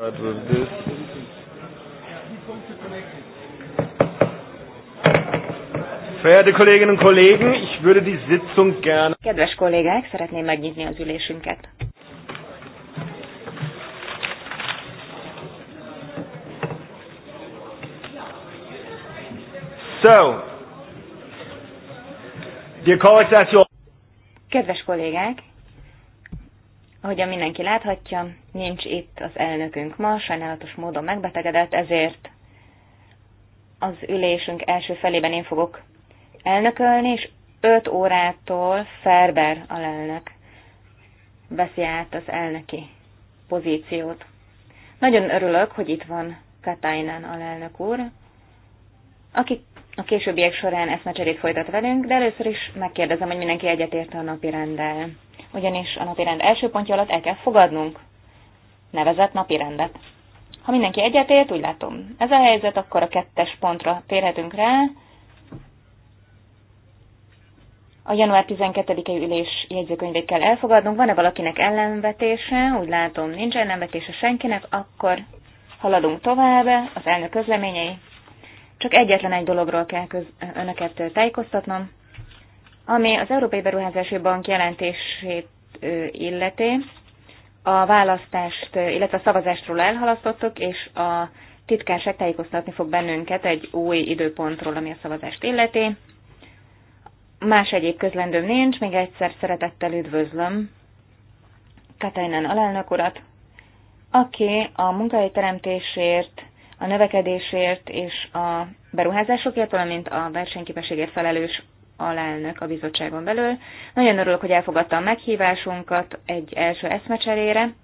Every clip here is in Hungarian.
But with this. Verehrte Kolleginnen und Kollegen, ich würde die Sitzung gerne. Kedves kollégák, szeretném megnyitni az ülésünket. So, dear colleagues, that's your... Kedves kollégák, Ahogyan mindenki láthatja, nincs itt az elnökünk ma, sajnálatos módon megbetegedett, ezért az ülésünk első felében én fogok elnökölni, és 5 órától Ferber alelnök veszi át az elnöki pozíciót. Nagyon örülök, hogy itt van Katainen alelnök úr, aki a későbbiek során eszmecserét folytat velünk, de először is megkérdezem, hogy mindenki egyetért a napi rendel ugyanis a napirend első pontja alatt el kell fogadnunk nevezett napirendet. Ha mindenki egyetért, úgy látom, ez a helyzet, akkor a kettes pontra térhetünk rá. A január 12 e ülés jegyzőkönyvét kell elfogadnunk. Van-e valakinek ellenvetése? Úgy látom, nincs ellenvetése senkinek, akkor haladunk tovább. Az elnök közleményei. Csak egyetlen egy dologról kell köz- önöket tájékoztatnom. Ami az Európai Beruházási Bank jelentését illeti, a választást, illetve a szavazástról elhalasztottuk, és a titkárság tájékoztatni fog bennünket egy új időpontról, ami a szavazást illeti. Más egyéb közlendőm nincs, még egyszer szeretettel üdvözlöm Katajnán alelnök urat, aki a munkahely teremtésért, a növekedésért és a beruházásokért, valamint a versenyképességért felelős alelnök a bizottságon belül. Nagyon örülök, hogy elfogadta a meghívásunkat egy első eszmecserére.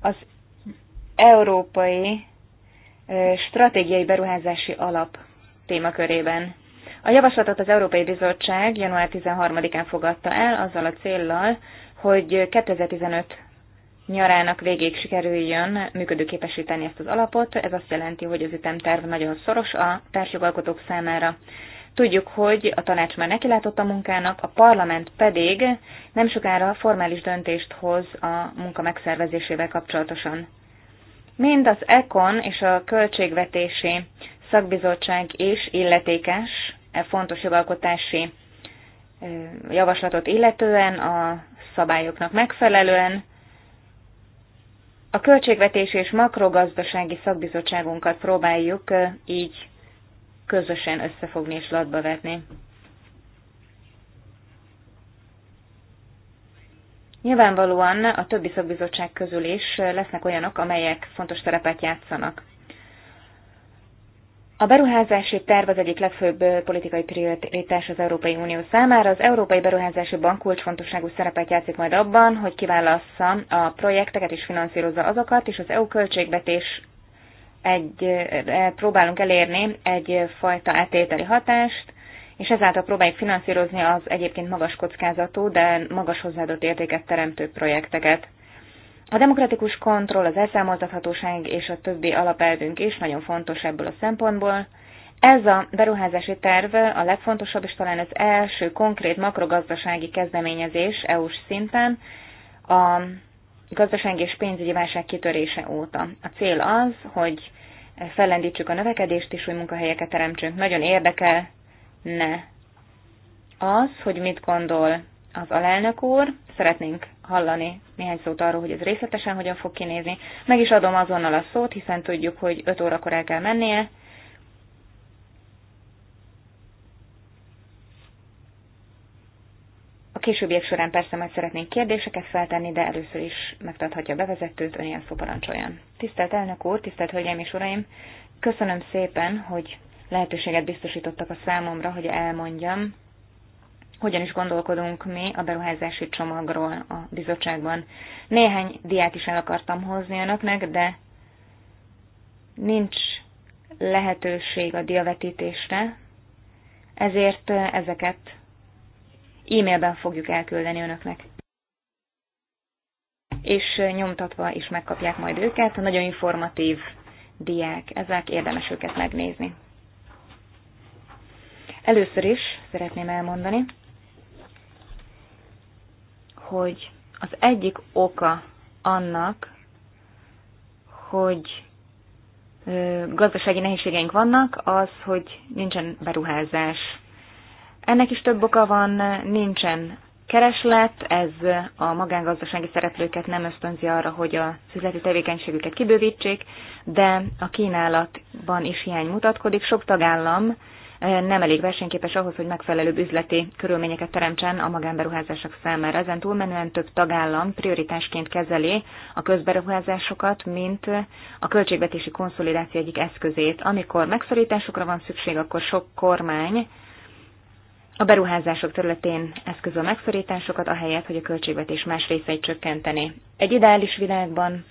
Az Európai Stratégiai Beruházási Alap témakörében. A javaslatot az Európai Bizottság január 13-án fogadta el azzal a céllal, hogy 2015 nyarának végéig sikerüljön működőképesíteni ezt az alapot. Ez azt jelenti, hogy az ütemterv nagyon szoros a társjogalkotók számára. Tudjuk, hogy a tanács már nekilátott a munkának, a parlament pedig nem sokára formális döntést hoz a munka megszervezésével kapcsolatosan. Mind az ECON és a költségvetési szakbizottság is illetékes e fontos jogalkotási javaslatot illetően, a szabályoknak megfelelően, a költségvetés és makrogazdasági szakbizottságunkat próbáljuk így közösen összefogni és latba vetni. Nyilvánvalóan a többi szakbizottság közül is lesznek olyanok, amelyek fontos szerepet játszanak. A beruházási terv az egyik legfőbb politikai prioritás az Európai Unió számára. Az Európai Beruházási Bank kulcsfontosságú szerepet játszik majd abban, hogy kiválassza a projekteket és finanszírozza azokat, és az EU költségvetés egy, próbálunk elérni egyfajta átételi hatást, és ezáltal próbáljuk finanszírozni az egyébként magas kockázatú, de magas hozzáadott értéket teremtő projekteket. A demokratikus kontroll, az elszámoltathatóság és a többi alapelvünk is nagyon fontos ebből a szempontból. Ez a beruházási terv a legfontosabb és talán az első konkrét makrogazdasági kezdeményezés EU-s szinten a gazdasági és pénzügyi válság kitörése óta. A cél az, hogy fellendítsük a növekedést és új munkahelyeket teremtsünk. Nagyon érdekelne az, hogy mit gondol az alelnök úr. Szeretnénk hallani néhány szót arról, hogy ez részletesen hogyan fog kinézni. Meg is adom azonnal a szót, hiszen tudjuk, hogy 5 órakor el kell mennie. A későbbiek során persze majd szeretnénk kérdéseket feltenni, de először is megtarthatja a bevezetőt, ön ilyen szó parancsoljon. Tisztelt elnök úr, tisztelt hölgyeim és uraim, köszönöm szépen, hogy lehetőséget biztosítottak a számomra, hogy elmondjam, hogyan is gondolkodunk mi a beruházási csomagról a bizottságban. Néhány diát is el akartam hozni önöknek, de nincs lehetőség a diavetítésre, ezért ezeket e-mailben fogjuk elküldeni önöknek. És nyomtatva is megkapják majd őket, nagyon informatív diák, ezek érdemes őket megnézni. Először is szeretném elmondani, hogy az egyik oka annak, hogy gazdasági nehézségeink vannak, az, hogy nincsen beruházás. Ennek is több oka van, nincsen kereslet, ez a magángazdasági szereplőket nem ösztönzi arra, hogy a szüzleti tevékenységüket kibővítsék, de a kínálatban is hiány mutatkozik. Sok tagállam nem elég versenyképes ahhoz, hogy megfelelő üzleti körülményeket teremtsen a magánberuházások számára. Ezen túlmenően több tagállam prioritásként kezeli a közberuházásokat, mint a költségvetési konszolidáció egyik eszközét. Amikor megszorításokra van szükség, akkor sok kormány a beruházások területén eszközöl megszorításokat, ahelyett, hogy a költségvetés más részeit csökkenteni. Egy ideális világban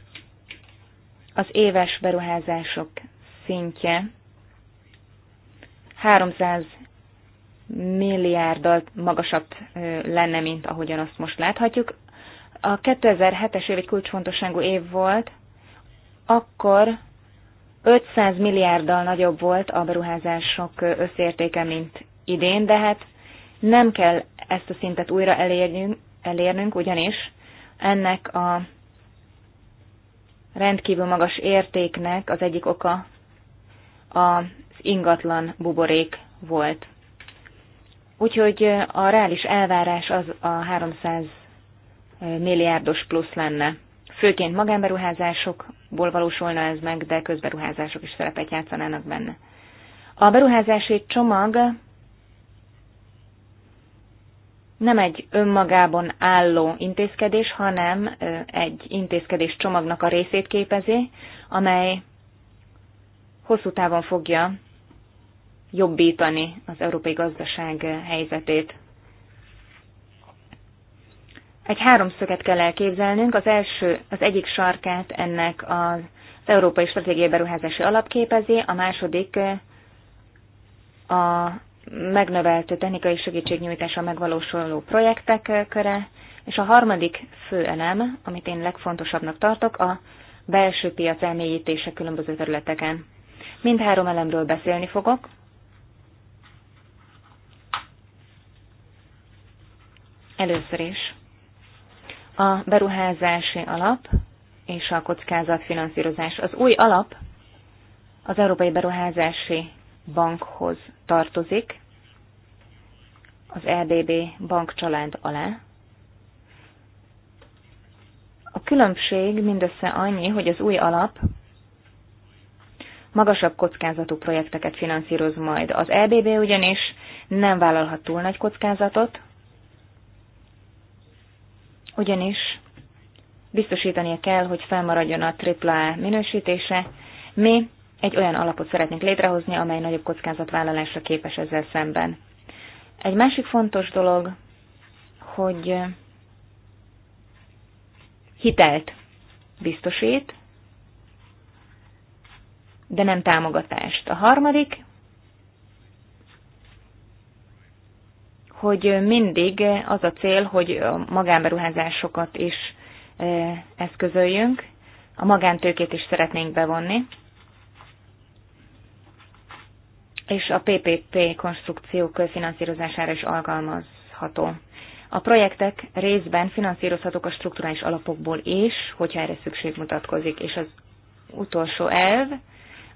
az éves beruházások szintje 300 milliárddal magasabb lenne, mint ahogyan azt most láthatjuk. A 2007-es év egy kulcsfontosságú év volt, akkor 500 milliárddal nagyobb volt a beruházások összértéke, mint idén, de hát nem kell ezt a szintet újra elérnünk, elérnünk ugyanis ennek a rendkívül magas értéknek az egyik oka a ingatlan buborék volt. Úgyhogy a reális elvárás az a 300 milliárdos plusz lenne. Főként magánberuházásokból valósulna ez meg, de közberuházások is szerepet játszanának benne. A beruházási csomag nem egy önmagában álló intézkedés, hanem egy intézkedés csomagnak a részét képezi, amely hosszú távon fogja jobbítani az európai gazdaság helyzetét. Egy háromszöget kell elképzelnünk. Az első, az egyik sarkát ennek az Európai Stratégiai Beruházási Alapképezi, a második a megnövelt technikai segítségnyújtása megvalósuló projektek köre, és a harmadik fő elem, amit én legfontosabbnak tartok, a belső piac elmélyítése különböző területeken. Mindhárom elemről beszélni fogok, Először is a beruházási alap és a kockázatfinanszírozás. Az új alap az Európai Beruházási Bankhoz tartozik, az EBB bankcsalád alá. A különbség mindössze annyi, hogy az új alap magasabb kockázatú projekteket finanszíroz majd. Az EBB ugyanis nem vállalhat túl nagy kockázatot, ugyanis biztosítania kell, hogy felmaradjon a AAA minősítése. Mi egy olyan alapot szeretnénk létrehozni, amely nagyobb kockázatvállalásra képes ezzel szemben. Egy másik fontos dolog, hogy hitelt biztosít, de nem támogatást. A harmadik hogy mindig az a cél, hogy a magánberuházásokat is e, eszközöljünk, a magántőkét is szeretnénk bevonni, és a PPP konstrukciók közfinanszírozására is alkalmazható. A projektek részben finanszírozhatók a strukturális alapokból is, hogyha erre szükség mutatkozik. És az utolsó elv,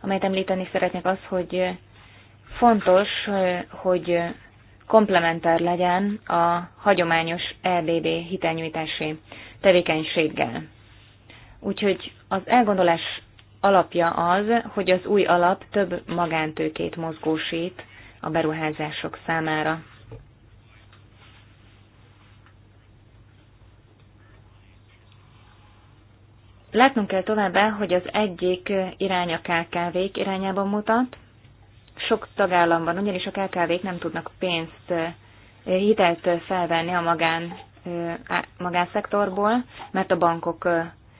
amelyet említeni szeretnék, az, hogy fontos, hogy komplementár legyen a hagyományos RBB hitelnyújtási tevékenységgel. Úgyhogy az elgondolás alapja az, hogy az új alap több magántőkét mozgósít a beruházások számára. Látnunk kell továbbá, hogy az egyik irány a KKV-k irányában mutat, sok tagállamban, ugyanis a KKV-k nem tudnak pénzt, hitelt felvenni a magán, magánszektorból, mert a bankok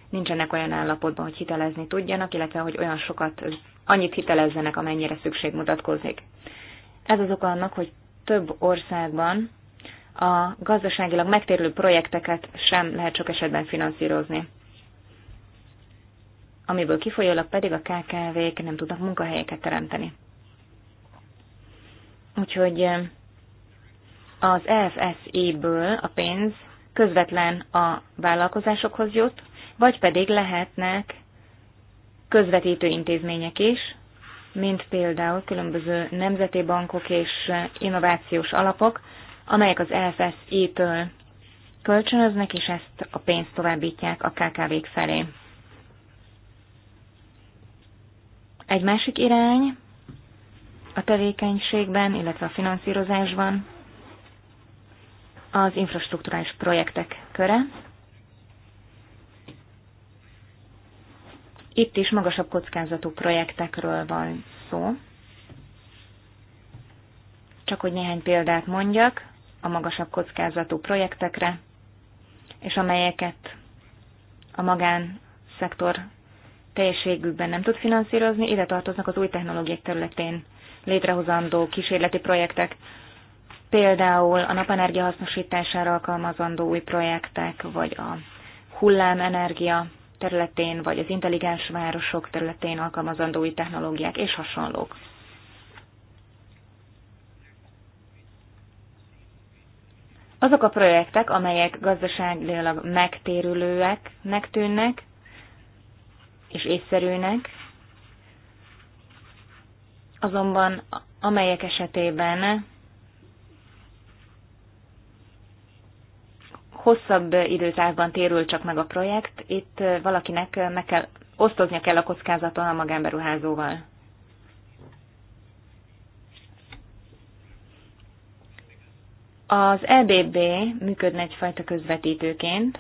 nincsenek olyan állapotban, hogy hitelezni tudjanak, illetve hogy olyan sokat, annyit hitelezzenek, amennyire szükség mutatkozik. Ez az oka annak, hogy több országban a gazdaságilag megtérülő projekteket sem lehet sok esetben finanszírozni. Amiből kifolyólag pedig a KKV-k nem tudnak munkahelyeket teremteni. Úgyhogy eh, az EFSI-ből a pénz közvetlen a vállalkozásokhoz jut, vagy pedig lehetnek közvetítő intézmények is, mint például különböző nemzeti bankok és eh, innovációs alapok, amelyek az EFSI-től kölcsönöznek, és ezt a pénzt továbbítják a KKV-k felé. Egy másik irány a tevékenységben, illetve a finanszírozásban, az infrastruktúrális projektek köre. Itt is magasabb kockázatú projektekről van szó. Csak hogy néhány példát mondjak a magasabb kockázatú projektekre, és amelyeket a magánszektor teljességükben nem tud finanszírozni, ide tartoznak az új technológiák területén létrehozandó kísérleti projektek, például a napenergia hasznosítására alkalmazandó új projektek, vagy a hullámenergia területén, vagy az intelligens városok területén alkalmazandó új technológiák és hasonlók. Azok a projektek, amelyek gazdaságilag megtérülőeknek tűnnek, és észszerűnek, azonban amelyek esetében hosszabb időtávban térül csak meg a projekt, itt valakinek meg kell, osztoznia kell a kockázaton a magánberuházóval. Az EBB működne egyfajta közvetítőként,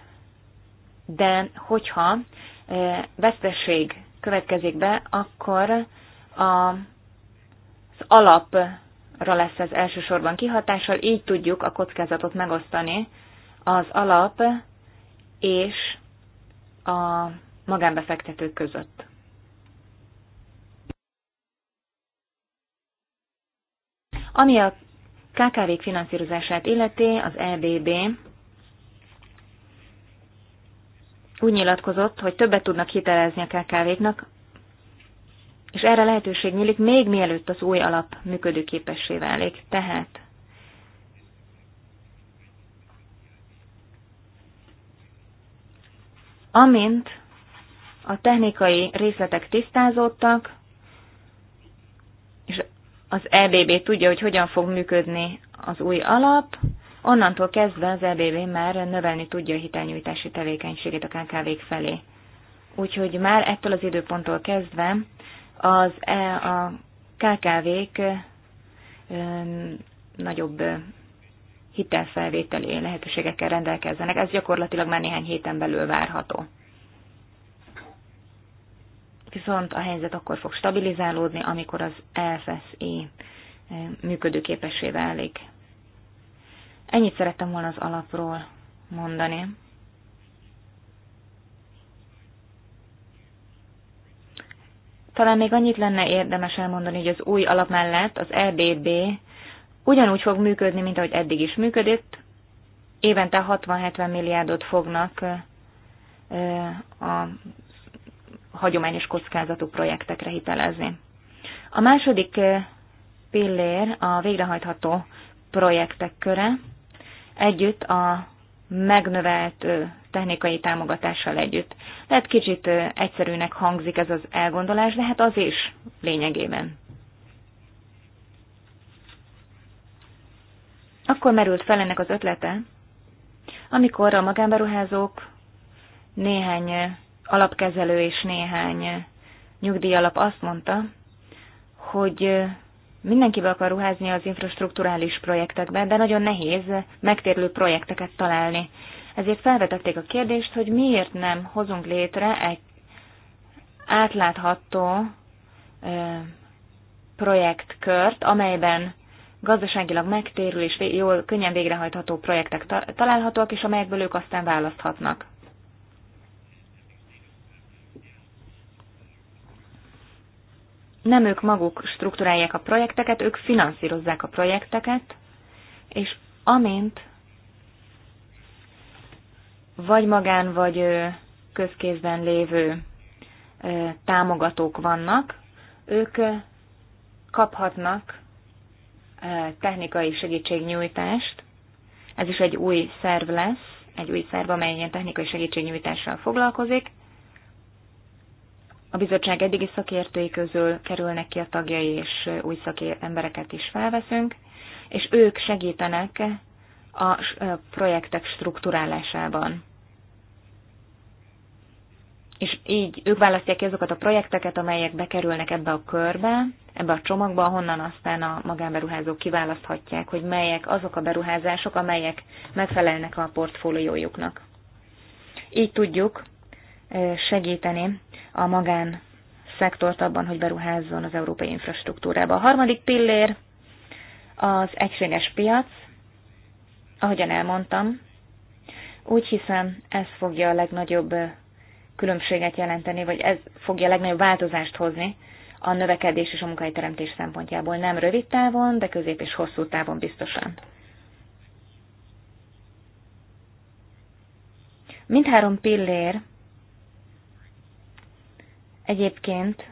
de hogyha eh, veszteség következik be, akkor a alapra lesz ez elsősorban kihatással, így tudjuk a kockázatot megosztani az alap és a magánbefektetők között. Ami a kkv finanszírozását illeti, az EBB úgy nyilatkozott, hogy többet tudnak hitelezni a KKV-knak, és erre lehetőség nyílik még mielőtt az új alap működőképessé válik. Tehát amint a technikai részletek tisztázódtak, és az EBB tudja, hogy hogyan fog működni az új alap, onnantól kezdve az EBB már növelni tudja a hitelnyújtási tevékenységét a KKV-k felé. Úgyhogy már ettől az időponttól kezdve az e, a KKV-k nagyobb hitelfelvételi lehetőségekkel rendelkezzenek. Ez gyakorlatilag már néhány héten belül várható. Viszont a helyzet akkor fog stabilizálódni, amikor az FSI működőképessé válik. Ennyit szerettem volna az alapról mondani. Talán még annyit lenne érdemes elmondani, hogy az új alap mellett az EBB ugyanúgy fog működni, mint ahogy eddig is működött. Évente 60-70 milliárdot fognak a hagyományos kockázatú projektekre hitelezni. A második pillér a végrehajtható projektek köre, együtt a megnövelt technikai támogatással együtt. Lehet kicsit egyszerűnek hangzik ez az elgondolás, de hát az is lényegében. Akkor merült fel ennek az ötlete, amikor a magánberuházók néhány alapkezelő és néhány nyugdíjalap azt mondta, hogy Mindenki be akar ruházni az infrastruktúrális projektekbe, de nagyon nehéz megtérlő projekteket találni. Ezért felvetették a kérdést, hogy miért nem hozunk létre egy átlátható ö, projektkört, amelyben gazdaságilag megtérül és jól, könnyen végrehajtható projektek találhatóak, és amelyekből ők aztán választhatnak. nem ők maguk struktúrálják a projekteket, ők finanszírozzák a projekteket, és amint vagy magán, vagy közkézben lévő támogatók vannak, ők kaphatnak technikai segítségnyújtást. Ez is egy új szerv lesz, egy új szerv, amely ilyen technikai segítségnyújtással foglalkozik a bizottság eddigi szakértői közül kerülnek ki a tagjai, és új szakembereket is felveszünk, és ők segítenek a projektek strukturálásában. És így ők választják ki azokat a projekteket, amelyek bekerülnek ebbe a körbe, ebbe a csomagba, honnan aztán a magánberuházók kiválaszthatják, hogy melyek azok a beruházások, amelyek megfelelnek a portfóliójuknak. Így tudjuk segíteni a magán szektort abban, hogy beruházzon az európai infrastruktúrába. A harmadik pillér az egységes piac, ahogyan elmondtam. Úgy hiszem, ez fogja a legnagyobb különbséget jelenteni, vagy ez fogja a legnagyobb változást hozni a növekedés és a munkahelyteremtés szempontjából. Nem rövid távon, de közép és hosszú távon biztosan. Mindhárom pillér egyébként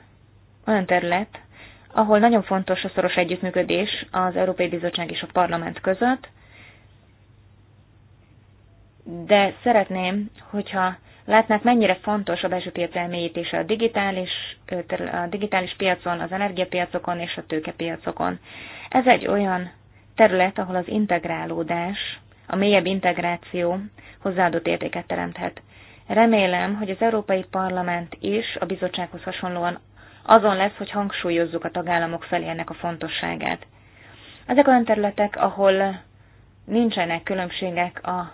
olyan terület, ahol nagyon fontos a szoros együttműködés az Európai Bizottság és a Parlament között, de szeretném, hogyha látnák, mennyire fontos a belső piac elmélyítése a digitális, a digitális piacon, az energiapiacokon és a tőkepiacokon. Ez egy olyan terület, ahol az integrálódás, a mélyebb integráció hozzáadott értéket teremthet. Remélem, hogy az Európai Parlament is a bizottsághoz hasonlóan azon lesz, hogy hangsúlyozzuk a tagállamok felé ennek a fontosságát. Ezek olyan területek, ahol nincsenek különbségek a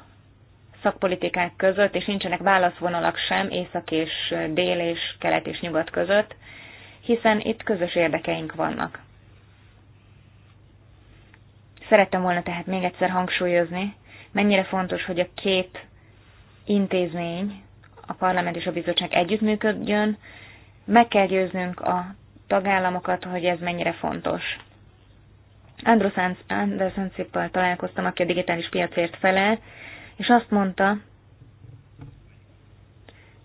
szakpolitikák között, és nincsenek válaszvonalak sem észak és dél és kelet és nyugat között, hiszen itt közös érdekeink vannak. Szerettem volna tehát még egyszer hangsúlyozni, mennyire fontos, hogy a két intézmény, a parlament és a bizottság együttműködjön, meg kell győznünk a tagállamokat, hogy ez mennyire fontos. Andros Anderson Cippel találkoztam, aki a digitális piacért felel, és azt mondta,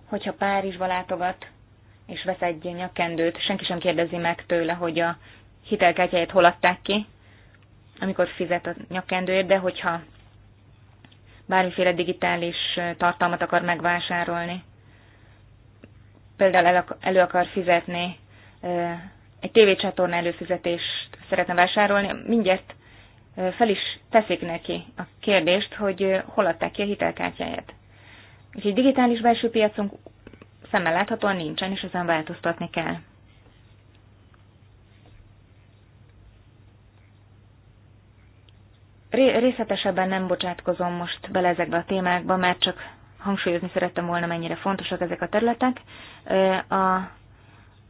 hogyha Párizsba látogat, és vesz egy nyakkendőt, senki sem kérdezi meg tőle, hogy a hitelkártyáját hol adták ki, amikor fizet a nyakkendőért, de hogyha bármiféle digitális tartalmat akar megvásárolni. Például elő akar fizetni, egy tévécsatorna előfizetést szeretne vásárolni, mindjárt fel is teszik neki a kérdést, hogy hol adták ki a hitelkártyáját. Úgyhogy digitális belső piacunk szemmel láthatóan nincsen, és ezen változtatni kell. Részletesebben nem bocsátkozom most bele ezekbe a témákba, mert csak hangsúlyozni szerettem volna, mennyire fontosak ezek a területek. A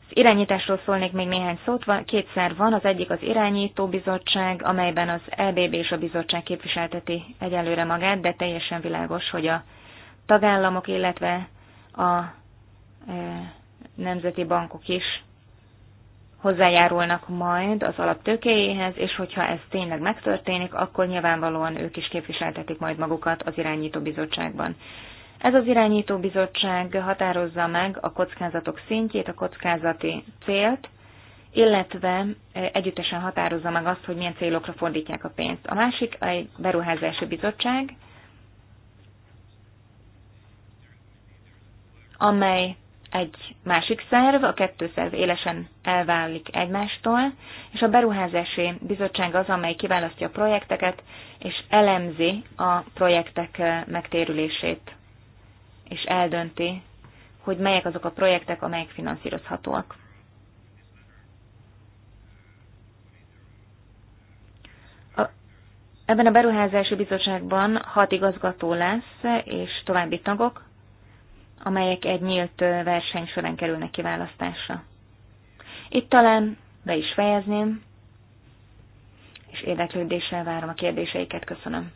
az irányításról szólnék még néhány szót. Van, két szerv van, az egyik az irányító bizottság, amelyben az EBB és a bizottság képviselteti egyelőre magát, de teljesen világos, hogy a tagállamok, illetve a nemzeti bankok is hozzájárulnak majd az alaptőkéjéhez, és hogyha ez tényleg megtörténik, akkor nyilvánvalóan ők is képviseltetik majd magukat az irányító bizottságban. Ez az irányító bizottság határozza meg a kockázatok szintjét, a kockázati célt, illetve eh, együttesen határozza meg azt, hogy milyen célokra fordítják a pénzt. A másik egy beruházási bizottság, amely egy másik szerv, a kettő szerv élesen elválik egymástól, és a beruházási bizottság az, amely kiválasztja a projekteket, és elemzi a projektek eh, megtérülését, és eldönti, hogy melyek azok a projektek, amelyek finanszírozhatóak. A, ebben a beruházási bizottságban hat igazgató lesz, és további tagok, amelyek egy nyílt verseny során kerülnek kiválasztásra. Itt talán be is fejezném, és érdeklődéssel várom a kérdéseiket. Köszönöm.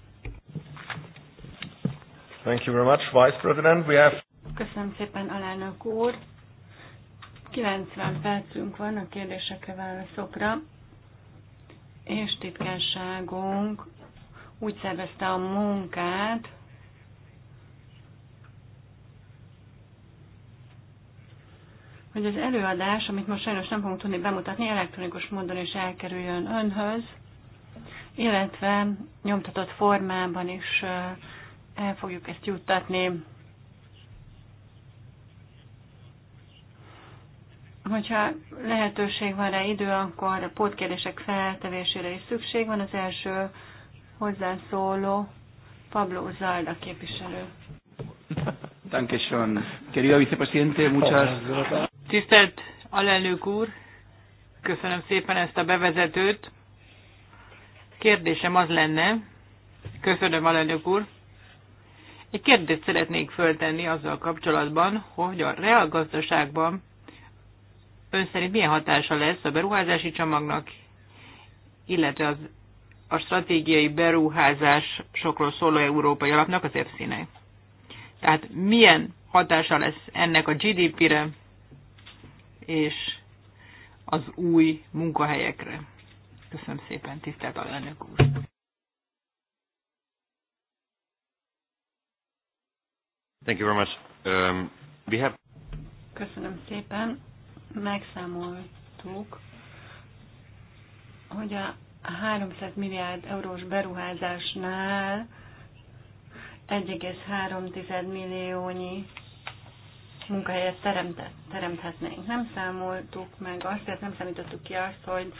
Thank you very much, Vice President. We have... Köszönöm szépen, alelnök úr. 90 percünk van a kérdésekre, válaszokra, és titkárságunk úgy szervezte a munkát, hogy az előadás, amit most sajnos nem fogunk tudni bemutatni, elektronikus módon is elkerüljön önhöz, illetve nyomtatott formában is el fogjuk ezt juttatni. Hogyha lehetőség van rá idő, akkor a pótkérdések feltevésére is szükség van. Az első hozzászóló Pablo Zalda képviselő. Dankeschön. Querido vicepresidente, muchas Tisztelt alelnök úr, köszönöm szépen ezt a bevezetőt. Kérdésem az lenne, köszönöm alelnök úr, egy kérdést szeretnék föltenni azzal kapcsolatban, hogy a reálgazdaságban ön szerint milyen hatása lesz a beruházási csomagnak, illetve az, a stratégiai beruházás sokról szóló európai alapnak, az EFSZ-nek. Tehát milyen hatása lesz ennek a GDP-re, és az új munkahelyekre. Köszönöm szépen, tisztelt alelnök úr! Thank you very much. Um, we have... Köszönöm szépen. Megszámoltuk, hogy a 300 milliárd eurós beruházásnál 1,3 milliónyi munkahelyet teremthetnénk. Nem számoltuk meg azt, tehát nem számítottuk ki azt, hogy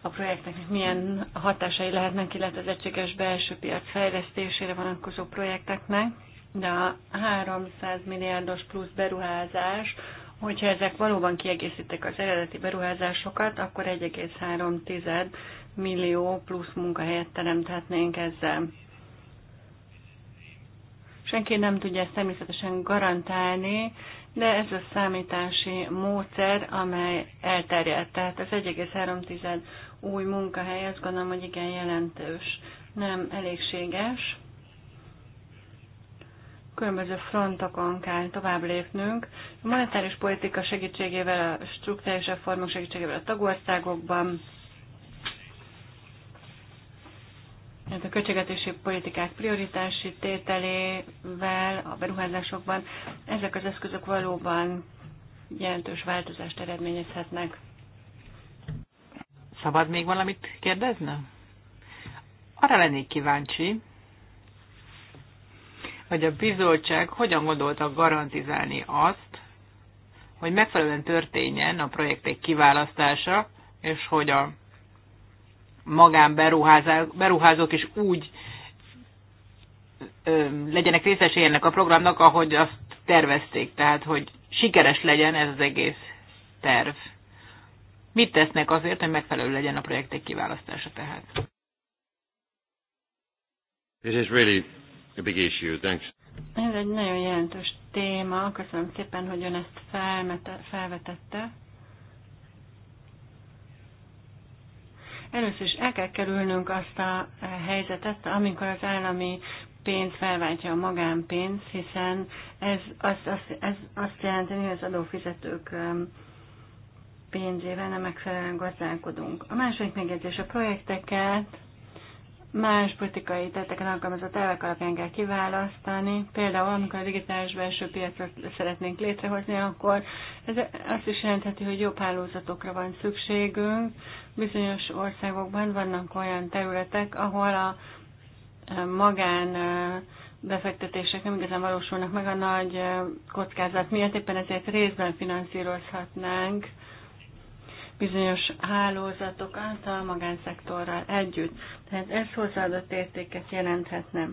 a projektnek milyen hatásai lehetnek, illetve az egységes belső piac fejlesztésére vonatkozó projekteknek, de a 300 milliárdos plusz beruházás, hogyha ezek valóban kiegészítik az eredeti beruházásokat, akkor 1,3 millió plusz munkahelyet teremthetnénk ezzel. Senki nem tudja ezt természetesen garantálni, de ez a számítási módszer, amely elterjedt. Tehát az 1,3 új munkahely, azt gondolom, hogy igen jelentős, nem elégséges. Különböző frontokon kell tovább lépnünk. A monetáris politika segítségével, a struktúrális reformok segítségével a tagországokban, ez a költségvetési politikák prioritási tételével a beruházásokban ezek az eszközök valóban jelentős változást eredményezhetnek. Szabad még valamit kérdezni? Arra lennék kíváncsi, hogy a bizottság hogyan gondolta garantizálni azt, hogy megfelelően történjen a projektek kiválasztása, és hogy a magán beruházók is úgy ö, legyenek részesei ennek a programnak, ahogy azt tervezték. Tehát, hogy sikeres legyen ez az egész terv. Mit tesznek azért, hogy megfelelő legyen a projektek kiválasztása tehát? It is really a big issue. Thanks. Ez egy nagyon jelentős téma. Köszönöm szépen, hogy ön ezt felmete, felvetette. Először is el kell kerülnünk azt a eh, helyzetet, amikor az állami pénz felváltja a magánpénz, hiszen ez azt, azt, ez azt jelenti, hogy az adófizetők pénzével nem megfelelően gazdálkodunk. A második megjegyzés a projekteket más politikai tetteken alkalmazott elvek alapján kell kiválasztani. Például, amikor a digitális belső piacot szeretnénk létrehozni, akkor ez azt is jelentheti, hogy jobb hálózatokra van szükségünk. Bizonyos országokban vannak olyan területek, ahol a e, magán e, befektetések nem igazán valósulnak meg a nagy e, kockázat miatt, éppen ezért részben finanszírozhatnánk bizonyos hálózatok által a magánszektorral együtt. Tehát ez hozzáadott értéket jelenthetne.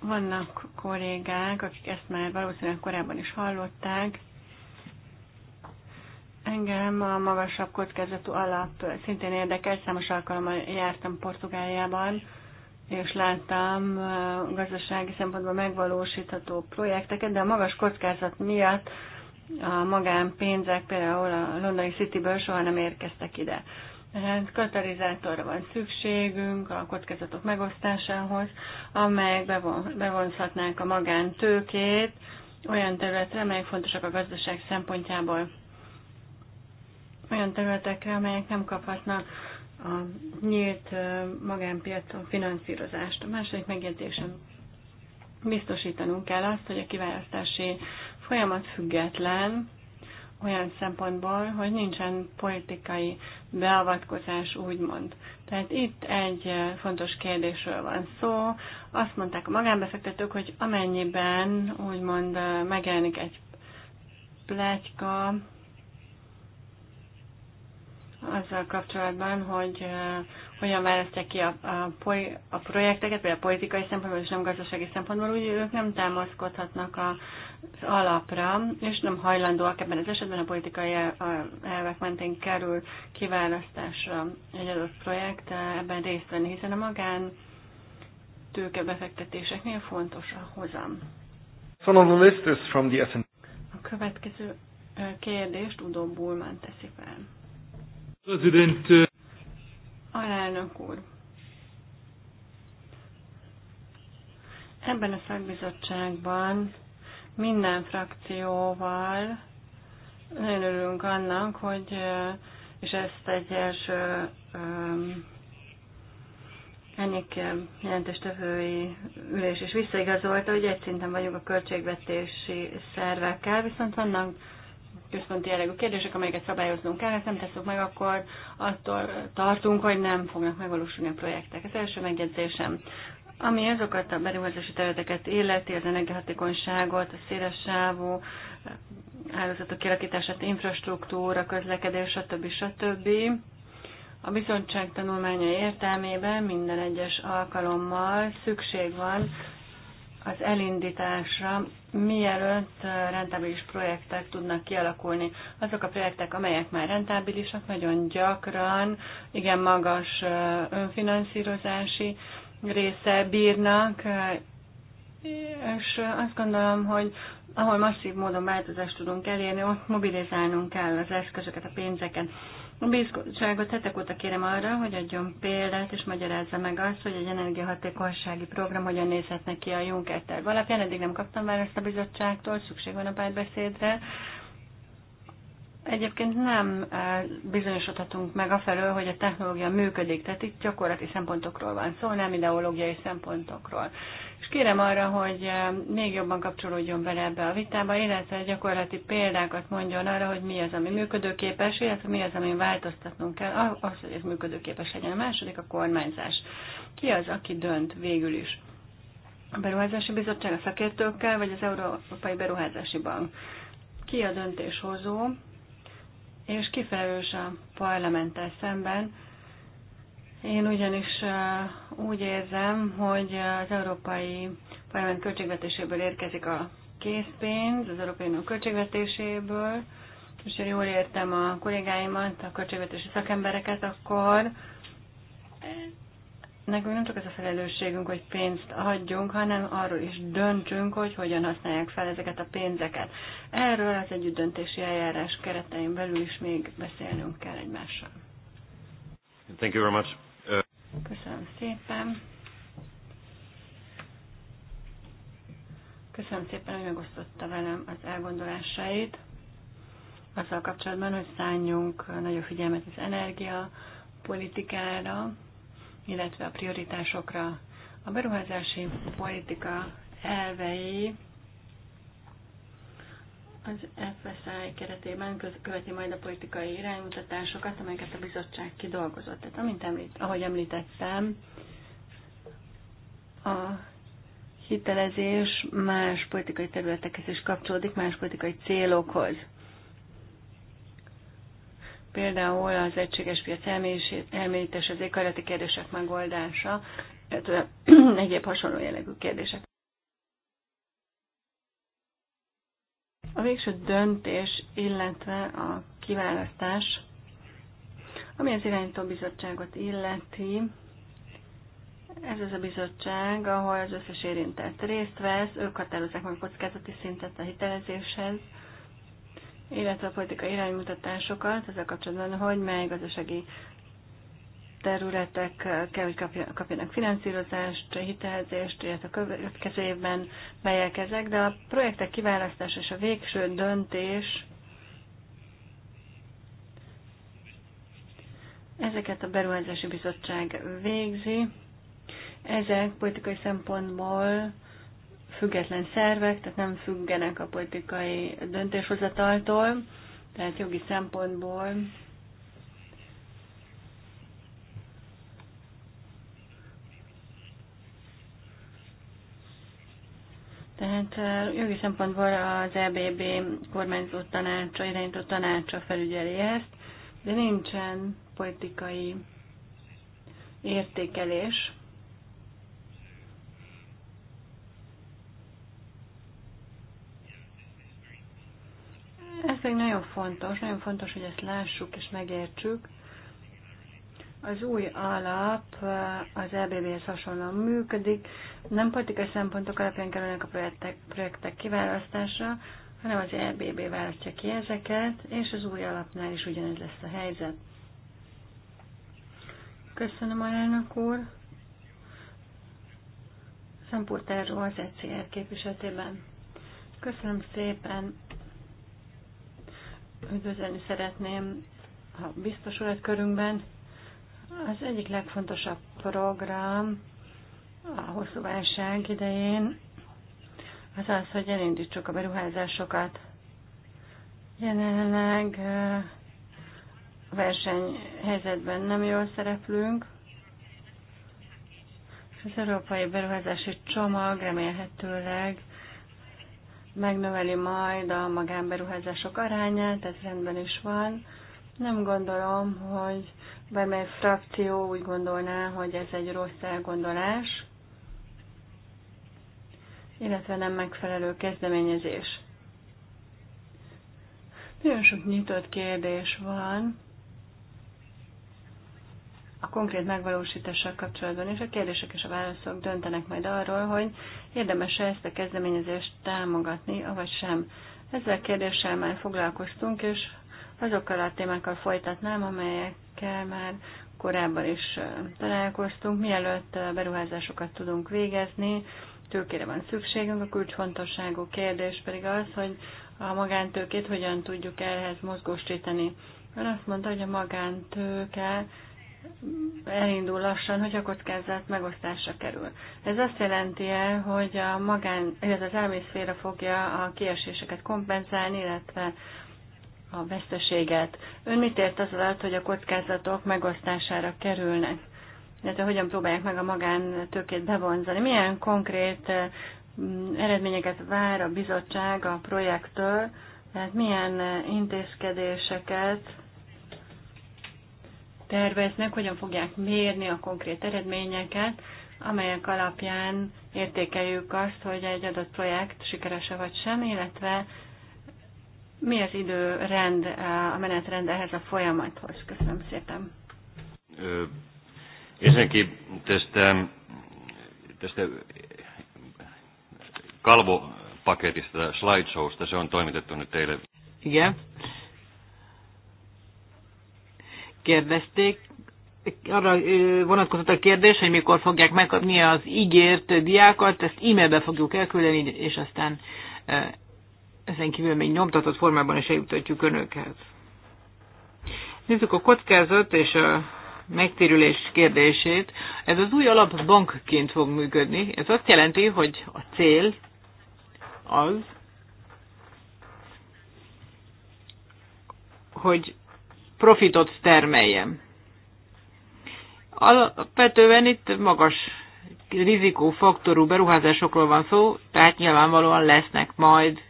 Vannak kollégák, akik ezt már valószínűleg korábban is hallották, Engem a magasabb kockázatú alap szintén érdekel, számos alkalommal jártam Portugáliában, és láttam gazdasági szempontból megvalósítható projekteket, de a magas kockázat miatt a magánpénzek például a londoni Cityből soha nem érkeztek ide. Tehát katalizátorra van szükségünk a kockázatok megosztásához, amelyek bevon, a magántőkét olyan területre, amelyek fontosak a gazdaság szempontjából. Olyan területekre, amelyek nem kaphatnak a nyílt magánpiacon finanszírozást. A második megjegyzésem biztosítanunk kell azt, hogy a kiválasztási folyamat független olyan szempontból, hogy nincsen politikai beavatkozás, úgymond. Tehát itt egy fontos kérdésről van szó. Azt mondták a magánbefektetők, hogy amennyiben úgymond megjelenik egy plegyka, azzal kapcsolatban, hogy hogyan választják ki a, a, a projekteket, vagy a politikai szempontból, és nem gazdasági szempontból, úgy ők nem támaszkodhatnak a, az alapra, és nem hajlandóak ebben az esetben a politikai elvek mentén kerül kiválasztásra egy adott projekt ebben részt venni, hiszen a magán tőkebefektetéseknél fontos a hozam. A következő kérdést Udo Bullman teszi fel. President. Uh, Alelnök úr. Ebben a szakbizottságban minden frakcióval nagyon örülünk annak, hogy, uh, és ezt egy első um, ennyik jelentéstevői ülés is visszaigazolta, hogy egy szinten vagyunk a költségvetési szervekkel, viszont vannak központi jellegű kérdések, amelyeket szabályoznunk kell, ezt hát nem teszünk meg, akkor attól tartunk, hogy nem fognak megvalósulni a projektek. Ez első megjegyzésem. Ami azokat a beruházási területeket illeti, az energiahatékonyságot, a széles sávú hálózatok kialakítását, infrastruktúra, közlekedés, stb. stb. A bizottság tanulmánya értelmében minden egyes alkalommal szükség van az elindításra mielőtt rentábilis projektek tudnak kialakulni. Azok a projektek, amelyek már rentábilisak, nagyon gyakran igen magas önfinanszírozási része bírnak, és azt gondolom, hogy ahol masszív módon változást tudunk elérni, ott mobilizálnunk kell az eszközöket, a pénzeket. A bizottságot hetek óta kérem arra, hogy adjon példát, és magyarázza meg azt, hogy egy energiahatékonysági program hogyan nézhetne ki a Juncker terv alapján. Eddig nem kaptam választ a bizottságtól, szükség van a párbeszédre. Egyébként nem eh, bizonyosodhatunk meg afelől, hogy a technológia működik, tehát itt gyakorlati szempontokról van szó, nem ideológiai szempontokról. És kérem arra, hogy még jobban kapcsolódjon bele ebbe a vitába, illetve gyakorlati példákat mondjon arra, hogy mi az, ami működőképes, illetve mi az, amin változtatnunk kell, az, hogy ez működőképes legyen. A második a kormányzás. Ki az, aki dönt végül is? A Beruházási Bizottság a szakértőkkel, vagy az Európai Beruházási Bank? Ki a döntéshozó, és kifelelős a parlamenttel szemben én ugyanis eh, úgy érzem, hogy az Európai Parlament költségvetéséből érkezik a készpénz, az Európai Unió költségvetéséből, és ha jól értem a kollégáimat, a költségvetési szakembereket, akkor nekünk nem csak az a felelősségünk, hogy pénzt adjunk, hanem arról is döntsünk, hogy hogyan használják fel ezeket a pénzeket. Erről az együttdöntési eljárás keretein belül is még beszélnünk kell egymással. Thank you very much. Köszönöm szépen. Köszönöm szépen, hogy megosztotta velem az elgondolásait. Azzal kapcsolatban, hogy szálljunk nagyobb figyelmet az energia politikára, illetve a prioritásokra. A beruházási politika elvei az FSI keretében követi majd a politikai iránymutatásokat, amelyeket a bizottság kidolgozott. Tehát, amint említ, ahogy említettem, a hitelezés más politikai területekhez is kapcsolódik, más politikai célokhoz. Például az egységes piac elmélyítés, az éghajlati kérdések megoldása, illetve egyéb hasonló jellegű kérdések. A végső döntés, illetve a kiválasztás, ami az irányító bizottságot illeti, ez az a bizottság, ahol az összes érintett részt vesz, ők határozzák meg a kockázati szintet a hitelezéshez, illetve a politikai iránymutatásokat, ezzel kapcsolatban, hogy mely gazdasági területek kell, hogy kapjanak finanszírozást, hitelzést, illetve a következő évben melyek ezek, de a projektek kiválasztása és a végső döntés ezeket a beruházási bizottság végzi. Ezek politikai szempontból független szervek, tehát nem függenek a politikai döntéshozataltól, tehát jogi szempontból Tehát jogi szempontból az EBB kormányzó tanácsa, irányító tanácsa felügyeli ezt, de nincsen politikai értékelés. Ez még nagyon fontos, nagyon fontos, hogy ezt lássuk és megértsük. Az új alap az EBB-hez hasonlóan működik, nem politikai szempontok alapján kerülnek a projektek, projektek kiválasztásra, hanem az EBB választja ki ezeket, és az új alapnál is ugyanez lesz a helyzet. Köszönöm, elnök úr. Szempurtárról az ECR képviseletében. Köszönöm szépen. Üdvözölni szeretném a biztos urat körünkben. Az egyik legfontosabb program, a hosszú válság idején, az az, hogy elindítsuk a beruházásokat. Jelenleg a versenyhelyzetben nem jól szereplünk, az európai beruházási csomag remélhetőleg megnöveli majd a magánberuházások arányát, ez rendben is van. Nem gondolom, hogy bármely frakció úgy gondolná, hogy ez egy rossz elgondolás illetve nem megfelelő kezdeményezés. Nagyon sok nyitott kérdés van a konkrét megvalósítással kapcsolatban, és a kérdések és a válaszok döntenek majd arról, hogy érdemes-e ezt a kezdeményezést támogatni, avagy sem. Ezzel a kérdéssel már foglalkoztunk, és azokkal a témákkal folytatnám, amelyekkel már korábban is találkoztunk, mielőtt beruházásokat tudunk végezni, tőkére van szükségünk, a kulcsfontosságú kérdés pedig az, hogy a magántőkét hogyan tudjuk ehhez mozgósítani. Ön azt mondta, hogy a magántőke elindul lassan, hogy a kockázat megosztásra kerül. Ez azt jelenti el, hogy a magán, illetve az állami szféra fogja a kieséseket kompenzálni, illetve a veszteséget. Ön mit ért az alatt, hogy a kockázatok megosztására kerülnek? illetve hogyan próbálják meg a magántőkét bevonzani. Milyen konkrét mm, eredményeket vár a bizottság a projektől, tehát milyen intézkedéseket terveznek, hogyan fogják mérni a konkrét eredményeket, amelyek alapján értékeljük azt, hogy egy adott projekt sikerese vagy sem, illetve mi az időrend, a menetrend ehhez a folyamathoz. Köszönöm szépen. Ö Ensinnäkin tästä, tästä kalvopaketista, slideshowsta, se on toimitettu nyt teille. Igen. Kérdezték, arra vonatkozott a kérdés, hogy mikor fogják megkapni az ígért diákat, ezt e-mailbe fogjuk elküldeni, és aztán ezen kívül még nyomtatott formában is eljutatjuk önökhez. Nézzük a kockázat és a megtérülés kérdését. Ez az új alap bankként fog működni. Ez azt jelenti, hogy a cél az, hogy profitot termeljem. Alapvetően itt magas rizikófaktorú beruházásokról van szó, tehát nyilvánvalóan lesznek majd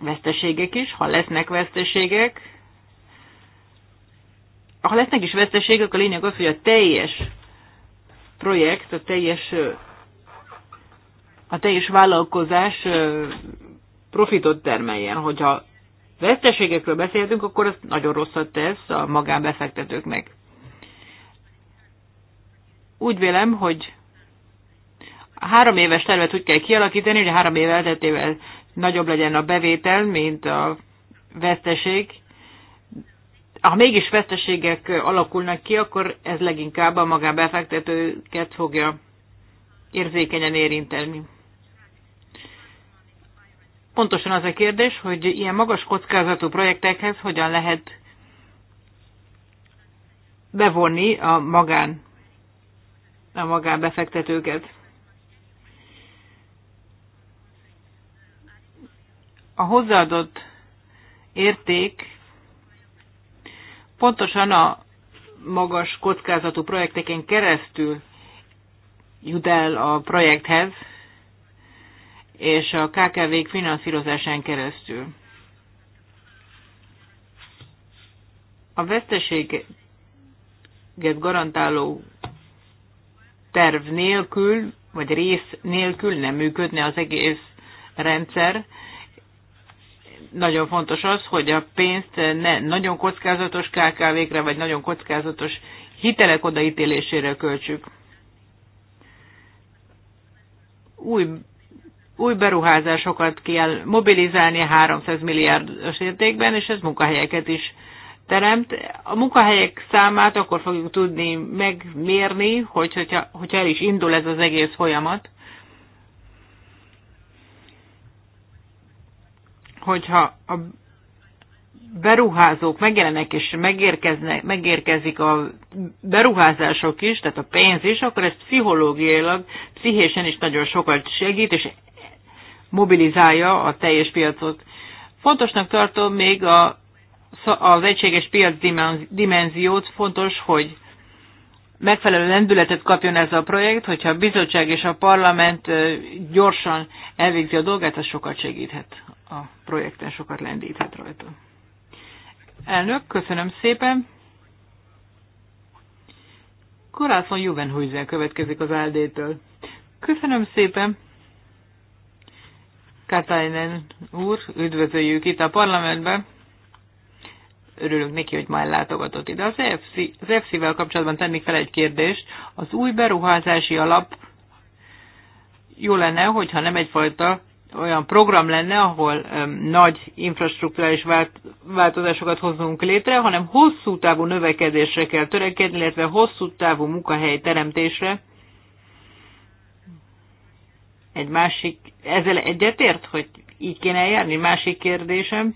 veszteségek is. Ha lesznek veszteségek, ha lesznek is veszteségek, a lényeg az, hogy a teljes projekt, a teljes, a teljes vállalkozás profitot termeljen. Hogyha veszteségekről beszéltünk, akkor ez nagyon rosszat tesz a magánbefektetőknek. Úgy vélem, hogy a három éves tervet úgy kell kialakítani, hogy a három év elteltével nagyobb legyen a bevétel, mint a veszteség, ha mégis veszteségek alakulnak ki, akkor ez leginkább a magábefektetőket fogja érzékenyen érinteni. Pontosan az a kérdés, hogy ilyen magas kockázatú projektekhez hogyan lehet bevonni a magán a magánbefektetőket. A hozzáadott érték pontosan a magas kockázatú projekteken keresztül jut el a projekthez, és a KKV-k finanszírozásán keresztül. A veszteséget garantáló terv nélkül, vagy rész nélkül nem működne az egész rendszer, nagyon fontos az, hogy a pénzt ne nagyon kockázatos KKV-kre, vagy nagyon kockázatos hitelek odaítélésére költsük. Új, új beruházásokat kell mobilizálni 300 milliárdos értékben, és ez munkahelyeket is teremt. A munkahelyek számát akkor fogjuk tudni megmérni, hogy, hogyha, hogyha el is indul ez az egész folyamat. hogyha a beruházók megjelennek és megérkeznek, megérkezik a beruházások is, tehát a pénz is, akkor ez pszichológiailag, pszichésen is nagyon sokat segít, és mobilizálja a teljes piacot. Fontosnak tartom még a, az egységes piac dimenziót, fontos, hogy megfelelő lendületet kapjon ez a projekt, hogyha a bizottság és a parlament gyorsan elvégzi a dolgát, az sokat segíthet a projekten sokat lendíthet rajta. Elnök, köszönöm szépen. Korászon Juvenhuizel következik az áldétől. Köszönöm szépen. Katainen úr, üdvözöljük itt a parlamentben. Örülünk neki, hogy már látogatott ide. Az EFSZ-vel e kapcsolatban tennék fel egy kérdést. Az új beruházási alap jó lenne, hogyha nem egyfajta olyan program lenne, ahol nagy infrastruktúrális változásokat hozunk létre, hanem hosszú távú növekedésre kell törekedni, illetve hosszú távú munkahely teremtésre. Egy másik, ezzel egyetért, hogy így kéne eljárni? Másik kérdésem.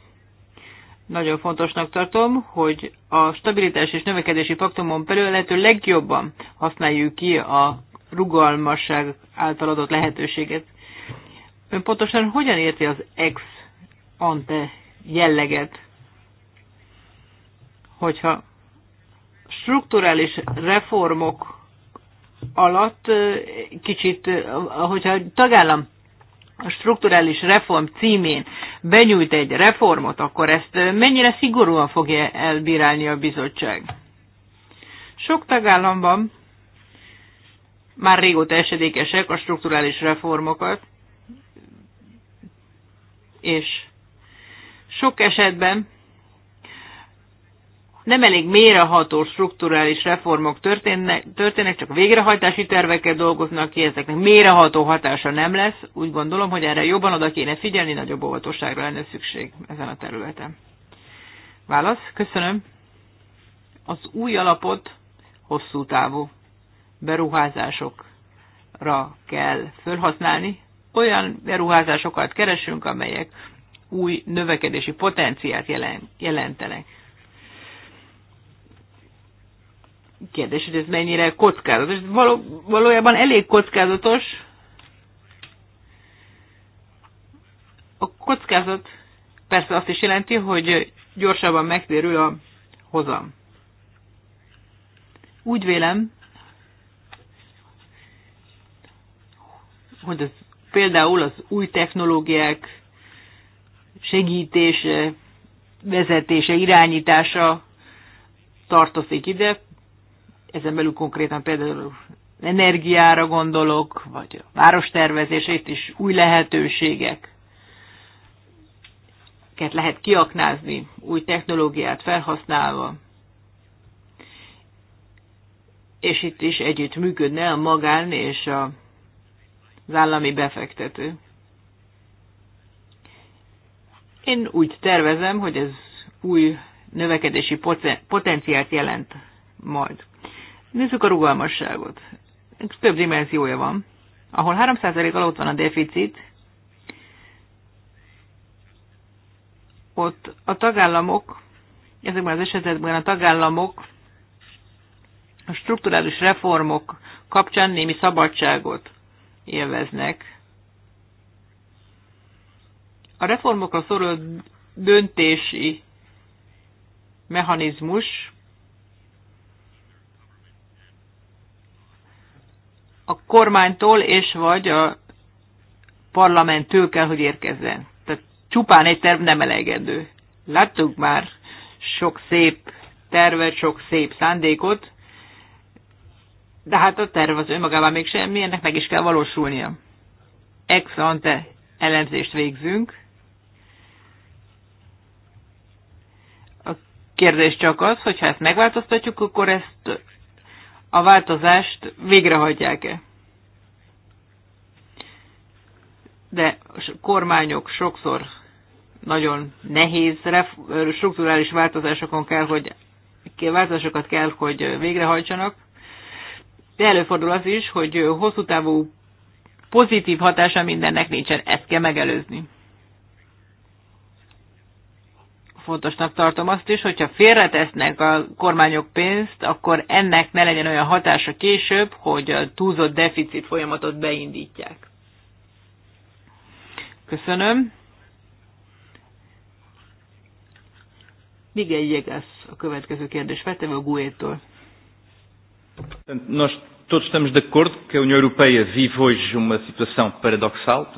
Nagyon fontosnak tartom, hogy a stabilitás és növekedési faktumon belül lehető legjobban használjuk ki a rugalmasság által adott lehetőséget. Ön pontosan hogyan érti az ex ante jelleget? Hogyha strukturális reformok alatt kicsit, hogyha a tagállam a strukturális reform címén benyújt egy reformot, akkor ezt mennyire szigorúan fogja elbírálni a bizottság? Sok tagállamban már régóta esedékesek a strukturális reformokat, és sok esetben nem elég méreható strukturális reformok történnek, történnek, csak végrehajtási tervekkel dolgoznak ki, ezeknek méreható hatása nem lesz. Úgy gondolom, hogy erre jobban oda kéne figyelni, nagyobb óvatosságra lenne szükség ezen a területen. Válasz, köszönöm. Az új alapot hosszú távú beruházásokra kell felhasználni olyan beruházásokat keresünk, amelyek új növekedési potenciált jelentenek. Kérdés, hogy ez mennyire kockázatos. Való, valójában elég kockázatos. A kockázat persze azt is jelenti, hogy gyorsabban megtérül a hozam. Úgy vélem, hogy az például az új technológiák segítése, vezetése, irányítása tartozik ide. Ezen belül konkrétan például energiára gondolok, vagy a várostervezés, itt is új lehetőségek lehet kiaknázni új technológiát felhasználva. És itt is együtt működne a magán és a az állami befektető. Én úgy tervezem, hogy ez új növekedési potenciált jelent majd. Nézzük a rugalmasságot. Több dimenziója van. Ahol 3% alatt van a deficit, ott a tagállamok, ezekben az esetekben a tagállamok a strukturális reformok kapcsán némi szabadságot élveznek. A reformokra szóló döntési mechanizmus a kormánytól és vagy a parlamenttől kell, hogy érkezzen. Tehát csupán egy terv nem elegendő. Láttuk már sok szép tervet, sok szép szándékot, de hát a terv az önmagában még semmi, ennek meg is kell valósulnia. Ex ante elemzést végzünk. A kérdés csak az, hogy ha ezt megváltoztatjuk, akkor ezt a változást végrehajtják-e. De a kormányok sokszor nagyon nehéz strukturális változásokon kell, hogy változásokat kell, hogy végrehajtsanak, de előfordul az is, hogy hosszú távú pozitív hatása mindennek nincsen, ezt kell megelőzni. Fontosnak tartom azt is, hogyha félretesznek a kormányok pénzt, akkor ennek ne legyen olyan hatása később, hogy a túlzott deficit folyamatot beindítják. Köszönöm. Miguel Jegász a következő kérdés feltevő a Guétól. Nós todos estamos de acordo que a União Europeia vive hoje uma situação paradoxal.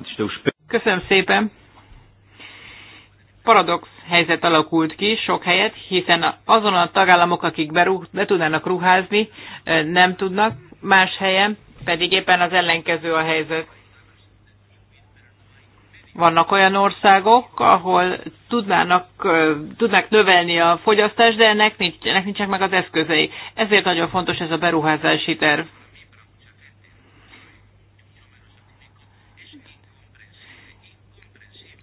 Köszönöm szépen! Paradox helyzet alakult ki sok helyet, hiszen azon a tagállamok, akik berú, be tudnának ruházni, nem tudnak, más helyen pedig éppen az ellenkező a helyzet. Vannak olyan országok, ahol tudnának, tudnák növelni a fogyasztást, de ennek, nincs, ennek nincsenek meg az eszközei. Ezért nagyon fontos ez a beruházási terv.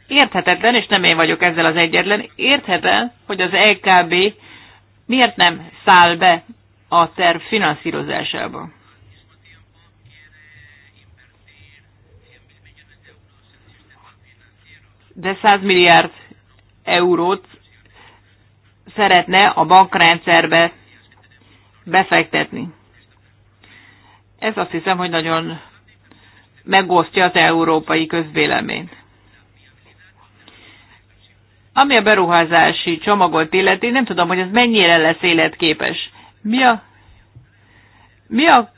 Érthetetlen, és nem én vagyok ezzel az egyetlen, érthetetlen, hogy az LKB e miért nem száll be a terv finanszírozásába. de 100 milliárd eurót szeretne a bankrendszerbe befektetni. Ez azt hiszem, hogy nagyon megosztja az európai közvéleményt. Ami a beruházási csomagot illeti, nem tudom, hogy ez mennyire lesz életképes. Mi a, mi a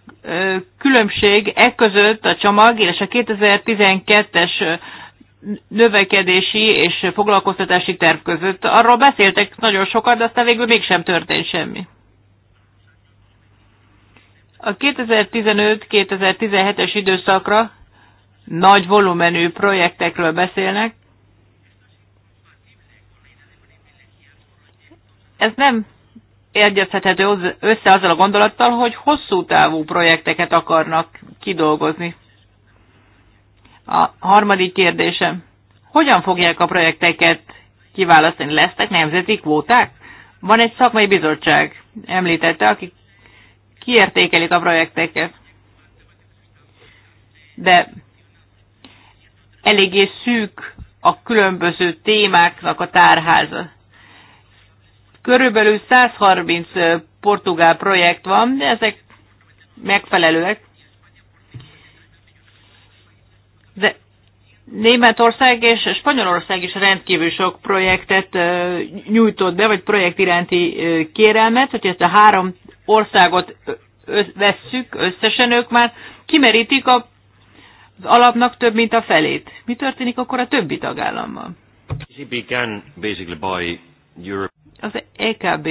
különbség e között a csomag és a 2012-es növekedési és foglalkoztatási terv között. Arról beszéltek nagyon sokat, de aztán végül mégsem történt semmi. A 2015-2017-es időszakra nagy volumenű projektekről beszélnek. Ez nem egyezhethető össze azzal a gondolattal, hogy hosszú távú projekteket akarnak kidolgozni. A harmadik kérdésem, hogyan fogják a projekteket kiválasztani? Lesznek nemzeti kvóták? Van egy szakmai bizottság, említette, akik kiértékelik a projekteket. De eléggé szűk a különböző témáknak a tárháza. Körülbelül 130 portugál projekt van, de ezek megfelelőek. de Németország és Spanyolország is rendkívül sok projektet nyújtott be, vagy projekt iránti kérelmet, hogy ezt a három országot vesszük, összesen ők már kimerítik a, az alapnak több, mint a felét. Mi történik akkor a többi tagállammal? Az EKB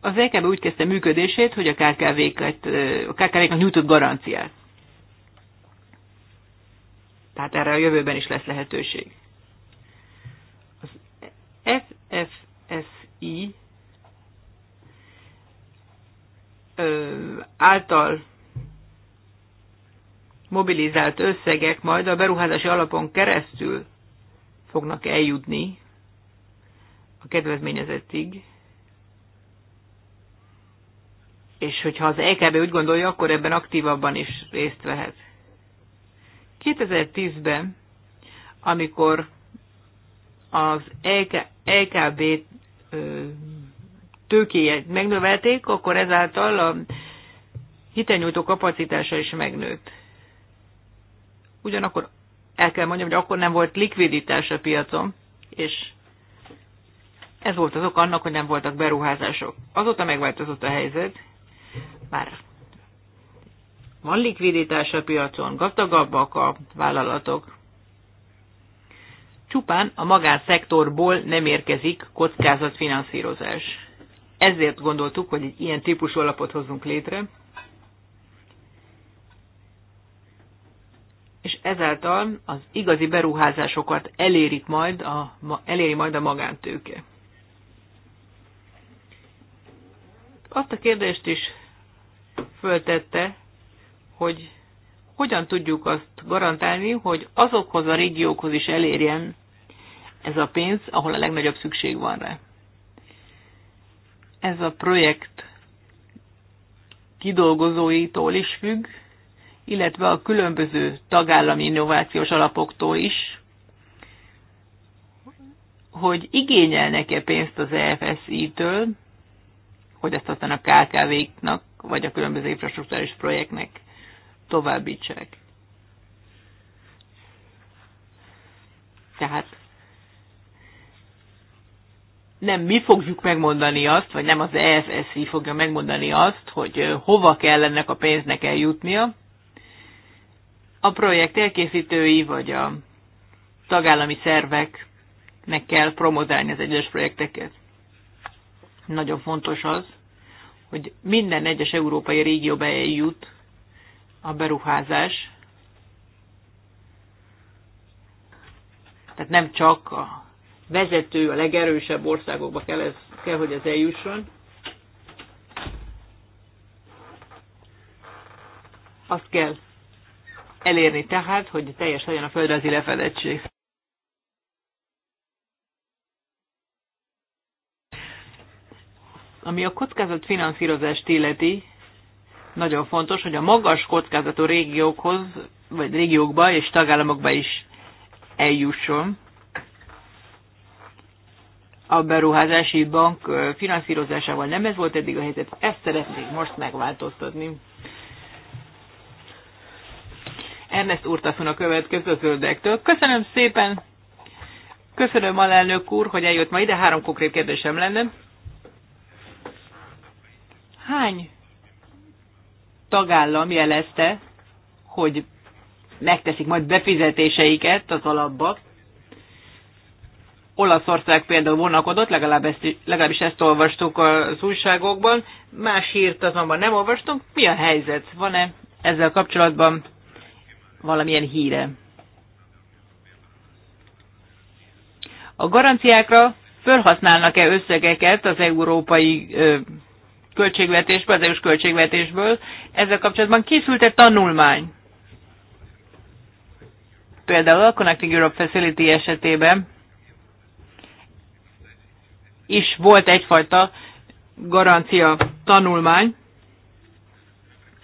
Az LKB e úgy kezdte működését, hogy a KKV-kat, a kkv nyújtott garanciát. Tehát erre a jövőben is lesz lehetőség. Az FFSI által mobilizált összegek majd a beruházási alapon keresztül fognak eljutni a kedvezményezettig és hogyha az EKB úgy gondolja, akkor ebben aktívabban is részt vehet. 2010-ben, amikor az EKB e tőkéjét megnövelték, akkor ezáltal a hitelnyújtó kapacitása is megnőtt. Ugyanakkor el kell mondjam, hogy akkor nem volt likviditás a piacon, és ez volt az ok annak, hogy nem voltak beruházások. Azóta megváltozott a helyzet, már van likviditás a piacon, gazdagabbak a vállalatok. Csupán a magánszektorból nem érkezik kockázatfinanszírozás. Ezért gondoltuk, hogy egy ilyen típusú alapot hozunk létre, és ezáltal az igazi beruházásokat elérik majd a, eléri majd a magántőke. Azt a kérdést is föltette, hogy hogyan tudjuk azt garantálni, hogy azokhoz a régiókhoz is elérjen ez a pénz, ahol a legnagyobb szükség van rá. Ez a projekt kidolgozóitól is függ, illetve a különböző tagállami innovációs alapoktól is, hogy igényelnek-e pénzt az EFSI-től, hogy ezt aztán a KKV-knak vagy a különböző infrastruktúrális projektnek továbbítsák. Tehát nem mi fogjuk megmondani azt, vagy nem az ESSI fogja megmondani azt, hogy hova kell ennek a pénznek eljutnia. A projekt elkészítői, vagy a tagállami szerveknek kell promozálni az egyes projekteket. Nagyon fontos az, hogy minden egyes európai régióba eljut a beruházás. Tehát nem csak a vezető, a legerősebb országokba kell, ez, kell hogy ez eljusson. Azt kell elérni tehát, hogy teljes legyen a földrajzi lefedettség. Ami a kockázat finanszírozást illeti, nagyon fontos, hogy a magas kockázatú régiókhoz, vagy régiókba és tagállamokba is eljusson. A beruházási bank finanszírozásával nem ez volt eddig a helyzet, ezt szeretnék most megváltoztatni. Ernest Urtaszon a következő zöldektől. Köszönöm szépen! Köszönöm alelnök úr, hogy eljött ma ide, három konkrét kérdésem lenne hány tagállam jelezte, hogy megteszik majd befizetéseiket az alapba. Olaszország például vonakodott, legalább ezt, legalábbis ezt olvastuk az újságokban, más hírt azonban nem olvastunk. Mi a helyzet? Van-e ezzel kapcsolatban valamilyen híre? A garanciákra fölhasználnak-e összegeket az európai költségvetésből, az EU-s költségvetésből. Ezzel kapcsolatban készült egy tanulmány. Például a Connecting Europe Facility esetében is volt egyfajta garancia tanulmány.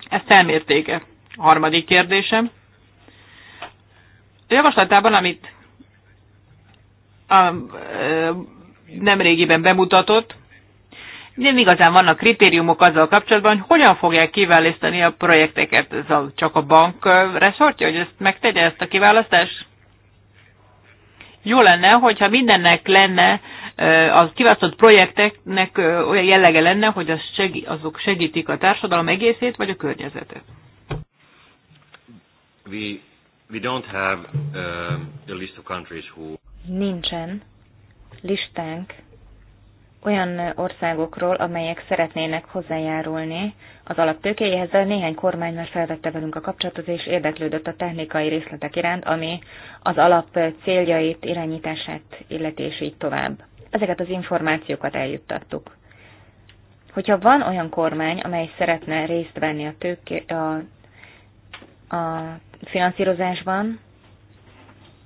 Ezt elmértéke. A harmadik kérdésem. A javaslatában, amit a, a, nemrégiben bemutatott, nem igazán vannak kritériumok azzal kapcsolatban, hogy hogyan fogják kiválasztani a projekteket. Ez a, csak a bank reszortja, hogy ezt megtegye ezt a kiválasztást? Jó lenne, hogyha mindennek lenne, az kiválasztott projekteknek olyan jellege lenne, hogy az segí, azok segítik a társadalom egészét, vagy a környezetet. We, we don't have uh, a list of countries who... Nincsen listánk olyan országokról, amelyek szeretnének hozzájárulni az alaptőkéjéhez, de néhány kormány már felvette velünk a kapcsolatot, és érdeklődött a technikai részletek iránt, ami az alap céljait, irányítását illeti, és így tovább. Ezeket az információkat eljuttattuk. Hogyha van olyan kormány, amely szeretne részt venni a, tőké, a, a finanszírozásban,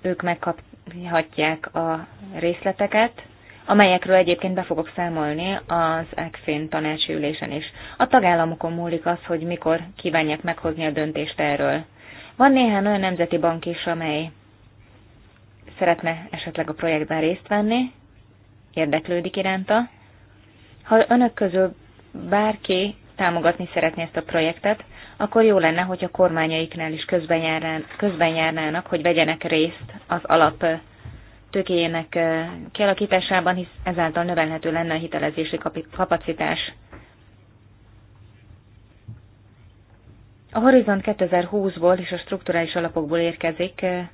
ők megkaphatják a részleteket, amelyekről egyébként be fogok számolni az ECFIN tanácsi ülésen is. A tagállamokon múlik az, hogy mikor kívánják meghozni a döntést erről. Van néhány olyan nemzeti bank is, amely szeretne esetleg a projektben részt venni, érdeklődik iránta. Ha önök közül bárki támogatni szeretné ezt a projektet, akkor jó lenne, hogy a kormányaiknál is közben, járnán, közben járnának, hogy vegyenek részt az alap tökéjének eh, kialakításában, hisz ezáltal növelhető lenne a hitelezési kapacitás. A Horizont 2020-ból és a strukturális alapokból érkezik, eh,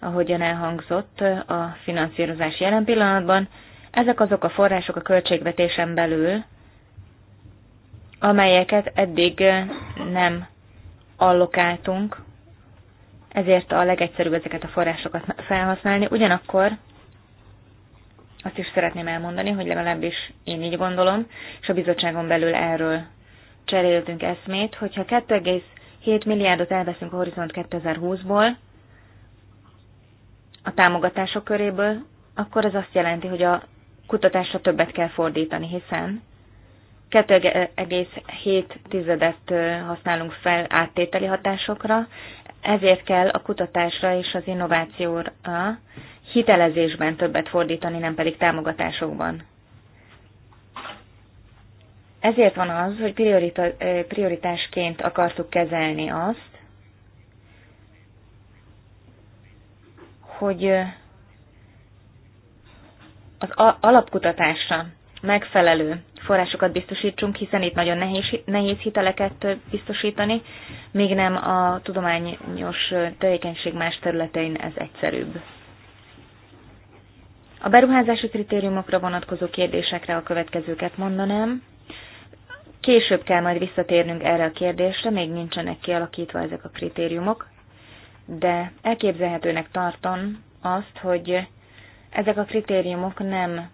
ahogyan elhangzott eh, a finanszírozás jelen pillanatban. Ezek azok a források a költségvetésen belül, amelyeket eddig nem allokáltunk ezért a legegyszerűbb ezeket a forrásokat felhasználni. Ugyanakkor azt is szeretném elmondani, hogy legalábbis én így gondolom, és a bizottságon belül erről cseréltünk eszmét, hogyha 2,7 milliárdot elveszünk a Horizont 2020-ból, a támogatások köréből, akkor ez azt jelenti, hogy a kutatásra többet kell fordítani, hiszen 27 tizedet használunk fel áttételi hatásokra, ezért kell a kutatásra és az innovációra hitelezésben többet fordítani, nem pedig támogatásokban. Ezért van az, hogy prioritásként akartuk kezelni azt, hogy az alapkutatásra megfelelő forrásokat biztosítsunk, hiszen itt nagyon nehéz, nehéz hiteleket biztosítani, még nem a tudományos tevékenység más területein ez egyszerűbb. A beruházási kritériumokra vonatkozó kérdésekre a következőket mondanám. Később kell majd visszatérnünk erre a kérdésre, még nincsenek kialakítva ezek a kritériumok, de elképzelhetőnek tartom azt, hogy ezek a kritériumok nem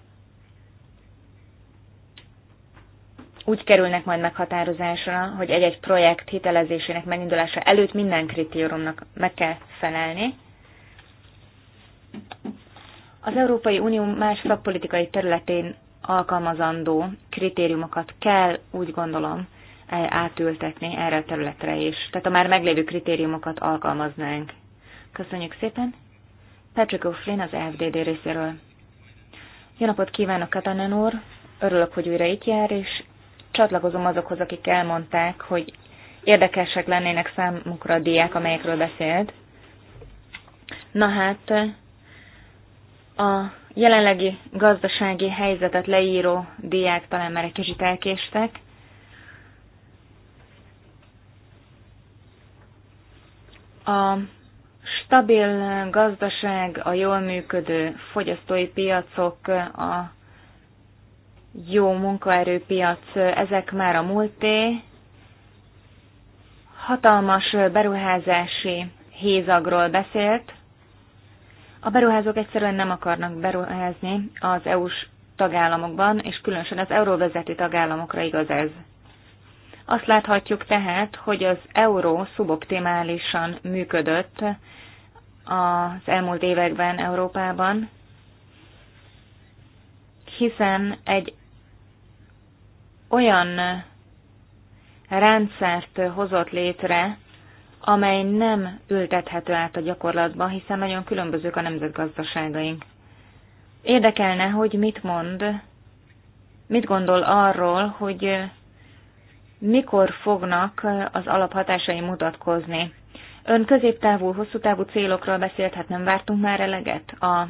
úgy kerülnek majd meghatározásra, hogy egy-egy projekt hitelezésének megindulása előtt minden kritériumnak meg kell felelni. Az Európai Unió más szakpolitikai területén alkalmazandó kritériumokat kell, úgy gondolom, átültetni erre a területre is. Tehát a már meglévő kritériumokat alkalmaznánk. Köszönjük szépen! Patrick O'Flynn az FDD részéről. Jó napot kívánok, Katanen úr! Örülök, hogy újra itt jár, és csatlakozom azokhoz, akik elmondták, hogy érdekesek lennének számukra a diák, amelyekről beszélt. Na hát, a jelenlegi gazdasági helyzetet leíró diák talán már egy kicsit elkéstek. A stabil gazdaság, a jól működő fogyasztói piacok, a jó munkaerőpiac, ezek már a múlté. Hatalmas beruházási hézagról beszélt. A beruházók egyszerűen nem akarnak beruházni az EU-s tagállamokban, és különösen az euróvezető tagállamokra igaz ez. Azt láthatjuk tehát, hogy az euró szuboptimálisan működött az elmúlt években Európában, hiszen egy olyan rendszert hozott létre, amely nem ültethető át a gyakorlatba, hiszen nagyon különbözők a nemzetgazdaságaink. Érdekelne, hogy mit mond, mit gondol arról, hogy mikor fognak az alaphatásai mutatkozni. Ön középtávú, hosszú távú célokról beszélt, hát nem vártunk már eleget az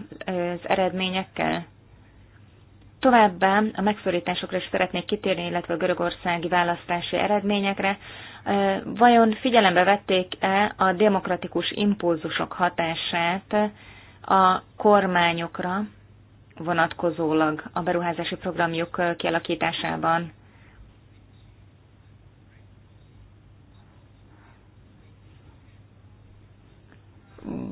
eredményekkel? Továbbá a megszorításokra is szeretnék kitérni, illetve a görögországi választási eredményekre. Vajon figyelembe vették-e a demokratikus impulzusok hatását a kormányokra vonatkozólag a beruházási programjuk kialakításában?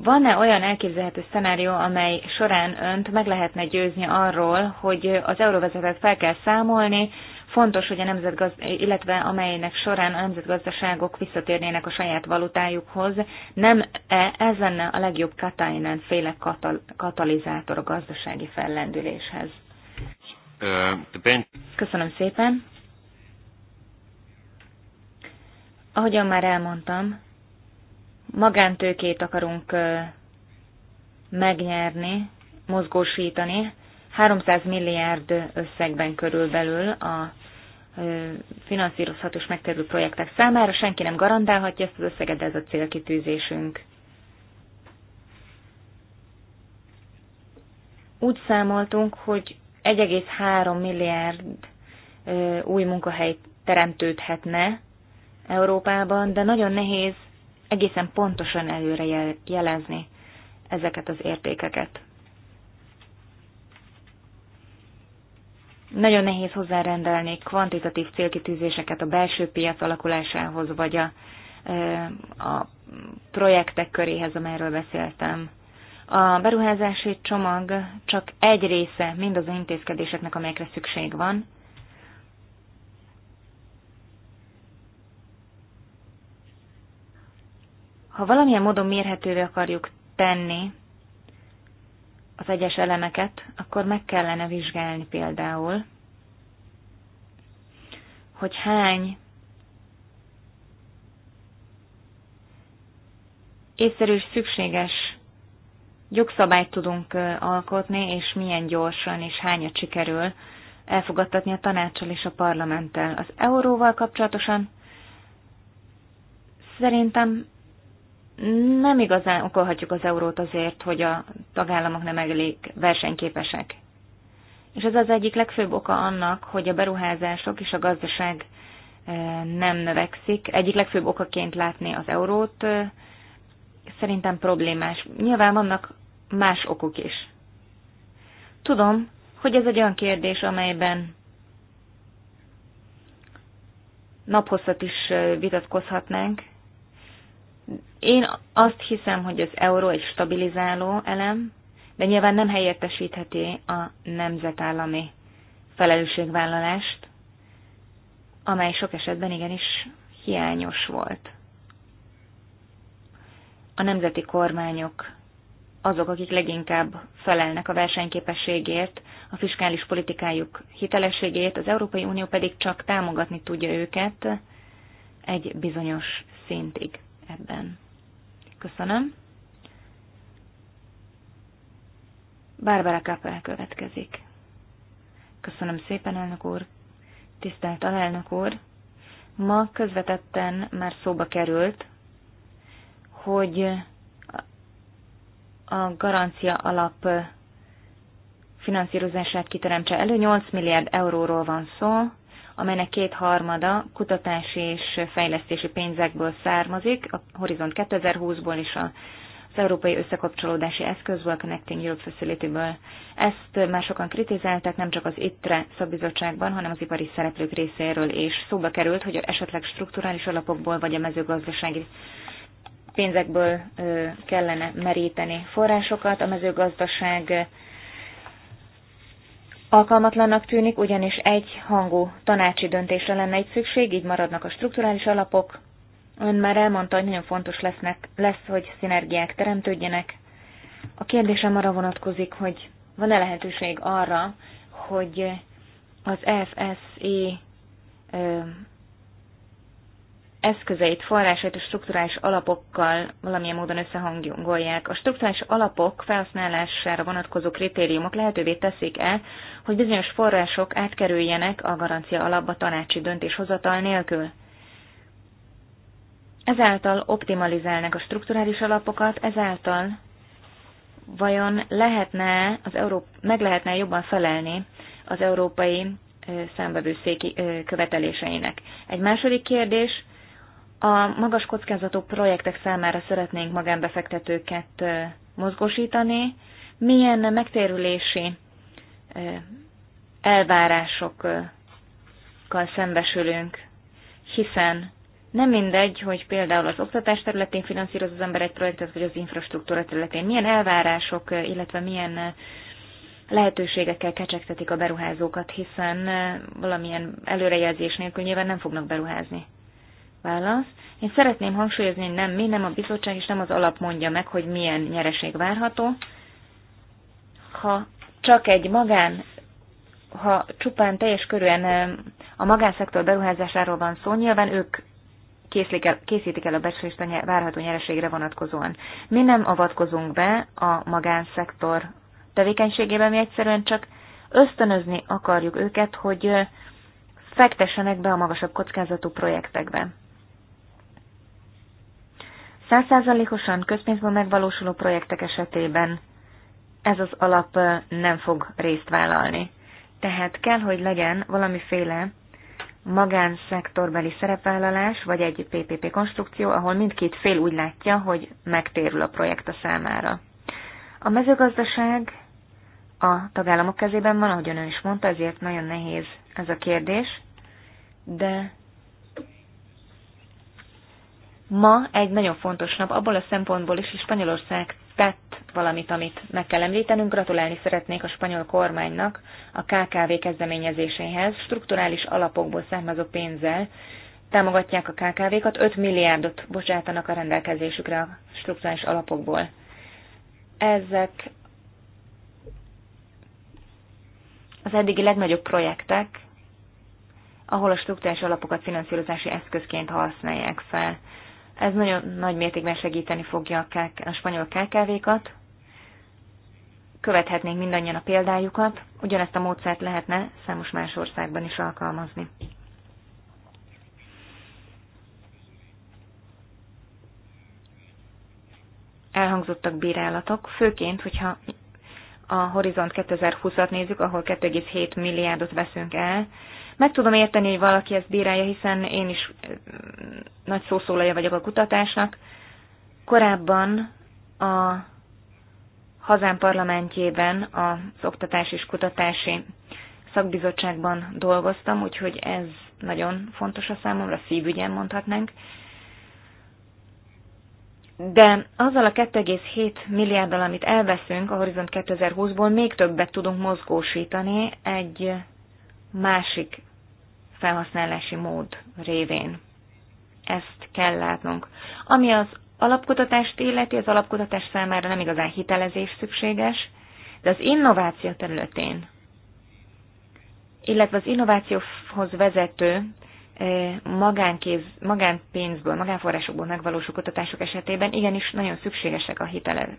Van-e olyan elképzelhető szenárió, amely során önt meg lehetne győzni arról, hogy az euróvezetet fel kell számolni, fontos, hogy a nemzetgaz, illetve amelynek során a nemzetgazdaságok visszatérnének a saját valutájukhoz, nem -e ez lenne a legjobb Katainen féle katal- katalizátor a gazdasági fellendüléshez? Köszönöm szépen. Ahogyan már elmondtam, magántőkét akarunk megnyerni, mozgósítani, 300 milliárd összegben körülbelül a és megterülő projektek számára. Senki nem garantálhatja ezt az összeget, de ez a célkitűzésünk. Úgy számoltunk, hogy 1,3 milliárd új munkahely teremtődhetne Európában, de nagyon nehéz egészen pontosan előre jelezni ezeket az értékeket. Nagyon nehéz hozzárendelni kvantitatív célkitűzéseket a belső piac alakulásához, vagy a, a projektek köréhez, amelyről beszéltem. A beruházási csomag csak egy része az intézkedéseknek, amelyekre szükség van, Ha valamilyen módon mérhetővé akarjuk tenni az egyes elemeket, akkor meg kellene vizsgálni például, hogy hány észszerű és szükséges jogszabályt tudunk alkotni, és milyen gyorsan és hányat sikerül elfogadtatni a tanácssal és a parlamenttel. Az euróval kapcsolatosan szerintem nem igazán okolhatjuk az eurót azért, hogy a tagállamok nem elég versenyképesek. És ez az egyik legfőbb oka annak, hogy a beruházások és a gazdaság eh, nem növekszik. Egyik legfőbb okaként látni az eurót eh, szerintem problémás. Nyilván vannak más okok is. Tudom, hogy ez egy olyan kérdés, amelyben naphosszat is eh, vitatkozhatnánk, én azt hiszem, hogy az euró egy stabilizáló elem, de nyilván nem helyettesítheti a nemzetállami felelősségvállalást, amely sok esetben igenis hiányos volt. A nemzeti kormányok azok, akik leginkább felelnek a versenyképességért, a fiskális politikájuk hitelességét, az Európai Unió pedig csak támogatni tudja őket egy bizonyos szintig ebben. Köszönöm. Bárbara Kappel következik. Köszönöm szépen, elnök úr. Tisztelt alelnök úr. Ma közvetetten már szóba került, hogy a garancia alap finanszírozását kiteremtse elő. 8 milliárd euróról van szó, amelynek kétharmada kutatási és fejlesztési pénzekből származik, a Horizont 2020-ból és a az Európai Összekapcsolódási Eszközből, a Connecting Europe Facility-ből. Ezt már sokan kritizálták, nem csak az ITRE szabizottságban, hanem az ipari szereplők részéről, és szóba került, hogy esetleg strukturális alapokból vagy a mezőgazdasági pénzekből kellene meríteni forrásokat. A mezőgazdaság alkalmatlannak tűnik, ugyanis egy hangú tanácsi döntésre lenne egy szükség, így maradnak a strukturális alapok. Ön már elmondta, hogy nagyon fontos lesznek, lesz, hogy szinergiák teremtődjenek. A kérdésem arra vonatkozik, hogy van-e lehetőség arra, hogy az FSI e, eszközeit, forrásait a strukturális alapokkal valamilyen módon összehangolják. A strukturális alapok felhasználására vonatkozó kritériumok lehetővé teszik el, hogy bizonyos források átkerüljenek a garancia alapba tanácsi döntéshozatal nélkül? Ezáltal optimalizálnak a strukturális alapokat, ezáltal vajon lehetne az Európ meg lehetne jobban felelni az európai számbevőszéki követeléseinek. Egy második kérdés, a magas kockázatú projektek számára szeretnénk magánbefektetőket mozgósítani. Milyen megtérülési elvárásokkal szembesülünk, hiszen nem mindegy, hogy például az oktatás területén finanszíroz az ember egy projektet, vagy az infrastruktúra területén. Milyen elvárások, illetve milyen lehetőségekkel kecsegtetik a beruházókat, hiszen valamilyen előrejelzés nélkül nyilván nem fognak beruházni. Válasz. Én szeretném hangsúlyozni, nem mi, nem a bizottság és nem az alap mondja meg, hogy milyen nyereség várható. Ha csak egy magán, ha csupán teljes körűen a magánszektor beruházásáról van szó, nyilván ők el, készítik el a becslést a várható nyereségre vonatkozóan. Mi nem avatkozunk be a magánszektor tevékenységében, mi egyszerűen csak ösztönözni akarjuk őket, hogy fektessenek be a magasabb kockázatú projektekbe. Százszázalékosan közpénzből megvalósuló projektek esetében ez az alap nem fog részt vállalni. Tehát kell, hogy legyen valamiféle magánszektorbeli szerepvállalás, vagy egy PPP konstrukció, ahol mindkét fél úgy látja, hogy megtérül a projekt a számára. A mezőgazdaság a tagállamok kezében van, ahogy ön is mondta, ezért nagyon nehéz ez a kérdés, de ma egy nagyon fontos nap, abból a szempontból is, hogy Spanyolország tett valamit, amit meg kell említenünk. Gratulálni szeretnék a spanyol kormánynak a KKV kezdeményezéséhez. Strukturális alapokból származó pénzzel támogatják a KKV-kat, 5 milliárdot bocsátanak a rendelkezésükre a strukturális alapokból. Ezek az eddigi legnagyobb projektek, ahol a struktúrás alapokat finanszírozási eszközként használják fel. Ez nagyon nagy mértékben segíteni fogja a, KK, a spanyol KKV-kat. Követhetnénk mindannyian a példájukat, ugyanezt a módszert lehetne számos más országban is alkalmazni. elhangzottak bírálatok, főként, hogyha a Horizont 2020-at nézzük, ahol 2,7 milliárdot veszünk el, meg tudom érteni, hogy valaki ezt bírálja, hiszen én is nagy szószólaja vagyok a kutatásnak. Korábban a hazám parlamentjében az oktatás és kutatási szakbizottságban dolgoztam, úgyhogy ez nagyon fontos a számomra, szívügyen mondhatnánk. De azzal a 2,7 milliárddal, amit elveszünk a Horizont 2020-ból, még többet tudunk mozgósítani egy másik felhasználási mód révén. Ezt kell látnunk. Ami az alapkutatást illeti, az alapkutatás számára nem igazán hitelezés szükséges, de az innováció területén, illetve az innovációhoz vezető eh, magánkéz, magánpénzből, magánforrásokból megvalósul kutatások esetében igenis nagyon szükségesek a hitelek.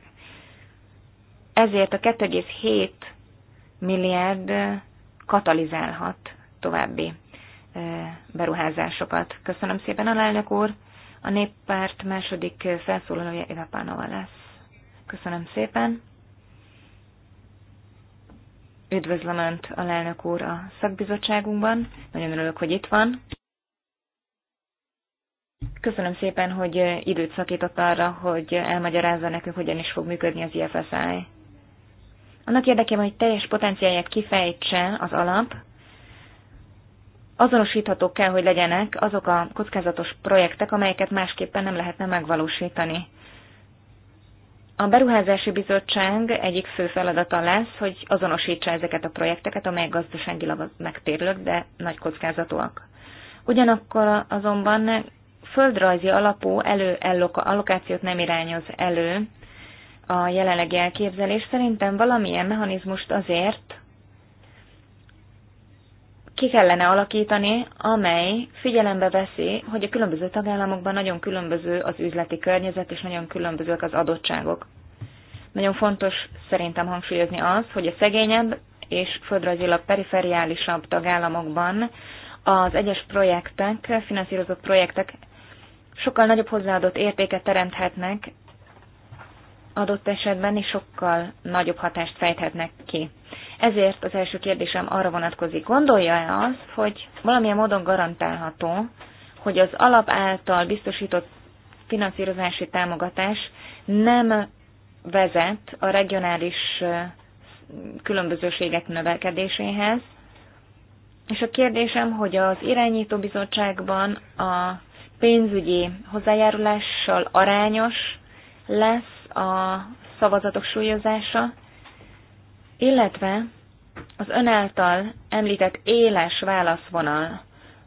Ezért a 2,7 milliárd katalizálhat további beruházásokat. Köszönöm szépen, alelnök úr! A néppárt második felszólalója Éva Pánova lesz. Köszönöm szépen! Üdvözlöm Önt, alelnök úr, a szakbizottságunkban. Nagyon örülök, hogy itt van. Köszönöm szépen, hogy időt szakított arra, hogy elmagyarázza nekünk, hogyan is fog működni az IFSI. Annak érdekében, hogy teljes potenciáját kifejtse az alap, azonosíthatók kell, hogy legyenek azok a kockázatos projektek, amelyeket másképpen nem lehetne megvalósítani. A Beruházási Bizottság egyik fő feladata lesz, hogy azonosítsa ezeket a projekteket, amelyek gazdaságilag megtérlők, de nagy kockázatúak. Ugyanakkor azonban földrajzi alapú elő allokációt nem irányoz elő a jelenlegi elképzelés. Szerintem valamilyen mechanizmust azért ki kellene alakítani, amely figyelembe veszi, hogy a különböző tagállamokban nagyon különböző az üzleti környezet, és nagyon különbözőek az adottságok. Nagyon fontos szerintem hangsúlyozni az, hogy a szegényebb és földrajzilag perifériálisabb tagállamokban az egyes projektek, finanszírozott projektek sokkal nagyobb hozzáadott értéket teremthetnek adott esetben is sokkal nagyobb hatást fejthetnek ki. Ezért az első kérdésem arra vonatkozik, gondolja-e azt, hogy valamilyen módon garantálható, hogy az alap által biztosított finanszírozási támogatás nem vezet a regionális különbözőségek növekedéséhez. És a kérdésem, hogy az irányító bizottságban a pénzügyi hozzájárulással arányos lesz a szavazatok súlyozása, illetve az ön által említett éles válaszvonal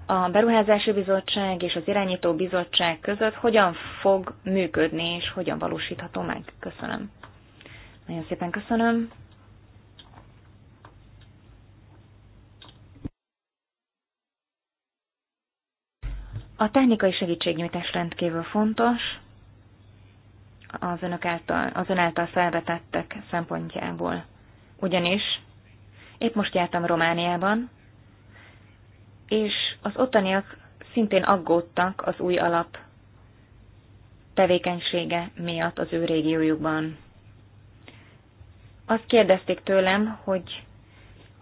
a Beruházási Bizottság és az Irányító Bizottság között hogyan fog működni és hogyan valósítható meg. Köszönöm. Nagyon szépen köszönöm. A technikai segítségnyújtás rendkívül fontos az, önök által, az ön által felvetettek szempontjából. Ugyanis épp most jártam Romániában, és az ottaniak szintén aggódtak az új alap tevékenysége miatt az ő régiójukban. Azt kérdezték tőlem, hogy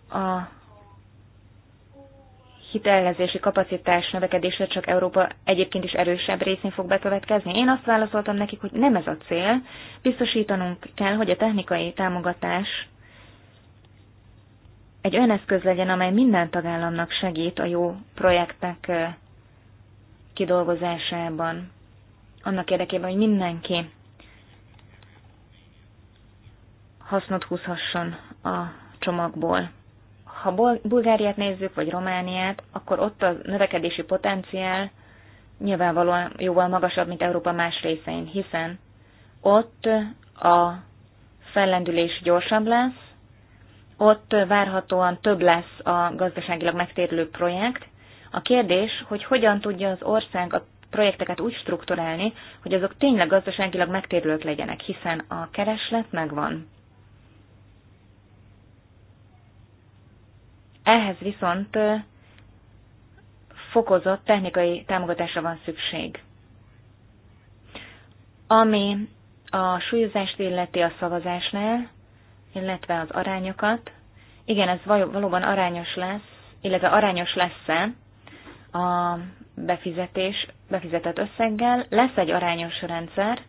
a hitelezési kapacitás növekedésre csak Európa egyébként is erősebb részén fog bekövetkezni? Én azt válaszoltam nekik, hogy nem ez a cél. Biztosítanunk kell, hogy a technikai támogatás egy olyan eszköz legyen, amely minden tagállamnak segít a jó projektek kidolgozásában. Annak érdekében, hogy mindenki hasznot húzhasson a csomagból. Ha Bulgáriát nézzük, vagy Romániát, akkor ott a növekedési potenciál nyilvánvalóan jóval magasabb, mint Európa más részein, hiszen ott a fellendülés gyorsabb lesz, ott várhatóan több lesz a gazdaságilag megtérülő projekt. A kérdés, hogy hogyan tudja az ország a projekteket úgy strukturálni, hogy azok tényleg gazdaságilag megtérülők legyenek, hiszen a kereslet megvan. Ehhez viszont fokozott technikai támogatásra van szükség. Ami a súlyozást illeti a szavazásnál, illetve az arányokat, igen, ez valóban arányos lesz, illetve arányos lesz-e a befizetés, befizetett összeggel, lesz egy arányos rendszer,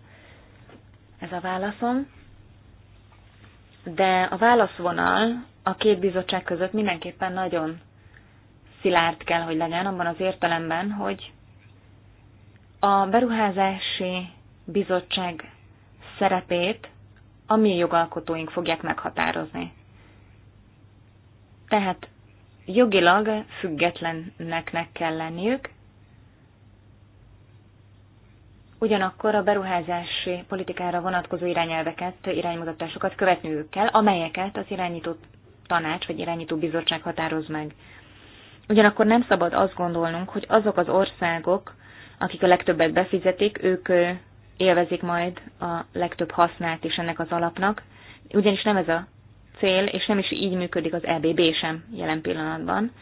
ez a válaszom de a válaszvonal a két bizottság között mindenképpen nagyon szilárd kell, hogy legyen, abban az értelemben, hogy a beruházási bizottság szerepét a mi jogalkotóink fogják meghatározni. Tehát jogilag függetlennek kell lenniük, ugyanakkor a beruházási politikára vonatkozó irányelveket, iránymutatásokat követniük kell, amelyeket az irányító tanács vagy irányító bizottság határoz meg. Ugyanakkor nem szabad azt gondolnunk, hogy azok az országok, akik a legtöbbet befizetik, ők élvezik majd a legtöbb hasznát is ennek az alapnak, ugyanis nem ez a cél, és nem is így működik az EBB sem jelen pillanatban.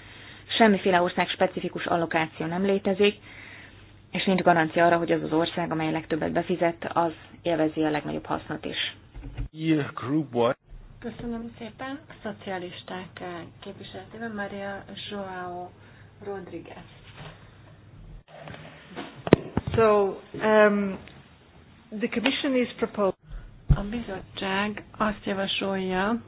Semmiféle ország specifikus allokáció nem létezik, és nincs garancia arra, hogy az az ország, amely legtöbbet befizet, az élvezi a legnagyobb hasznot is. Köszönöm szépen. A szocialisták képviseletében Maria Joao Rodriguez. So, um, the commission is proposed. A bizottság azt javasolja,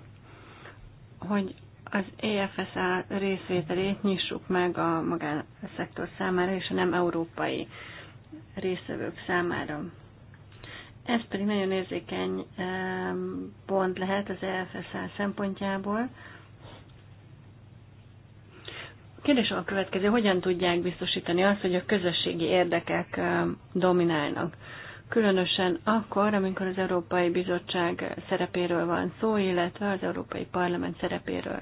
hogy az EFSA részvételét nyissuk meg a magánszektor számára és a nem európai részvevők számára. Ez pedig nagyon érzékeny pont lehet az EFSA szempontjából. Kérdés a következő, hogyan tudják biztosítani azt, hogy a közösségi érdekek dominálnak? különösen akkor, amikor az Európai Bizottság szerepéről van szó, illetve az Európai Parlament szerepéről.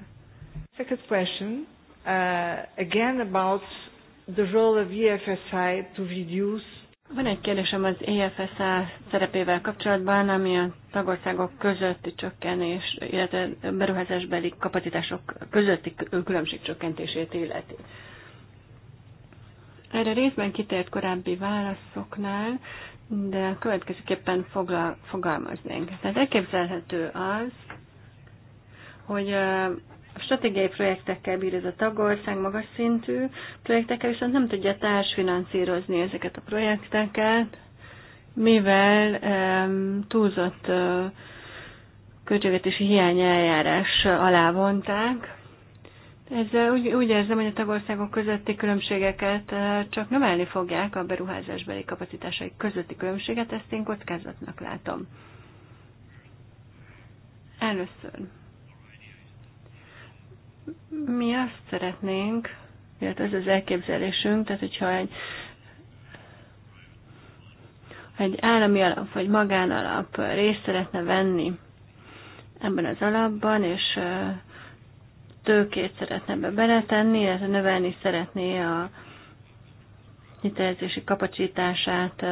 Second question, uh, again about the role of EFSI to reduce van egy kérdésem az EFSA szerepével kapcsolatban, ami a tagországok közötti csökkenés, illetve beruházásbeli kapacitások közötti különbség csökkentését illeti. Erre részben kitért korábbi válaszoknál, de következőképpen fogalmaznénk. Tehát elképzelhető az, hogy a stratégiai projektekkel bír ez a tagország, magas szintű projektekkel, viszont nem tudja társfinanszírozni ezeket a projekteket, mivel um, túlzott uh, költségvetési hiány eljárás alá vonták. Ezzel úgy, úgy érzem, hogy a tagországok közötti különbségeket csak növelni fogják, a beruházásbeli kapacitásai közötti különbséget, ezt én kockázatnak látom. Először mi azt szeretnénk, illetve ez az elképzelésünk, tehát hogyha egy, ha egy állami alap vagy magánalap részt szeretne venni ebben az alapban, és tőkét szeretne be beletenni, illetve növelni szeretné a hitelezési kapacitását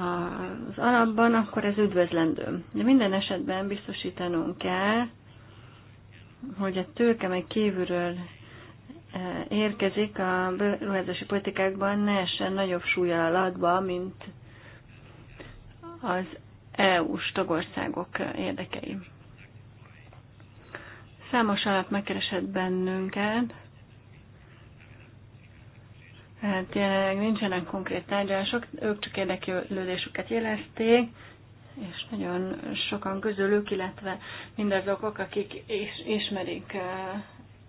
az alapban, akkor ez üdvözlendő. De minden esetben biztosítanunk kell, hogy a tőke, amely kívülről e, érkezik a beruházási politikákban, ne essen nagyobb súlyal alatba, mint az EU-s tagországok érdekei. Számos alap megkeresett bennünket, tehát jelenleg nincsenek konkrét tárgyalások, ők csak érdeklődésüket jelezték, és nagyon sokan közülük, illetve mindazok, akik is, ismerik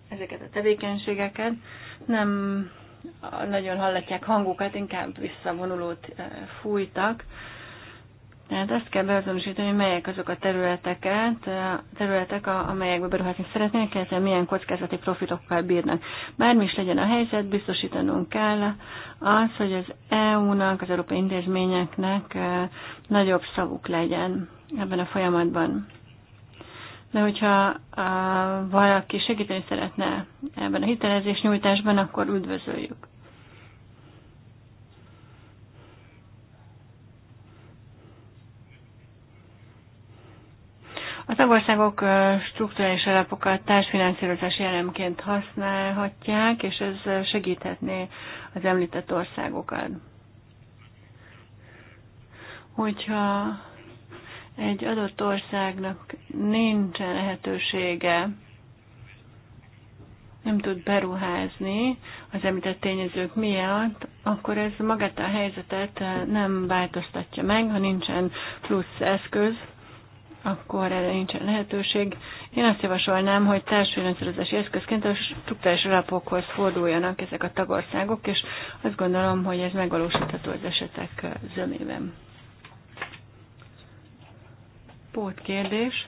ezeket a tevékenységeket, nem nagyon hallatják hangukat, inkább visszavonulót fújtak. Tehát azt kell beazonosítani, hogy melyek azok a területeket, területek, amelyekbe beruházni szeretnének, illetve milyen kockázati profitokkal bírnak. Bármi is legyen a helyzet, biztosítanunk kell az, hogy az EU-nak, az európai intézményeknek nagyobb szavuk legyen ebben a folyamatban. De hogyha valaki segíteni szeretne ebben a hitelezés nyújtásban, akkor üdvözöljük. A tagországok struktúrális alapokat társfinanszírozási elemként használhatják, és ez segíthetné az említett országokat. Hogyha egy adott országnak nincsen lehetősége, nem tud beruházni az említett tényezők miatt, akkor ez magát a helyzetet nem változtatja meg, ha nincsen plusz eszköz, akkor erre nincsen lehetőség. Én azt javasolnám, hogy társadalmi eszközként a struktúrás alapokhoz forduljanak ezek a tagországok, és azt gondolom, hogy ez megvalósítható az esetek zömében. Pót kérdés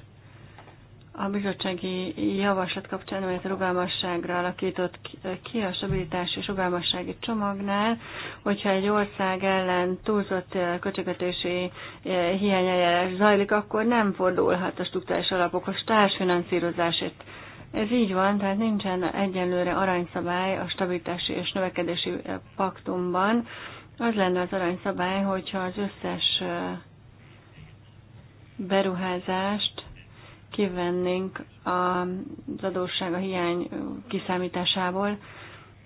a bizottsági javaslat kapcsán, amelyet a rugalmasságra alakított ki a stabilitás és rugalmassági csomagnál, hogyha egy ország ellen túlzott eh, költségvetési eh, hiányeljárás zajlik, akkor nem fordulhat a struktúrás alapokhoz társfinanszírozásért. Ez így van, tehát nincsen egyenlőre aranyszabály a stabilitási és növekedési eh, paktumban. Az lenne az aranyszabály, hogyha az összes beruházást kivennénk az adósság a hiány kiszámításából.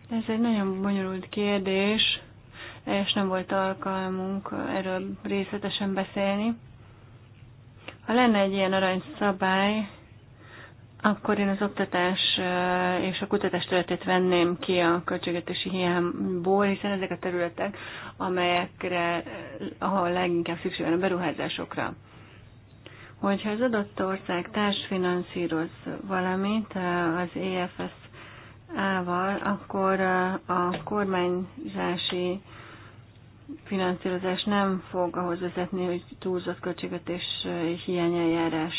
Ez egy nagyon bonyolult kérdés, és nem volt alkalmunk erről részletesen beszélni. Ha lenne egy ilyen aranyszabály, akkor én az oktatás és a kutatás területét venném ki a költségvetési hiányból, hiszen ezek a területek, amelyekre, ahol leginkább szükség van a beruházásokra hogyha az adott ország társfinanszíroz valamit eh, az EFS-ával, akkor eh, a kormányzási finanszírozás nem fog ahhoz vezetni, hogy túlzott költségvetés eh, hiányeljárás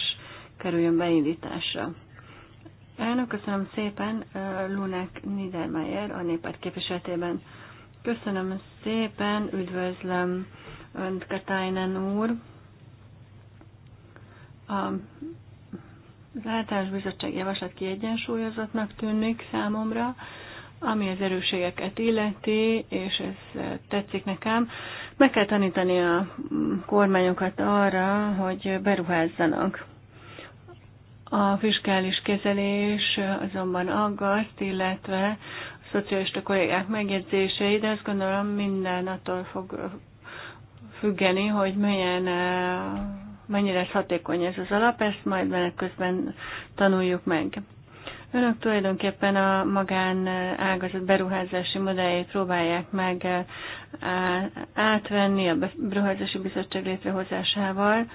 kerüljön beindításra. Elnök, köszönöm szépen Lunek Niedermeyer a néppárt képviseletében. Köszönöm szépen, üdvözlöm Önt Katainen úr. A az általános bizottság javaslat kiegyensúlyozatnak tűnik számomra, ami az erőségeket illeti, és ez tetszik nekem. Meg kell tanítani a kormányokat arra, hogy beruházzanak. A fiskális kezelés azonban aggaszt, illetve a szocialista kollégák megjegyzései, de azt gondolom minden attól fog függeni, hogy milyen mennyire hatékony ez az alap, ezt majd menet közben tanuljuk meg. Önök tulajdonképpen a magán eh, ágazat beruházási modelljét próbálják meg eh, átvenni a Beruházási Bizottság létrehozásával.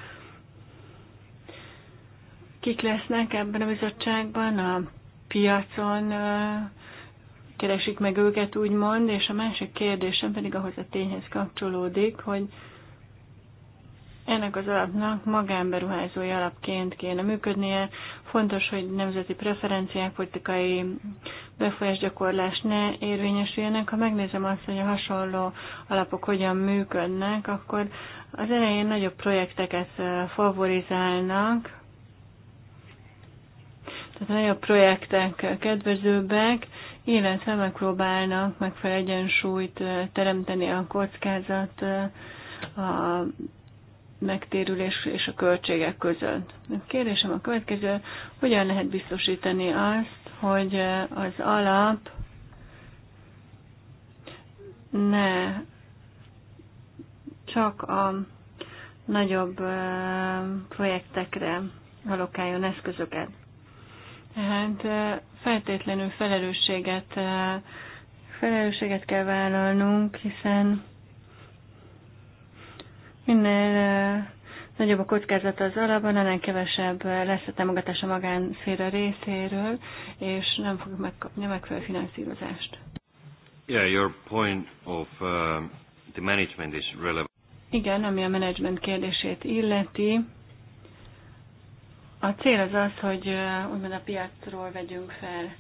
Kik lesznek ebben a bizottságban? A piacon eh, keresik meg őket, úgymond, és a másik kérdésem pedig ahhoz a tényhez kapcsolódik, hogy ennek az alapnak magánberuházói alapként kéne működnie. Fontos, hogy nemzeti preferenciák, politikai befolyásgyakorlás ne érvényesüljenek. Ha megnézem azt, hogy a hasonló alapok hogyan működnek, akkor az elején nagyobb projekteket favorizálnak, tehát nagyobb projektek kedvezőbbek, illetve megpróbálnak megfelelő egyensúlyt teremteni a kockázat a megtérülés és a költségek között. kérdésem a következő, hogyan lehet biztosítani azt, hogy az alap ne csak a nagyobb projektekre alokáljon eszközöket. Tehát feltétlenül felelősséget, felelősséget kell vállalnunk, hiszen Minél nagyobb a kockázata az alapban, annál kevesebb lesz a támogatás a magánszféra részéről, és nem fogjuk megkapni a megfelelő finanszírozást. Yeah, your point of uh, the management is relevant. Igen, ami a menedzsment kérdését illeti, a cél az az, hogy úgymond a piacról vegyünk fel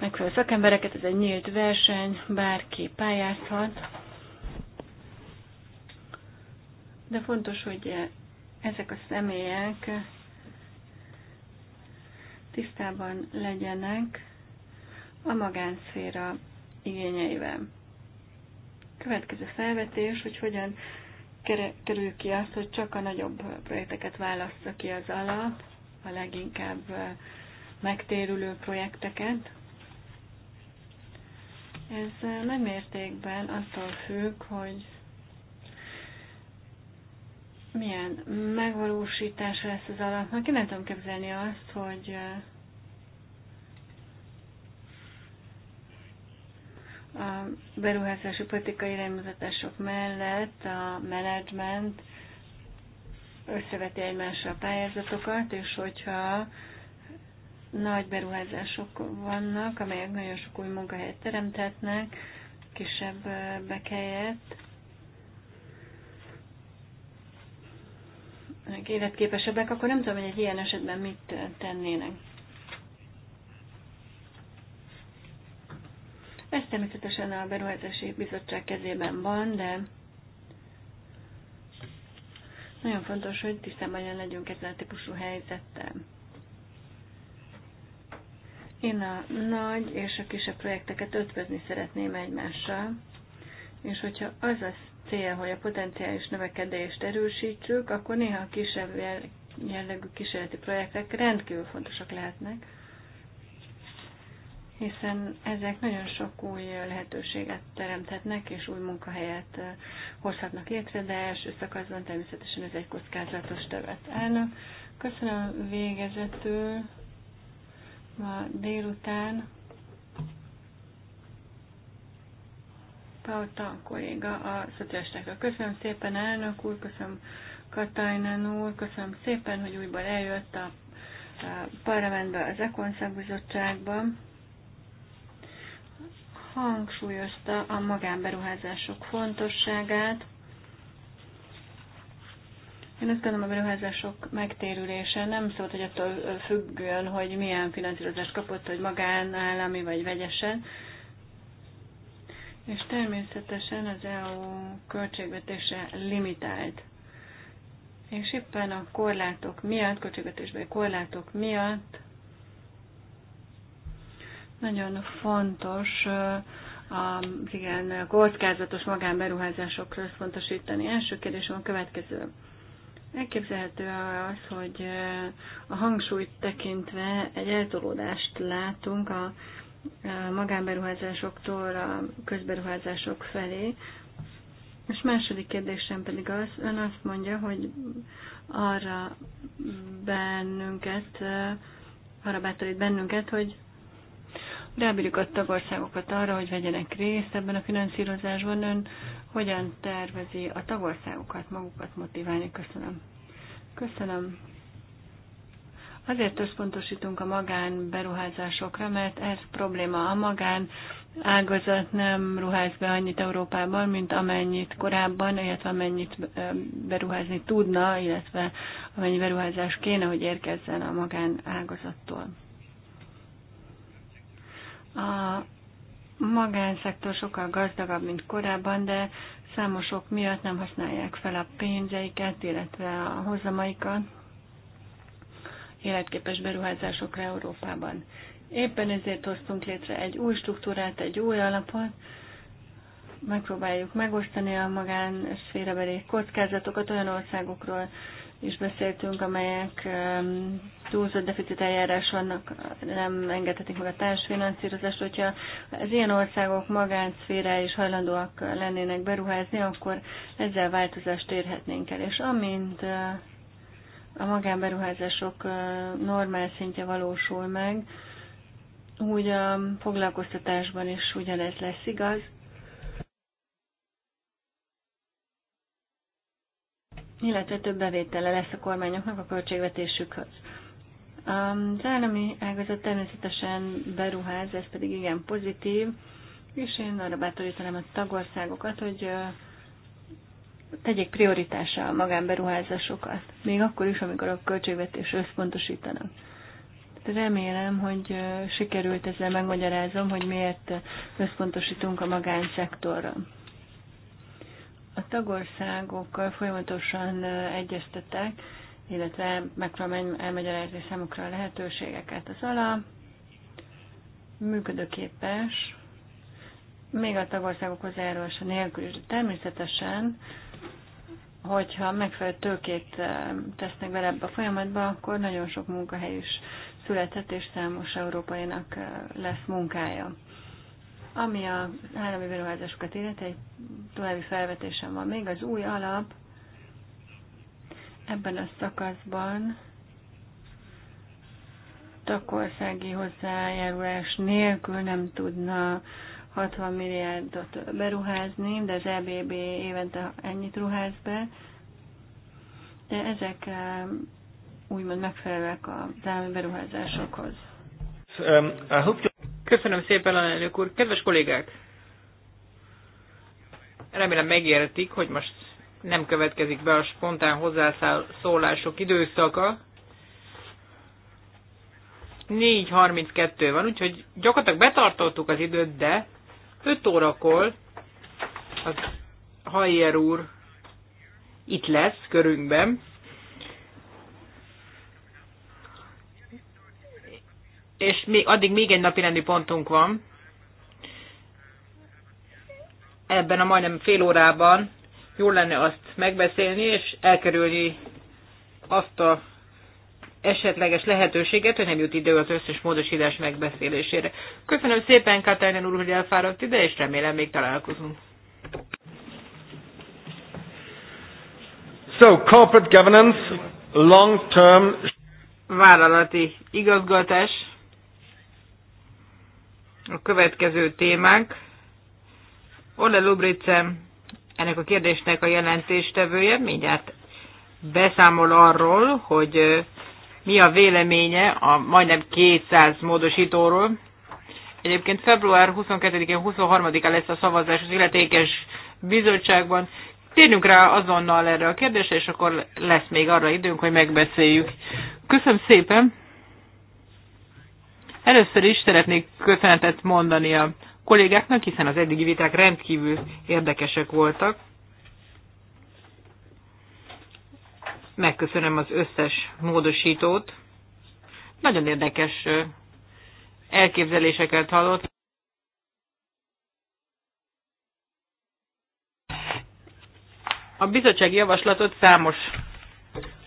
megfelelő szakembereket, ez egy nyílt verseny, bárki pályázhat, de fontos, hogy ezek a személyek tisztában legyenek a magánszféra igényeivel. Következő felvetés, hogy hogyan kerül ki azt, hogy csak a nagyobb projekteket választja ki az alap, a leginkább megtérülő projekteket. Ez nem mértékben attól függ, hogy milyen megvalósítása lesz az alapnak. Én nem tudom képzelni azt, hogy eh, a beruházási politikai iránymutatások mellett a menedzsment összeveti egymással a pályázatokat, és hogyha nagy beruházások vannak, amelyek nagyon sok új munkahelyet teremthetnek, kisebb eh, bekelyet, életképesebbek, akkor nem tudom, hogy egy ilyen esetben mit tennének. Ez természetesen a beruházási bizottság kezében van, de nagyon fontos, hogy tisztában legyünk ezzel a típusú helyzettel. Én a nagy és a kisebb projekteket ötvözni szeretném egymással, és hogyha az az cél, hogy a potenciális növekedést erősítsük, akkor néha kisebb jellegű kísérleti projektek rendkívül fontosak lehetnek, hiszen ezek nagyon sok új lehetőséget teremthetnek, és új munkahelyet hozhatnak létre, de első szakaszban természetesen ez egy kockázatos tevet Elnök, köszönöm végezetül ma délután Pauta kolléga a szocialistákra. Köszönöm szépen, elnök úr, köszönöm Katajnán úr, köszönöm szépen, hogy újból eljött a parlamentbe, az Ekon szakbizottságban. Hangsúlyozta a magánberuházások fontosságát. Én azt gondolom, a beruházások megtérülése nem szólt, hogy attól függően, hogy milyen finanszírozást kapott, hogy magánállami vagy vegyesen, és természetesen az EU költségvetése limitált. És éppen a korlátok miatt, költségvetésbeli korlátok miatt nagyon fontos a, igen, kockázatos magánberuházásokra összpontosítani. Első kérdésem a következő. Elképzelhető az, hogy a hangsúlyt tekintve egy eltolódást látunk a magánberuházásoktól a közberuházások felé. És második kérdésem pedig az, ön azt mondja, hogy arra bennünket, arra bátorít bennünket, hogy rábírjuk a tagországokat arra, hogy vegyenek részt ebben a finanszírozásban. Ön hogyan tervezi a tagországokat magukat motiválni? Köszönöm. Köszönöm. Azért összpontosítunk a magán beruházásokra, mert ez probléma. A magán ágazat nem ruház be annyit Európában, mint amennyit korábban, illetve amennyit beruházni tudna, illetve amennyi beruházás kéne, hogy érkezzen a magán ágazattól. A magánszektor sokkal gazdagabb, mint korábban, de számosok miatt nem használják fel a pénzeiket, illetve a hozamaikat, életképes beruházásokra Európában. Éppen ezért hoztunk létre egy új struktúrát, egy új alapot, megpróbáljuk megosztani a magán szférabeli kockázatokat olyan országokról, és beszéltünk, amelyek túlzott deficit eljárás vannak, nem engedhetik meg a társfinanszírozást. Hogyha az ilyen országok magánszféra is hajlandóak lennének beruházni, akkor ezzel változást érhetnénk el. És amint a magánberuházások normál szintje valósul meg, úgy a foglalkoztatásban is ugyanez lesz igaz. illetve több bevétele lesz a kormányoknak a költségvetésükhöz. Az állami ágazat természetesen beruház, ez pedig igen pozitív, és én arra bátorítanám a tagországokat, hogy tegyék prioritásra a magánberuházásokat, még akkor is, amikor a költségvetés összpontosítanak. Remélem, hogy sikerült ezzel megmagyarázom, hogy miért összpontosítunk a magánszektorra. A tagországokkal folyamatosan egyeztetek, illetve megpróbálom elmagyarázni számukra a lehetőségeket. Az ala működőképes, még a tagországok hozzájárulása nélkül is, de természetesen hogyha megfelelő tőkét eh, tesznek bele ebbe a folyamatba, akkor nagyon sok munkahely is született és számos európainak eh, lesz munkája. Ami a állami beruházásokat illeti, egy további felvetésem van még, az új alap ebben a szakaszban takországi hozzájárulás nélkül nem tudna 60 milliárdot beruházni, de az EBB évente ennyit ruház be, de ezek úgymond megfelelnek az állami beruházásokhoz. Um, Köszönöm szépen, elnök úr. Kedves kollégák! Remélem megértik, hogy most nem következik be a spontán hozzászólások időszaka. 4.32 van, úgyhogy gyakorlatilag betartottuk az időt, de 5 órakor az Hajer úr itt lesz körünkben, és még, addig még egy napi rendi pontunk van. Ebben a majdnem fél órában jó lenne azt megbeszélni, és elkerülni azt a esetleges lehetőséget, hogy nem jut idő az összes módosítás megbeszélésére. Köszönöm szépen, Katalin úr, hogy elfáradt ide, és remélem még találkozunk. So, corporate governance, long-term... Vállalati igazgatás. A következő témánk. Ole Lubrice, ennek a kérdésnek a jelentéstevője, mindjárt beszámol arról, hogy mi a véleménye a majdnem 200 módosítóról. Egyébként február 22-én, 23-án lesz a szavazás az illetékes bizottságban. Térjünk rá azonnal erre a kérdésre, és akkor lesz még arra időnk, hogy megbeszéljük. Köszönöm szépen! Először is szeretnék köszönetet mondani a kollégáknak, hiszen az eddigi viták rendkívül érdekesek voltak. Megköszönöm az összes módosítót. Nagyon érdekes elképzeléseket hallott. A bizottság javaslatot számos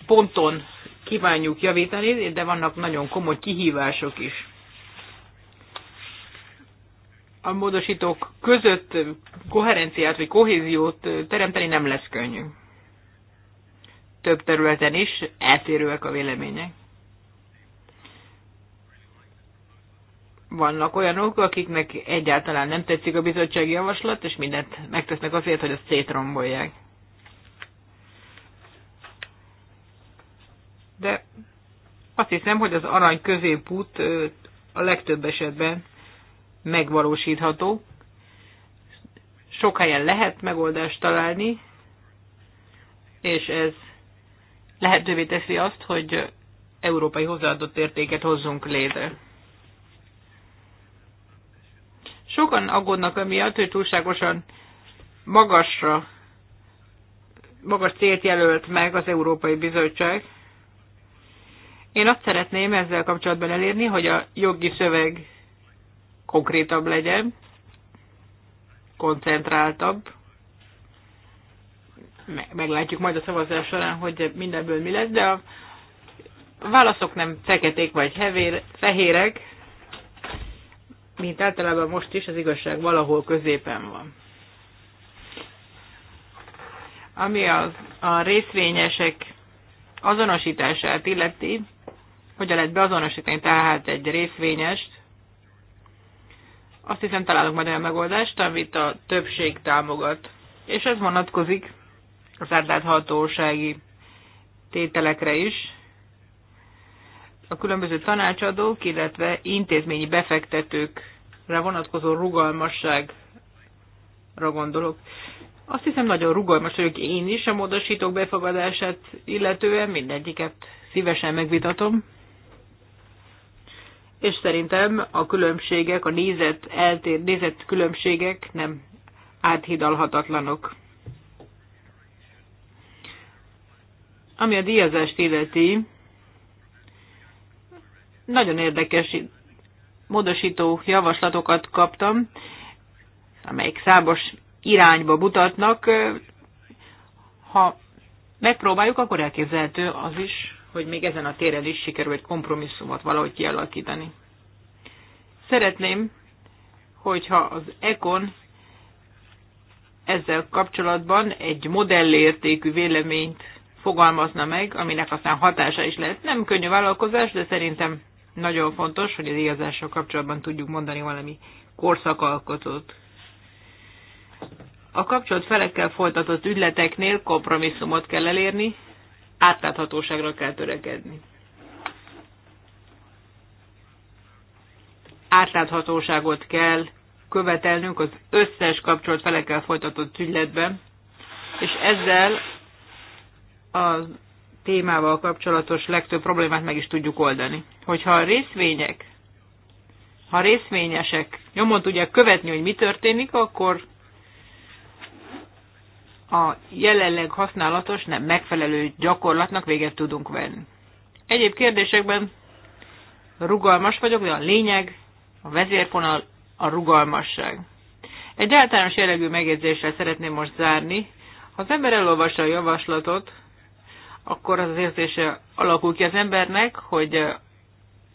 ponton kívánjuk javítani, de vannak nagyon komoly kihívások is. A módosítók között koherenciát vagy kohéziót teremteni nem lesz könnyű több területen is eltérőek a vélemények. Vannak olyanok, akiknek egyáltalán nem tetszik a bizottsági javaslat, és mindent megtesznek azért, hogy azt szétrombolják. De azt hiszem, hogy az arany középút a legtöbb esetben megvalósítható. Sok helyen lehet megoldást találni, és ez lehetővé teszi azt, hogy európai hozzáadott értéket hozzunk létre. Sokan aggódnak amiatt, hogy túlságosan magasra, magas célt jelölt meg az Európai Bizottság. Én azt szeretném ezzel kapcsolatban elérni, hogy a jogi szöveg konkrétabb legyen, koncentráltabb, meglátjuk majd a szavazás során, hogy mindenből mi lesz, de a válaszok nem feketék vagy hevér, fehérek, mint általában most is, az igazság valahol középen van. Ami a, a részvényesek azonosítását illeti, hogyan lehet beazonosítani tehát egy részvényest, azt hiszem találok majd olyan megoldást, amit a többség támogat. És ez vonatkozik az átláthatósági tételekre is. A különböző tanácsadók, illetve intézményi befektetőkre vonatkozó rugalmasságra gondolok. Azt hiszem nagyon rugalmas vagyok én is a módosítók befogadását illetően, mindegyiket szívesen megvitatom. És szerintem a különbségek, a nézet, eltér, nézet különbségek nem áthidalhatatlanok. Ami a díjazást illeti, nagyon érdekes módosító javaslatokat kaptam, amelyek számos irányba mutatnak. Ha megpróbáljuk, akkor elképzelhető az is, hogy még ezen a téren is sikerül egy kompromisszumot valahogy kialakítani. Szeretném, hogyha az ECON ezzel kapcsolatban egy modellértékű véleményt fogalmazna meg, aminek aztán hatása is lehet. Nem könnyű vállalkozás, de szerintem nagyon fontos, hogy az igazással kapcsolatban tudjuk mondani valami korszakalkotót. A kapcsolat felekkel folytatott ügyleteknél kompromisszumot kell elérni, átláthatóságra kell törekedni. Átláthatóságot kell követelnünk az összes kapcsolat felekkel folytatott ügyletben, és ezzel a témával kapcsolatos legtöbb problémát meg is tudjuk oldani. Hogyha a részvények, ha a részvényesek nyomon tudják követni, hogy mi történik, akkor a jelenleg használatos, nem megfelelő gyakorlatnak véget tudunk venni. Egyéb kérdésekben rugalmas vagyok, de a lényeg, a vezérfonal a rugalmasság. Egy általános jellegű megjegyzéssel szeretném most zárni. Ha az ember elolvassa a javaslatot, akkor az érzése alakul ki az embernek, hogy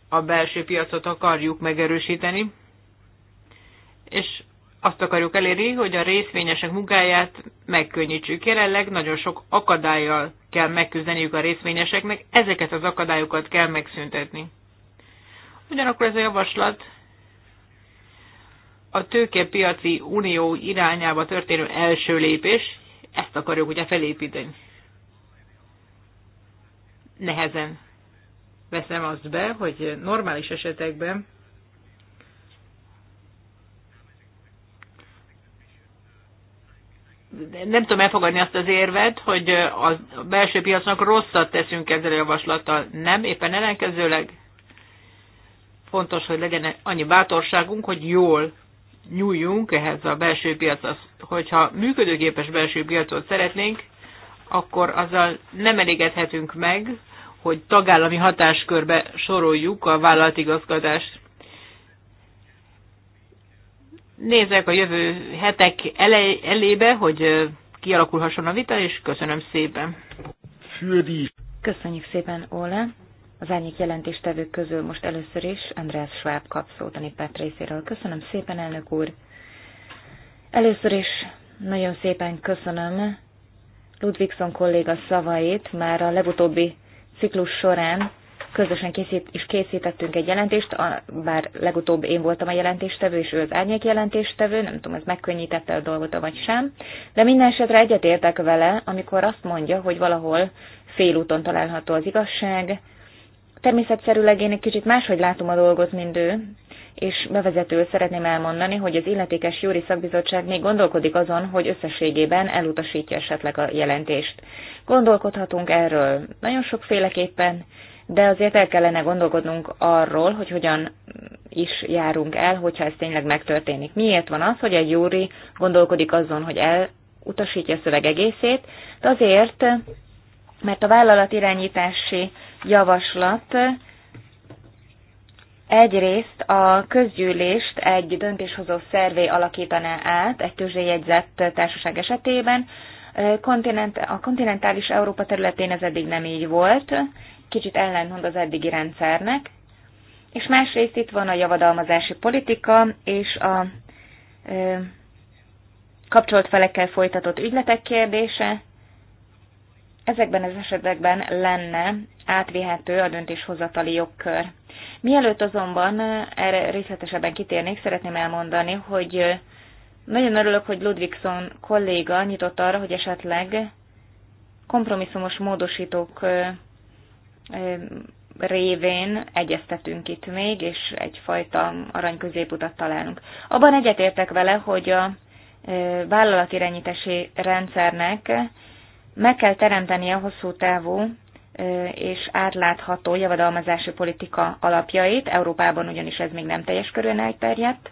a belső piacot akarjuk megerősíteni, és azt akarjuk elérni, hogy a részvényesek munkáját megkönnyítsük. Jelenleg nagyon sok akadályjal kell megküzdeniük a részvényeseknek, ezeket az akadályokat kell megszüntetni. Ugyanakkor ez a javaslat a tőkepiaci unió irányába történő első lépés, ezt akarjuk ugye felépíteni nehezen veszem azt be, hogy normális esetekben nem tudom elfogadni azt az érvet, hogy a belső piacnak rosszat teszünk ezzel a javaslattal. Nem, éppen ellenkezőleg fontos, hogy legyen annyi bátorságunk, hogy jól nyúljunk ehhez a belső piachoz. Hogyha működőképes belső piacot szeretnénk, akkor azzal nem elégedhetünk meg, hogy tagállami hatáskörbe soroljuk a vállalatigazgatást. Nézek a jövő hetek elej, elébe, hogy kialakulhasson a vita, és köszönöm szépen. Köszönjük szépen, Ola. Az árnyék jelentéstevők közül most először is András Schwab kap szót a néppárt részéről. Köszönöm szépen, elnök úr. Először is nagyon szépen köszönöm Ludvigson kolléga szavait, már a legutóbbi ciklus során közösen készít, is készítettünk egy jelentést, a, bár legutóbb én voltam a jelentéstevő, és ő az árnyék jelentéstevő, nem tudom, ez megkönnyítette a dolgot, vagy sem, de minden esetre egyetértek vele, amikor azt mondja, hogy valahol félúton található az igazság. Természetszerűleg én egy kicsit máshogy látom a dolgot, mint ő, és bevezetőül szeretném elmondani, hogy az illetékes júri szakbizottság még gondolkodik azon, hogy összességében elutasítja esetleg a jelentést. Gondolkodhatunk erről nagyon sokféleképpen, de azért el kellene gondolkodnunk arról, hogy hogyan is járunk el, hogyha ez tényleg megtörténik. Miért van az, hogy egy júri gondolkodik azon, hogy elutasítja a szöveg egészét, de azért, mert a vállalat irányítási javaslat Egyrészt a közgyűlést egy döntéshozó szervé alakítaná át egy tőzsdéjegyzett társaság esetében. A kontinentális Európa területén ez eddig nem így volt, kicsit ellentmond az eddigi rendszernek. És másrészt itt van a javadalmazási politika és a kapcsolt felekkel folytatott ügyletek kérdése. Ezekben az esetekben lenne átvihető a döntéshozatali jogkör. Mielőtt azonban erre részletesebben kitérnék, szeretném elmondani, hogy nagyon örülök, hogy Ludvigson kolléga nyitott arra, hogy esetleg kompromisszumos módosítók révén egyeztetünk itt még, és egyfajta arany középutat találunk. Abban egyetértek vele, hogy a vállalatirányítási rendszernek meg kell teremtenie a hosszú távú és átlátható javadalmazási politika alapjait, Európában ugyanis ez még nem teljes körülön elterjedt.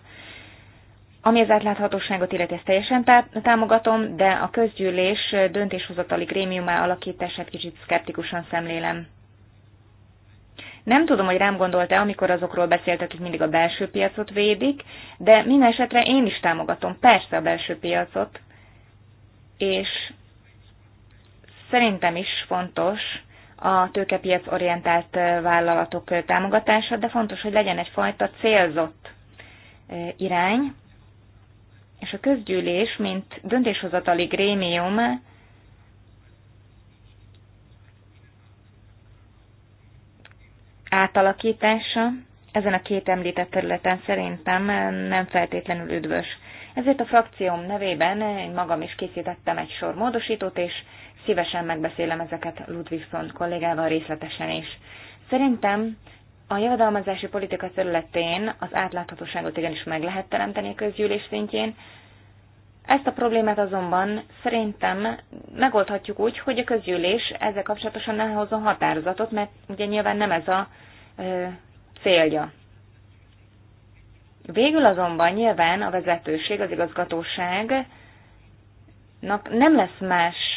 Ami az átláthatóságot illeti, ezt teljesen támogatom, de a közgyűlés döntéshozatali grémiumá alakítását kicsit szkeptikusan szemlélem. Nem tudom, hogy rám gondolta, amikor azokról beszéltek, hogy mindig a belső piacot védik, de minden esetre én is támogatom persze a belső piacot, és szerintem is fontos, a tőkepiac orientált vállalatok támogatása, de fontos, hogy legyen egyfajta célzott irány, és a közgyűlés, mint döntéshozatali grémium átalakítása ezen a két említett területen szerintem nem feltétlenül üdvös. Ezért a frakcióm nevében én magam is készítettem egy sor módosítót, és Szívesen megbeszélem ezeket Ludwigson kollégával részletesen is. Szerintem a javadalmazási politika területén az átláthatóságot igenis meg lehet teremteni a közgyűlés szintjén. Ezt a problémát azonban szerintem megoldhatjuk úgy, hogy a közgyűlés ezzel kapcsolatosan ne hozzon határozatot, mert ugye nyilván nem ez a ö, célja. Végül azonban nyilván a vezetőség, az igazgatóságnak nem lesz más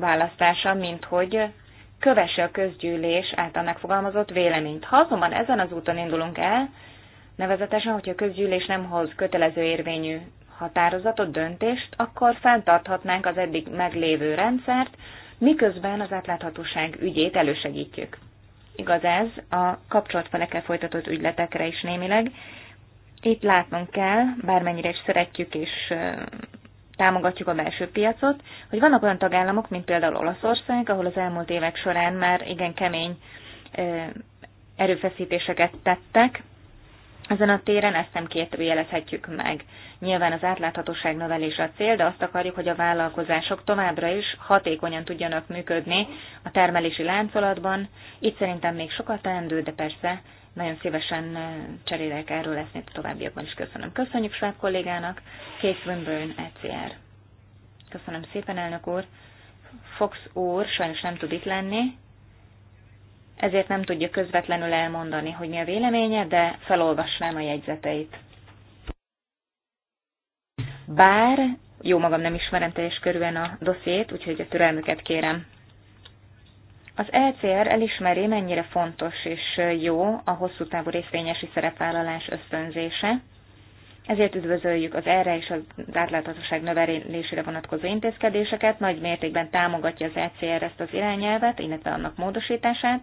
választása, mint hogy kövesse a közgyűlés által megfogalmazott véleményt. Ha azonban ezen az úton indulunk el, nevezetesen, hogyha a közgyűlés nem hoz kötelező érvényű határozatot, döntést, akkor fenntarthatnánk az eddig meglévő rendszert, miközben az átláthatóság ügyét elősegítjük. Igaz ez a kapcsolatfelekkel folytatott ügyletekre is némileg. Itt látnunk kell, bármennyire is szeretjük és támogatjuk a belső piacot, hogy vannak olyan tagállamok, mint például Olaszország, ahol az elmúlt évek során már igen kemény erőfeszítéseket tettek. Ezen a téren ezt nem kétrőjelezhetjük meg. Nyilván az átláthatóság növelése a cél, de azt akarjuk, hogy a vállalkozások továbbra is hatékonyan tudjanak működni a termelési láncolatban. Itt szerintem még sokat teendő, de persze nagyon szívesen cserélek erről lesz a továbbiakban is. Köszönöm. Köszönjük Schwab kollégának. Kate Wimburn, ECR. Köszönöm szépen, elnök úr. Fox úr sajnos nem tud itt lenni, ezért nem tudja közvetlenül elmondani, hogy mi a véleménye, de felolvasnám a jegyzeteit. Bár jó magam nem ismerem teljes körülön a dossziét, úgyhogy a türelmüket kérem. Az ECR elismeri, mennyire fontos és jó a hosszú távú részvényesi szerepvállalás ösztönzése, ezért üdvözöljük az erre és az átláthatóság növelésére vonatkozó intézkedéseket, nagy mértékben támogatja az ECR ezt az irányelvet, illetve annak módosítását.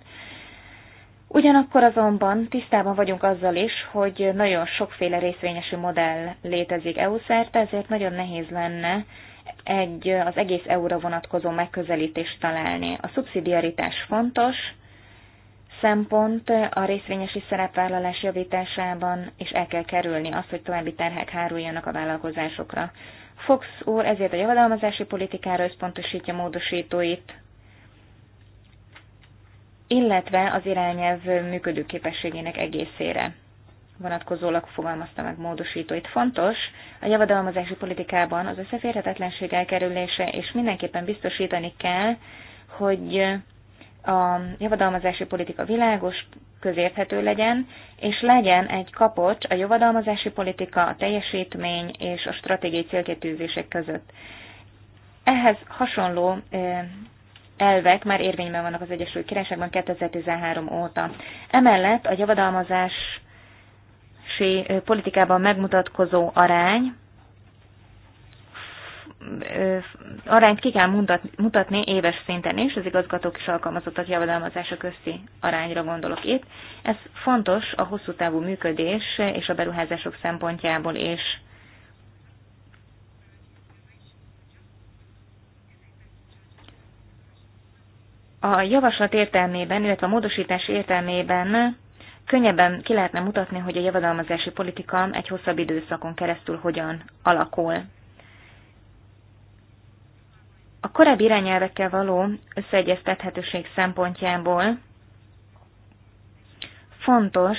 Ugyanakkor azonban tisztában vagyunk azzal is, hogy nagyon sokféle részvényesi modell létezik EU szerte, ezért nagyon nehéz lenne egy az egész EU-ra vonatkozó megközelítést találni. A szubszidiaritás fontos szempont a részvényesi szerepvállalás javításában, és el kell kerülni azt, hogy további terhek háruljanak a vállalkozásokra. Fox úr ezért a javadalmazási politikára összpontosítja módosítóit, illetve az irányelv működőképességének egészére vonatkozólag fogalmazta meg módosítóit. Fontos a javadalmazási politikában az összeférhetetlenség elkerülése, és mindenképpen biztosítani kell, hogy a javadalmazási politika világos, közérthető legyen, és legyen egy kapocs a javadalmazási politika, a teljesítmény és a stratégiai célkitűzések között. Ehhez hasonló elvek már érvényben vannak az Egyesült Királyságban 2013 óta. Emellett a javadalmazás városi politikában megmutatkozó arány, arányt ki kell mutatni éves szinten is, az igazgatók és alkalmazottak javadalmazása közti arányra gondolok itt. Ez fontos a hosszú távú működés és a beruházások szempontjából is. A javaslat értelmében, illetve a módosítás értelmében könnyebben ki lehetne mutatni, hogy a javadalmazási politika egy hosszabb időszakon keresztül hogyan alakul. A korábbi irányelvekkel való összeegyeztethetőség szempontjából fontos,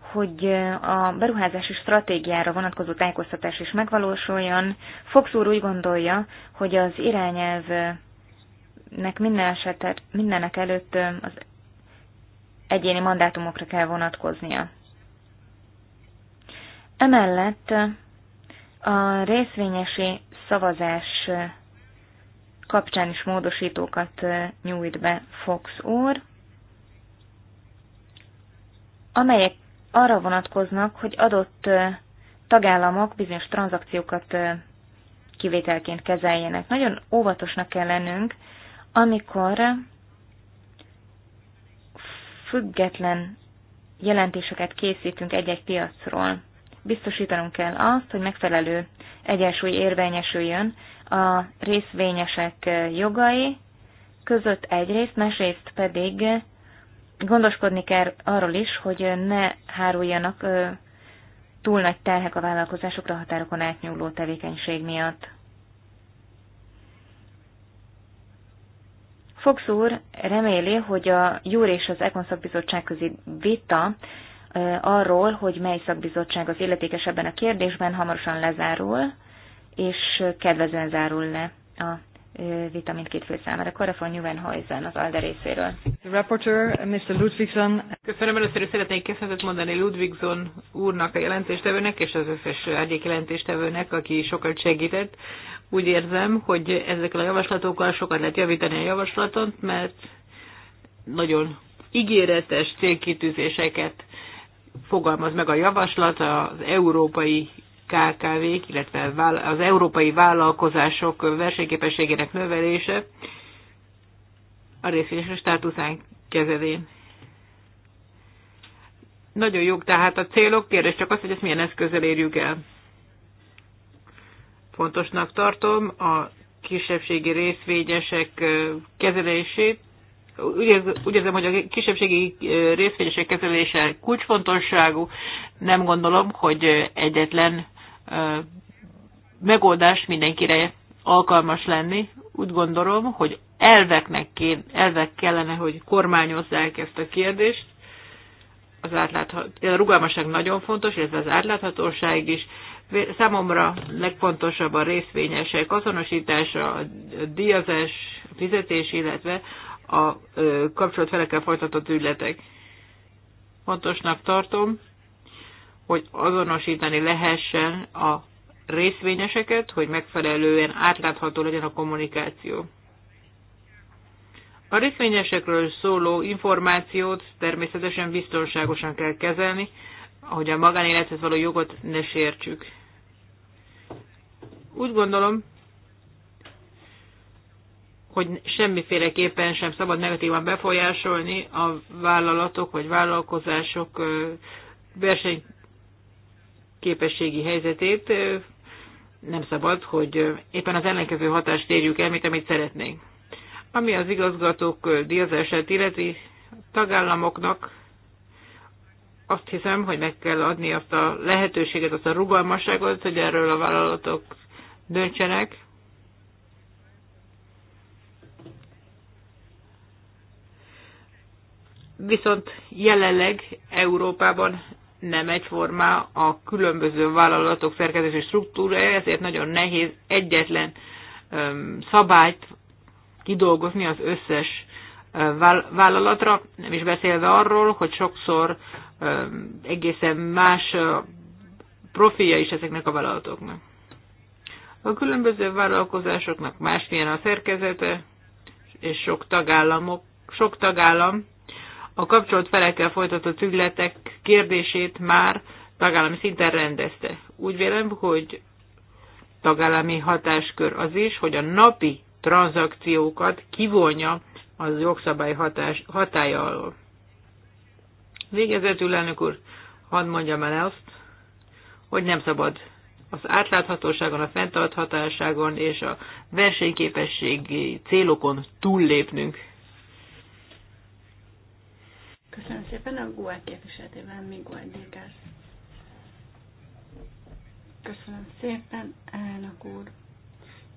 hogy a beruházási stratégiára vonatkozó tájékoztatás is megvalósuljon. Fox úr úgy gondolja, hogy az irányelvnek minden esetet, mindenek előtt az egyéni mandátumokra kell vonatkoznia. Emellett a részvényesi szavazás kapcsán is módosítókat nyújt be Fox úr, amelyek arra vonatkoznak, hogy adott tagállamok bizonyos tranzakciókat kivételként kezeljenek. Nagyon óvatosnak kell lennünk, amikor független jelentéseket készítünk egy-egy piacról. Biztosítanunk kell azt, hogy megfelelő egyensúly érvényesüljön a részvényesek jogai között egyrészt, másrészt pedig gondoskodni kell arról is, hogy ne háruljanak túl nagy terhek a vállalkozásokra határokon átnyúló tevékenység miatt. Fox úr reméli, hogy a Júr és az Ekon szakbizottság közi vita arról, hogy mely szakbizottság az illetékes ebben a kérdésben hamarosan lezárul, és kedvezően zárul le a vita mindkét fő számára. Karafon Juvenhuizen az ALDE részéről. rapporteur, Mr. Ludwigson. Köszönöm, először hogy szeretnék köszönetet mondani Ludwigson úrnak, a jelentéstevőnek, és az összes árnyék jelentéstevőnek, aki sokat segített. Úgy érzem, hogy ezekkel a javaslatokkal sokat lehet javítani a javaslaton, mert nagyon ígéretes célkitűzéseket fogalmaz meg a javaslat az európai KKV-k, illetve az európai vállalkozások versenyképességének növelése a részvényes státuszán kezelén. Nagyon jó, tehát a célok, kérdés csak az, hogy ezt milyen eszközzel érjük el. Fontosnak tartom a kisebbségi részvényesek kezelését. Úgy érzem, úgy érzem, hogy a kisebbségi részvényesek kezelése kulcsfontosságú. Nem gondolom, hogy egyetlen megoldás mindenkire alkalmas lenni. Úgy gondolom, hogy elveknek kéne, elvek kellene, hogy kormányozzák ezt a kérdést. Az átláthat, a rugalmasság nagyon fontos, ez az átláthatóság is számomra legfontosabb a részvényesek azonosítása, a díjazás, a fizetés, illetve a kapcsolat felekkel folytatott ügyletek. Fontosnak tartom, hogy azonosítani lehessen a részvényeseket, hogy megfelelően átlátható legyen a kommunikáció. A részvényesekről szóló információt természetesen biztonságosan kell kezelni, hogy a magánélethez való jogot ne sértsük. Úgy gondolom, hogy semmiféleképpen sem szabad negatívan befolyásolni a vállalatok vagy vállalkozások versenyképességi helyzetét. Nem szabad, hogy éppen az ellenkező hatást érjük el, mint amit szeretnénk. Ami az igazgatók díjazását illeti, tagállamoknak azt hiszem, hogy meg kell adni azt a lehetőséget, azt a rugalmasságot, hogy erről a vállalatok bölcselek. Viszont jelenleg Európában nem egyforma a különböző vállalatok szerkezési struktúrája, ezért nagyon nehéz egyetlen szabályt kidolgozni az összes vállalatra, nem is beszélve arról, hogy sokszor egészen más profilja is ezeknek a vállalatoknak. A különböző vállalkozásoknak másmilyen a szerkezete, és sok, tagállamok, sok tagállam a kapcsolt felekkel folytatott ügyletek kérdését már tagállami szinten rendezte. Úgy vélem, hogy tagállami hatáskör az is, hogy a napi tranzakciókat kivonja az jogszabály hatás, hatája alól. Végezetül, elnök úr, hadd mondjam el azt, hogy nem szabad az átláthatóságon, a fenntarthatóságon és a versenyképességi célokon túllépnünk. Köszönöm szépen a GUE képviseletében, Miguel Dígász. Köszönöm szépen, elnök úr.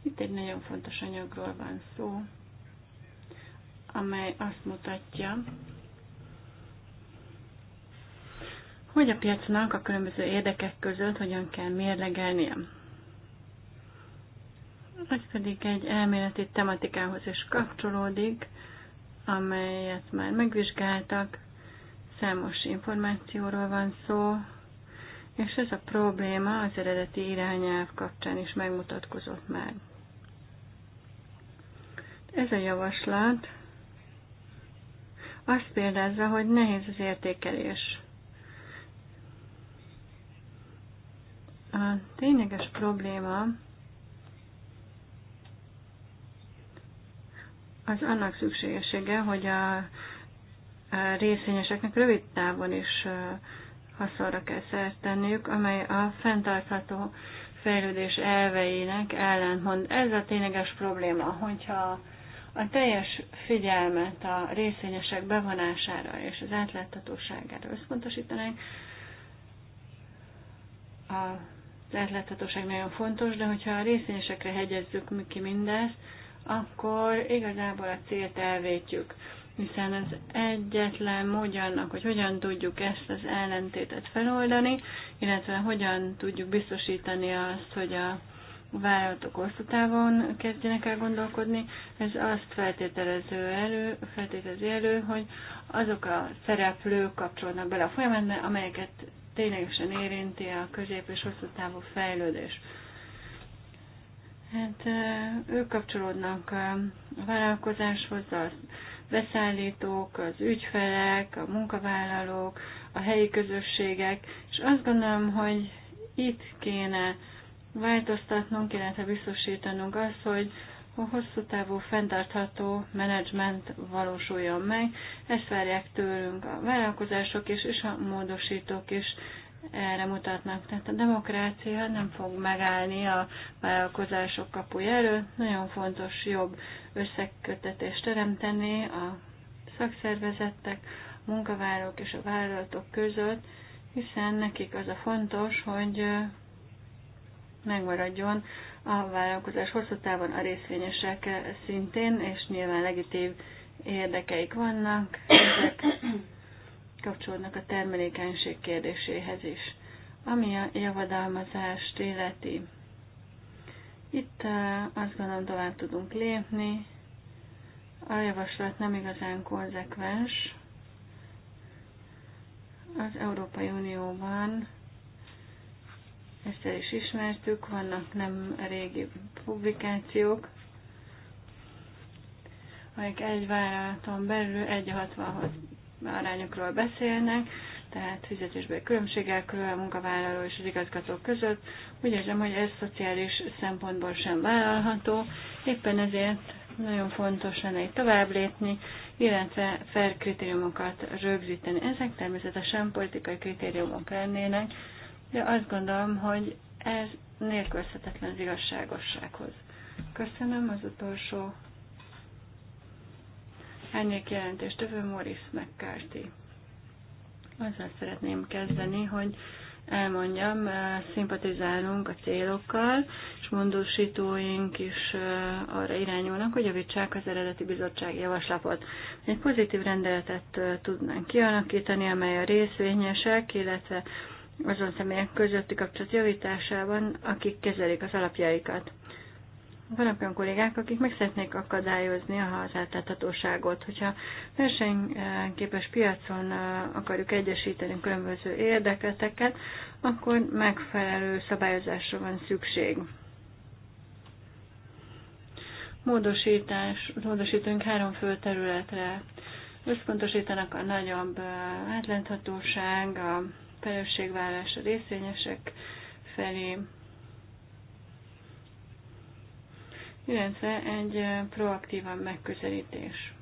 Itt egy nagyon fontos anyagról van szó, amely azt mutatja, hogy a piacnak a különböző érdekek között hogyan kell mérlegelnie. Ez pedig egy elméleti tematikához is kapcsolódik, amelyet már megvizsgáltak, számos információról van szó, és ez a probléma az eredeti irányelv kapcsán is megmutatkozott már. Ez a javaslat azt példázza, hogy nehéz az értékelés. A tényleges probléma az annak szükségessége, hogy a részvényeseknek rövid távon is haszonra kell szert tenniük, amely a fenntartható fejlődés elveinek ellentmond. Ez a tényleges probléma, hogyha a teljes figyelmet a részvényesek bevonására és az átláthatóságára összpontosítanánk, a az átláthatóság nagyon fontos, de hogyha a részvényesekre hegyezzük ki mindezt, akkor igazából a célt elvétjük, hiszen az egyetlen módja annak, hogy hogyan tudjuk ezt az ellentétet feloldani, illetve hogyan tudjuk biztosítani azt, hogy a vállalatok hosszú távon kezdjenek el gondolkodni, ez azt feltételező elő, feltételezi elő, hogy azok a szereplők kapcsolnak bele a folyamatba, amelyeket ténylegesen érinti a közép- és hosszú távú fejlődés. Hát ők kapcsolódnak a vállalkozáshoz, a beszállítók, az ügyfelek, a munkavállalók, a helyi közösségek, és azt gondolom, hogy itt kéne változtatnunk, illetve biztosítanunk azt, hogy a hosszú távú fenntartható menedzsment valósuljon meg. Ezt várják tőlünk a vállalkozások is, és a módosítók is erre mutatnak. Tehát a demokrácia nem fog megállni a vállalkozások kapuja előtt. Nagyon fontos jobb összekötetést teremteni a szakszervezetek, a munkavállalók és a vállalatok között, hiszen nekik az a fontos, hogy megmaradjon a vállalkozás hosszú távon a részvényesek szintén, és nyilván legitív érdekeik vannak, ezek kapcsolódnak a termelékenység kérdéséhez is, ami a javadalmazást illeti. Itt azt gondolom tovább tudunk lépni, a javaslat nem igazán konzekvens. Az Európai Unióban ezt el is ismertük, vannak nem régi publikációk, amik egy vállalaton belül 1,66 arányokról beszélnek, tehát fizetésbeli különbségekről a munkavállaló és az igazgató között. Úgy érzem, hogy ez szociális szempontból sem vállalható, éppen ezért nagyon fontos lenne egy tovább lépni, illetve fair kritériumokat rögzíteni. Ezek természetesen politikai kritériumok lennének, de azt gondolom, hogy ez nélkülözhetetlen az igazságossághoz. Köszönöm az utolsó ennyi jelentést, tövő Morris McCarthy. Azzal szeretném kezdeni, hogy elmondjam, eh, szimpatizálunk a célokkal, és mondósítóink is eh, arra irányulnak, hogy javítsák az eredeti bizottság javaslatot. Egy pozitív rendeletet eh, tudnánk kialakítani, amely a részvényesek, illetve azon személyek közötti kapcsolat javításában, akik kezelik az alapjaikat. Vannak olyan kollégák, akik meg szeretnék akadályozni az átláthatóságot, hogyha versenyképes piacon akarjuk egyesíteni különböző érdekleteket, akkor megfelelő szabályozásra van szükség. Módosítás, módosítunk három fő területre. Összpontosítanak a nagyobb átláthatóság, a felelősségvállás a részvényesek felé, illetve egy proaktívabb megközelítés.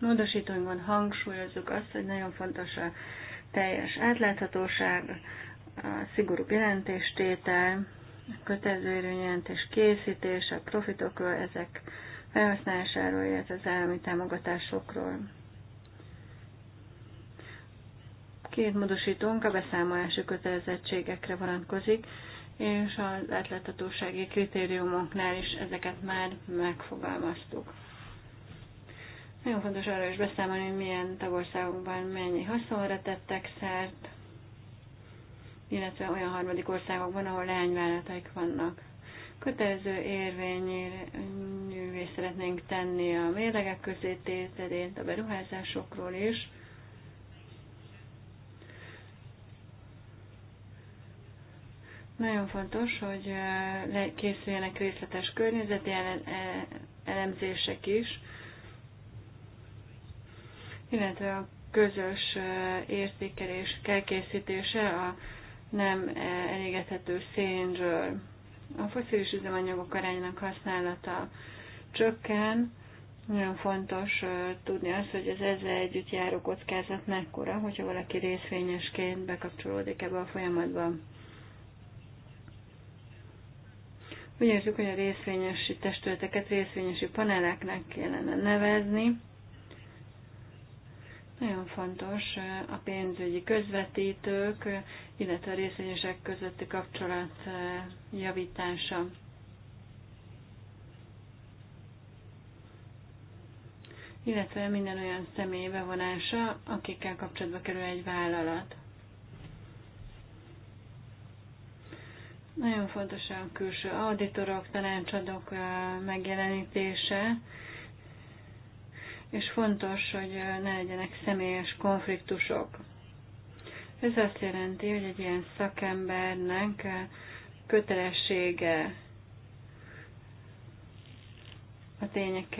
Módosítóinkban hangsúlyozzuk azt, hogy nagyon fontos a teljes átláthatóság, a szigorú jelentéstétel, a kötelező érvényjelentés készítése, a profitokról, ezek felhasználásáról, illetve az állami támogatásokról. Két módosítónk a beszámolási kötelezettségekre vonatkozik, és az átláthatósági kritériumoknál is ezeket már megfogalmaztuk. Nagyon fontos arra is beszámolni, hogy milyen tagországokban mennyi haszonra tettek szert, illetve olyan harmadik országokban, ahol leányvállalataik vannak. Kötelező érvényűvé szeretnénk tenni a mérlegek tételét, a beruházásokról is, Nagyon fontos, hogy eh, készüljenek részletes környezeti e, elemzések is, illetve a közös eh, értékelés elkészítése a nem eh, elégethető szénről. A foszilis üzemanyagok arányának használata csökken, nagyon fontos tudni azt, hogy az ezzel együtt járó kockázat mekkora, hogyha valaki részvényesként bekapcsolódik ebbe a folyamatba. Úgy érzük, hogy a részvényesi testületeket részvényesi paneleknek kellene nevezni. Nagyon fontos eh, a pénzügyi közvetítők, eh, illetve a részvényesek közötti kapcsolat eh, javítása. illetve minden olyan személy bevonása, akikkel kapcsolatba kerül egy vállalat. Nagyon fontos a külső auditorok, tanácsadók megjelenítése, és fontos, hogy ne legyenek személyes konfliktusok. Ez azt jelenti, hogy egy ilyen szakembernek kötelessége a tények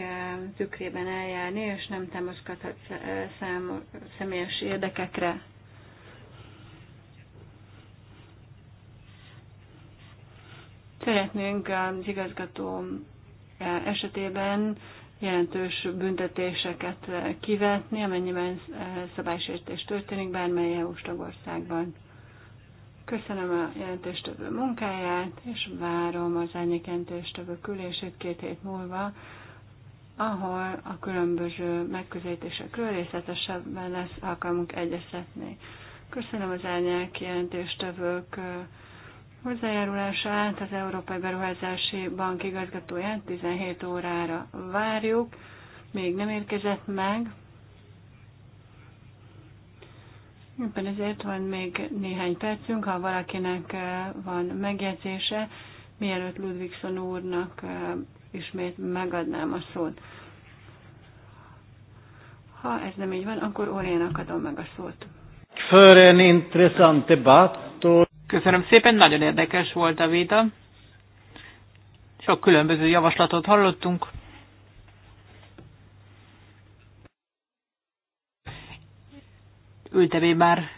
tükrében eljárni, és nem támaszkodhat számos személyes érdekekre. Szeretnénk az igazgató e, esetében jelentős büntetéseket e, kivetni, amennyiben e, szabálysértés történik bármely eu tagországban. Köszönöm a jelentéstevő munkáját, és várom az ennyi jelentéstevő külését két hét múlva, ahol a különböző megközelítésekről részletesebben lesz alkalmunk egyeztetni. Köszönöm az árnyék jelentéstevők hozzájárulását az Európai Beruházási Bank igazgatóját 17 órára várjuk, még nem érkezett meg. Éppen ezért van még néhány percünk, ha valakinek eh, van megjegyzése, mielőtt Ludvigson úrnak eh, ismét megadnám a szót. Ha ez nem így van, akkor Óriának adom meg a szót. För en intressant debatt Köszönöm szépen, nagyon érdekes volt a vita. Sok különböző javaslatot hallottunk. Ültem már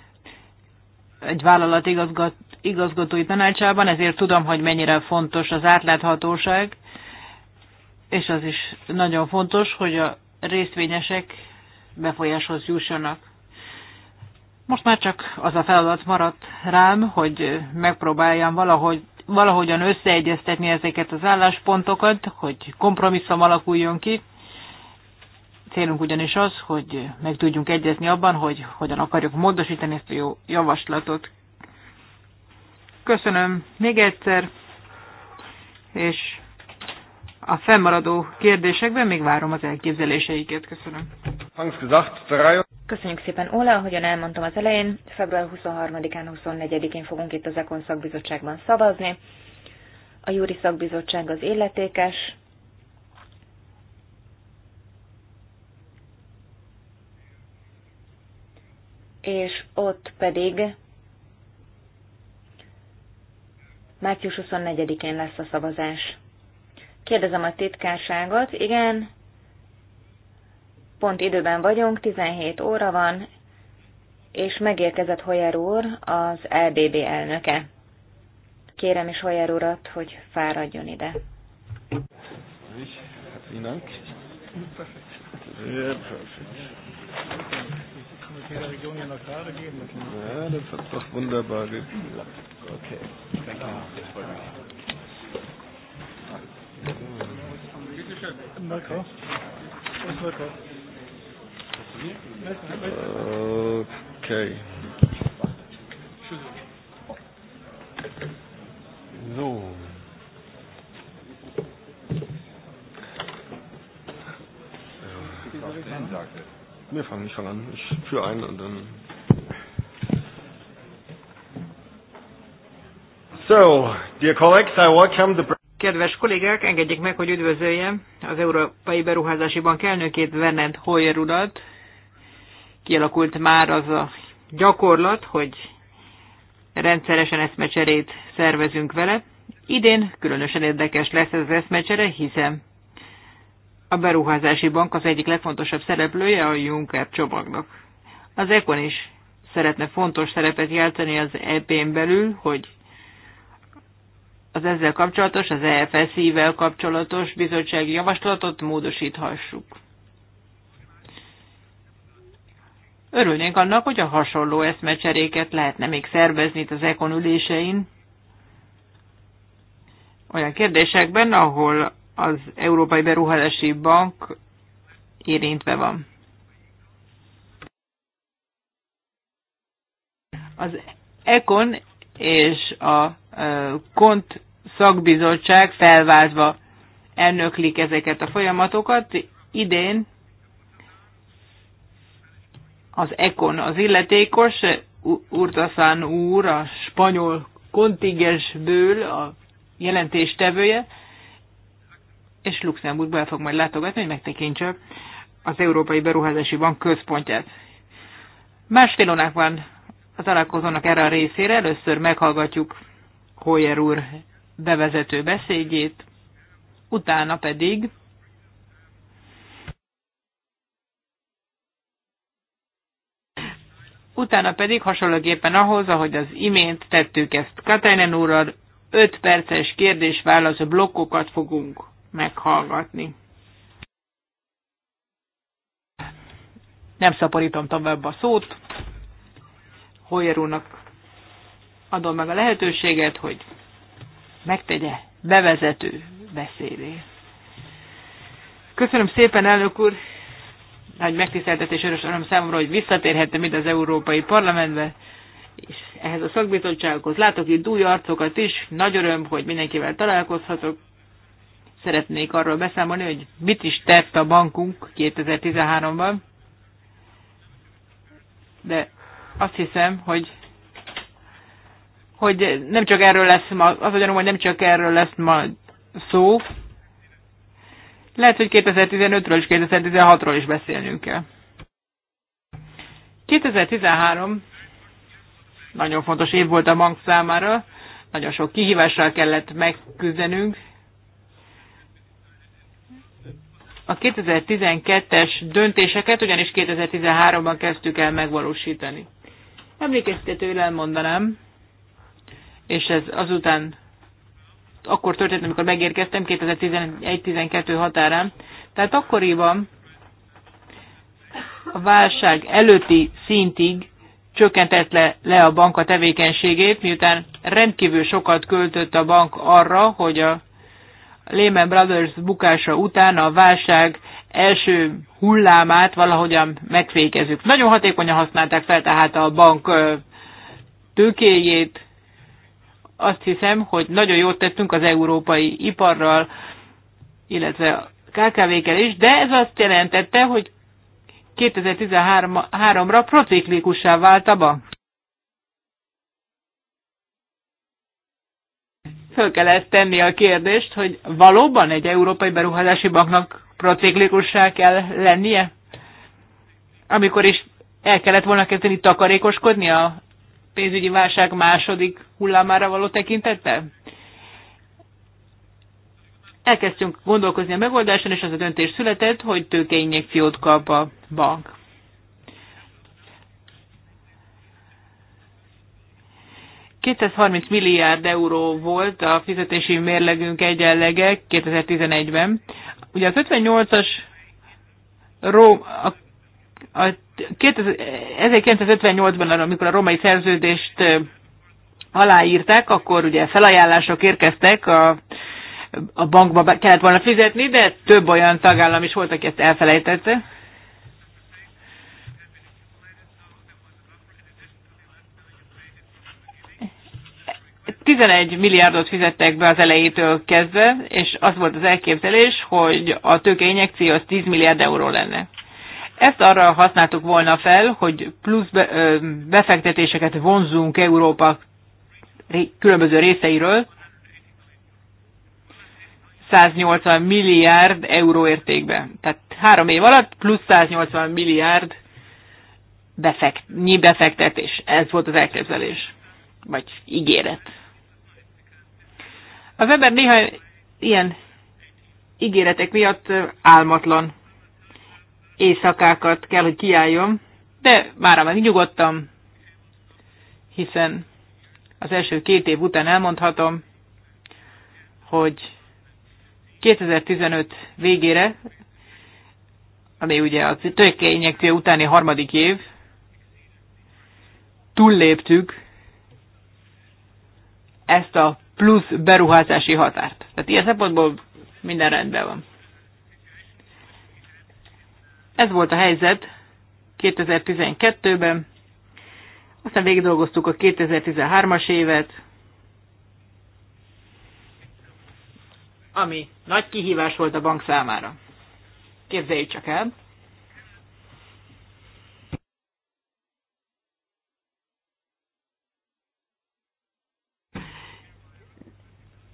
egy vállalat igazgat, igazgatói tanácsában, ezért tudom, hogy mennyire fontos az átláthatóság, és az is nagyon fontos, hogy a részvényesek befolyáshoz jussanak. Most már csak az a feladat maradt rám, hogy megpróbáljam valahogy, valahogyan összeegyeztetni ezeket az álláspontokat, hogy kompromisszum alakuljon ki. Célunk ugyanis az, hogy meg tudjunk egyezni abban, hogy hogyan akarjuk módosítani ezt a jó javaslatot. Köszönöm még egyszer, és a fennmaradó kérdésekben még várom az elképzeléseiket. Köszönöm. Köszönjük szépen, Óla, ahogyan elmondtam az elején, február 23-án, 24-én fogunk itt az Ekon szakbizottságban szavazni. A júri szakbizottság az életékes, És ott pedig március 24-én lesz a szavazás. Kérdezem a titkárságot. Igen, pont időben vagyunk, 17 óra van, és megérkezett Hoyer úr, az LBB elnöke. Kérem is Hoyer urat, hogy fáradjon ide. ja das hat doch wunderbar geklappt. Okay. Danke. Okay. So. Ja. Wir fangen nicht schon an. Ich führe ein und dann. So, dear colleagues, I welcome the. Kedves kollégák, engedjék meg, hogy üdvözöljem az Európai Beruházási Bank elnökét, Vernet Hoyer urat. Kialakult már az a gyakorlat, hogy rendszeresen eszmecserét szervezünk vele. Idén különösen érdekes lesz ez az eszmecsere, hiszen a Beruházási Bank az egyik legfontosabb szereplője a Juncker csomagnak. Az ECON is szeretne fontos szerepet játszani az EP-n belül, hogy az ezzel kapcsolatos, az EFSZ-vel kapcsolatos bizottsági javaslatot módosíthassuk. Örülnénk annak, hogy a hasonló eszmecseréket lehetne még szervezni itt az ECON ülésein, olyan kérdésekben, ahol az Európai Beruházási Bank érintve van. Az ECON és a kont szakbizottság felvázva elnöklik ezeket a folyamatokat. Idén az ECON az illetékos, Urtaszán úr, a spanyol kontingensből a jelentéstevője, és Luxemburgba el fog majd látogatni, hogy megtekintse az Európai Beruházási Bank központját. Másfél van a találkozónak erre a részére, először meghallgatjuk Hoyer úr bevezető beszédjét, utána pedig utána pedig hasonlóképpen ahhoz, ahogy az imént tettük ezt Katainen úrral, 5 perces kérdés-válasz blokkokat fogunk meghallgatni. Nem szaporítom tovább a szót. Hoyer úrnak adom meg a lehetőséget, hogy megtegye bevezető beszédét. Köszönöm szépen, elnök úr! Nagy megtiszteltetés örös öröm számomra, hogy visszatérhettem ide az Európai Parlamentbe, és ehhez a szakbizottsághoz látok itt új arcokat is. Nagy öröm, hogy mindenkivel találkozhatok. Szeretnék arról beszámolni, hogy mit is tett a bankunk 2013-ban. De azt hiszem, hogy hogy nem csak erről lesz ma, az a hogy nem csak erről lesz ma szó. Lehet, hogy 2015-ről és 2016-ról is beszélnünk kell. 2013 nagyon fontos év volt a bank számára, nagyon sok kihívással kellett megküzdenünk. A 2012-es döntéseket ugyanis 2013-ban kezdtük el megvalósítani. Emlékeztetőül elmondanám, és ez azután akkor történt, amikor megérkeztem, 2011-12 határán. Tehát akkoriban a válság előtti szintig csökkentett le, le a bank a tevékenységét, miután rendkívül sokat költött a bank arra, hogy a Lehman Brothers bukása után a válság első hullámát valahogyan megfékezzük. Nagyon hatékonyan használták fel tehát a bank tőkéjét, azt hiszem, hogy nagyon jót tettünk az európai iparral, illetve kkv kel is, de ez azt jelentette, hogy 2013-ra prociklikussá vált a bank. Föl kell ezt tenni a kérdést, hogy valóban egy európai beruházási banknak prociklikussá kell lennie? Amikor is el kellett volna kezdeni takarékoskodni a pénzügyi válság második hullámára való tekintettel? Elkezdtünk gondolkozni a megoldáson, és az a döntés született, hogy tőkeinjekciót kap a bank. ...230 milliárd euró volt a fizetési mérlegünk egyenlege 2011-ben. Ugye az 58-as a a 1958-ban, amikor a romai szerződést aláírták, akkor ugye felajánlások érkeztek, a, a bankba be kellett volna fizetni, de több olyan tagállam is volt, aki ezt elfelejtette. Tizenegy milliárdot fizettek be az elejétől kezdve, és az volt az elképzelés, hogy a tőkeinjekció az 10 milliárd euró lenne. Ezt arra használtuk volna fel, hogy plusz befektetéseket vonzunk Európa különböző részeiről. 180 milliárd euró értékben. Tehát három év alatt plusz 180 milliárd befekt, nyi befektetés. Ez volt az elképzelés, vagy ígéret. Az ember néha ilyen ígéretek miatt álmatlan éjszakákat kell, hogy kiálljon, de már meg nyugodtam, hiszen az első két év után elmondhatom, hogy 2015 végére, ami ugye a tőkeinjekció utáni harmadik év, túlléptük ezt a plusz beruházási határt. Tehát ilyen szempontból minden rendben van. Ez volt a helyzet 2012-ben, aztán végigdolgoztuk a 2013-as évet, ami nagy kihívás volt a bank számára. Képzeljük csak el.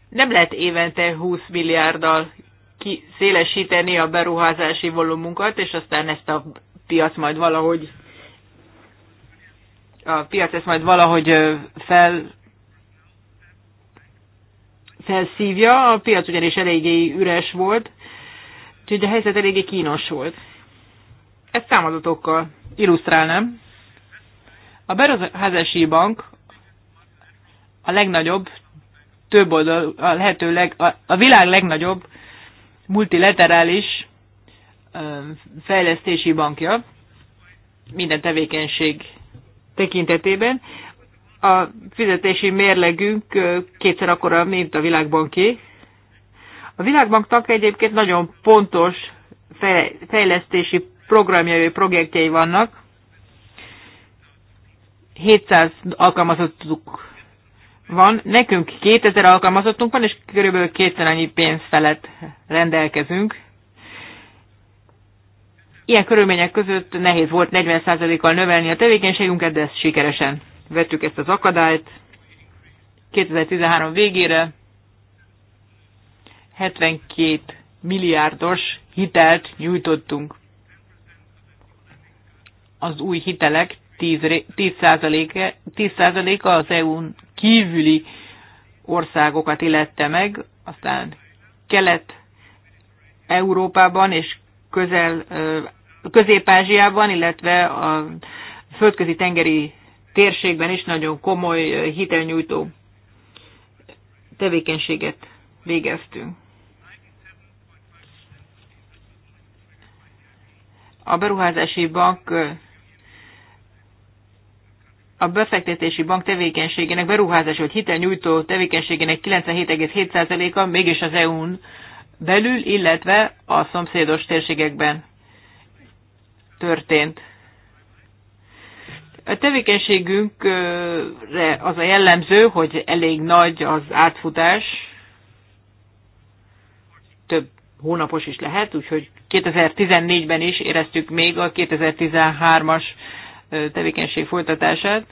Nem lehet évente 20 milliárddal kiszélesíteni a beruházási volumunkat, és aztán ezt a piac majd valahogy a piac ezt majd valahogy fel felszívja, a piac ugyanis eléggé üres volt, úgyhogy a helyzet eléggé kínos volt. Ezt számadatokkal illusztrálnám. A beruházási bank a legnagyobb, több oldal, a lehető leg, a, a világ legnagyobb multilaterális fejlesztési bankja minden tevékenység tekintetében. A fizetési mérlegünk kétszer akkora, mint a Világbanki A világbanknak egyébként nagyon pontos fejlesztési programjai, projektjei vannak. 700 alkalmazottuk van, nekünk 2000 alkalmazottunk van, és körülbelül kétszer annyi pénz felett rendelkezünk. Ilyen körülmények között nehéz volt 40%-kal növelni a tevékenységünket, de ezt sikeresen vettük ezt az akadályt. 2013 végére 72 milliárdos hitelt nyújtottunk. Az új hitelek 10%-a 10 az EU-n kívüli országokat illette meg, aztán Kelet-Európában és közel, Közép-Ázsiában, illetve a földközi tengeri térségben is nagyon komoly hitelnyújtó tevékenységet végeztünk. A beruházási bank a befektetési bank tevékenységének, beruházás vagy hitelnyújtó tevékenységének 97,7%-a mégis az EU-n belül, illetve a szomszédos térségekben történt. A tevékenységünkre az a jellemző, hogy elég nagy az átfutás, több hónapos is lehet, úgyhogy 2014-ben is éreztük még a 2013-as tevékenység folytatását.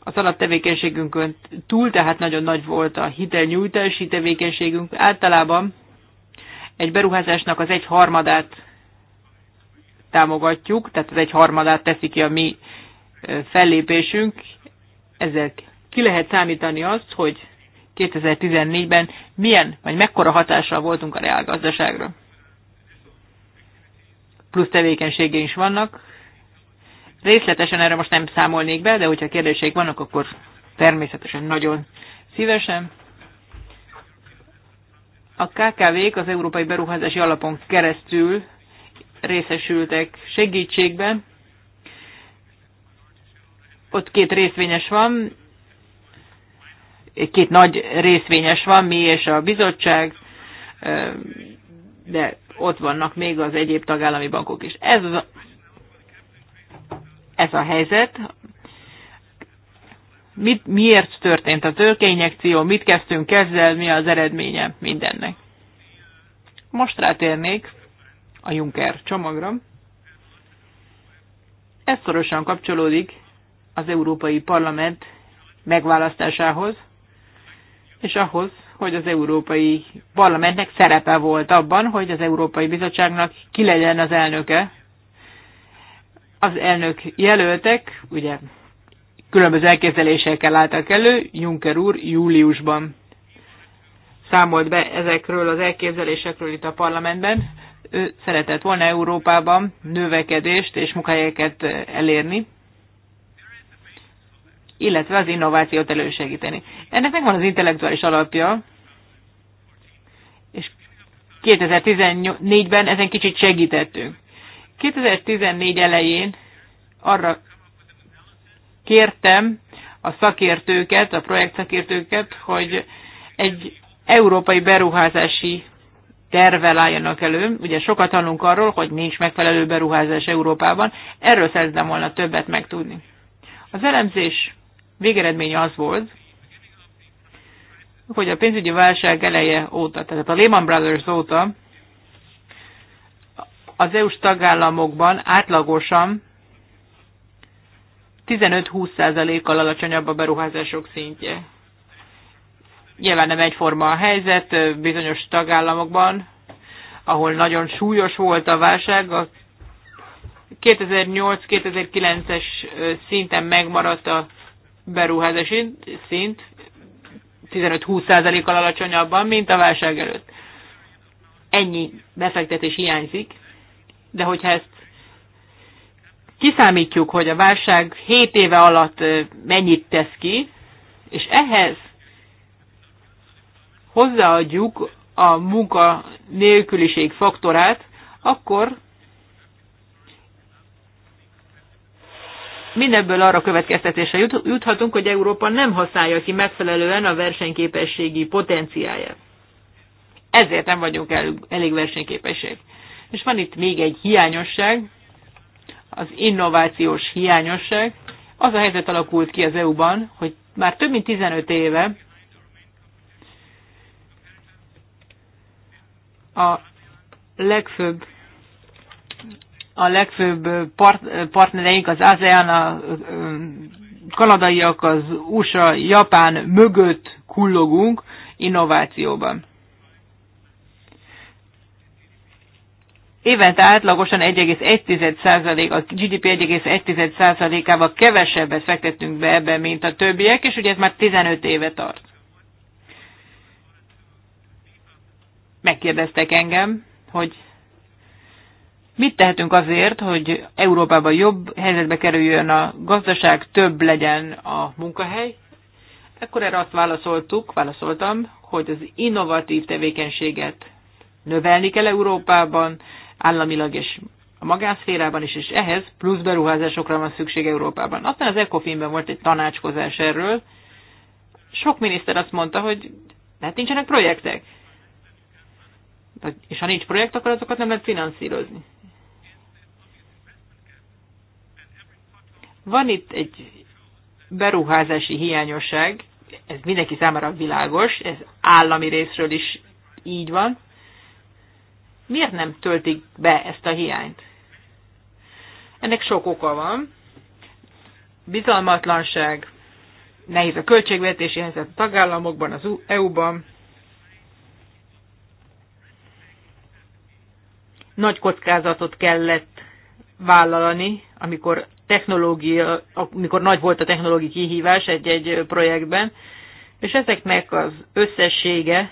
Az alaptevékenységünkön túl, tehát nagyon nagy volt a hitelnyújtási tevékenységünk. Általában egy beruházásnak az egy harmadát támogatjuk, tehát az egy harmadát teszi ki a mi fellépésünk. Ezzel ki lehet számítani azt, hogy 2014-ben milyen vagy mekkora hatással voltunk a reálgazdaságra plusz tevékenységei is vannak. Részletesen erre most nem számolnék be, de hogyha kérdéseik vannak, akkor természetesen nagyon szívesen. A KKV-k az Európai Beruházási Alapon keresztül részesültek segítségben. Ott két részvényes van, két nagy részvényes van, mi és a bizottság, de ott vannak még az egyéb tagállami bankok is. Ez, az a, ez a helyzet. Mit, miért történt a tőkeinjekció, mit kezdtünk ezzel, mi az eredménye mindennek. Most rátérnék a Juncker csomagra. Ez szorosan kapcsolódik az Európai Parlament megválasztásához, és ahhoz, hogy az Európai Parlamentnek szerepe volt abban, hogy az Európai Bizottságnak ki legyen az elnöke. Az elnök jelöltek, ugye különböző elképzelésekkel álltak elő, Juncker úr júliusban számolt be ezekről az elképzelésekről itt a parlamentben. Ő szeretett volna Európában növekedést és munkahelyeket elérni illetve az innovációt elősegíteni. Ennek megvan az intellektuális alapja, és 2014-ben ezen kicsit segítettünk. 2014 elején arra kértem a szakértőket, a projekt szakértőket, hogy egy európai beruházási tervvel álljanak elő. Ugye sokat tanulunk arról, hogy nincs megfelelő beruházás Európában. Erről szeretném volna többet megtudni. Az elemzés végeredmény az volt, hogy a pénzügyi válság eleje óta, tehát a Lehman Brothers óta az EU-s tagállamokban átlagosan 15-20%-kal alacsonyabb a beruházások szintje. Nyilván nem egyforma a helyzet bizonyos tagállamokban, ahol nagyon súlyos volt a válság, a 2008-2009-es szinten megmaradt a beruházási szint 15-20%-kal alacsonyabban, mint a válság előtt. Ennyi befektetés hiányzik, de hogyha ezt kiszámítjuk, hogy a válság 7 éve alatt mennyit tesz ki, és ehhez hozzáadjuk a munka nélküliség faktorát, akkor Mindebből arra következtetése juthatunk, hogy Európa nem használja ki megfelelően a versenyképességi potenciáját. Ezért nem vagyunk elég versenyképesek. És van itt még egy hiányosság, az innovációs hiányosság. Az a helyzet alakult ki az EU-ban, hogy már több mint 15 éve a legfőbb a legfőbb part, partnereink az ASEAN, a kanadaiak, az USA, Japán mögött kullogunk innovációban. Évente átlagosan 1,1% a GDP 1,1%-ával kevesebbet fektetünk be ebbe, mint a többiek, és ugye ez már 15 éve tart. Megkérdeztek engem, hogy Mit tehetünk azért, hogy Európában jobb helyzetbe kerüljön a gazdaság, több legyen a munkahely? Ekkor erre azt válaszoltuk, válaszoltam, hogy az innovatív tevékenységet növelni kell Európában, államilag és a magánszférában is, és ehhez plusz beruházásokra van szükség Európában. Aztán az ECOFIN-ben volt egy tanácskozás erről. Sok miniszter azt mondta, hogy hát nincsenek projektek. És ha nincs projekt, akkor azokat nem lehet finanszírozni. Van itt egy beruházási hiányosság, ez mindenki számára világos, ez állami részről is így van. Miért nem töltik be ezt a hiányt? Ennek sok oka van. Bizalmatlanság, nehéz a költségvetési helyzet a tagállamokban, az EU-ban, nagy kockázatot kellett vállalni, amikor technológia, amikor nagy volt a technológiai kihívás egy-egy projektben, és ezeknek az összessége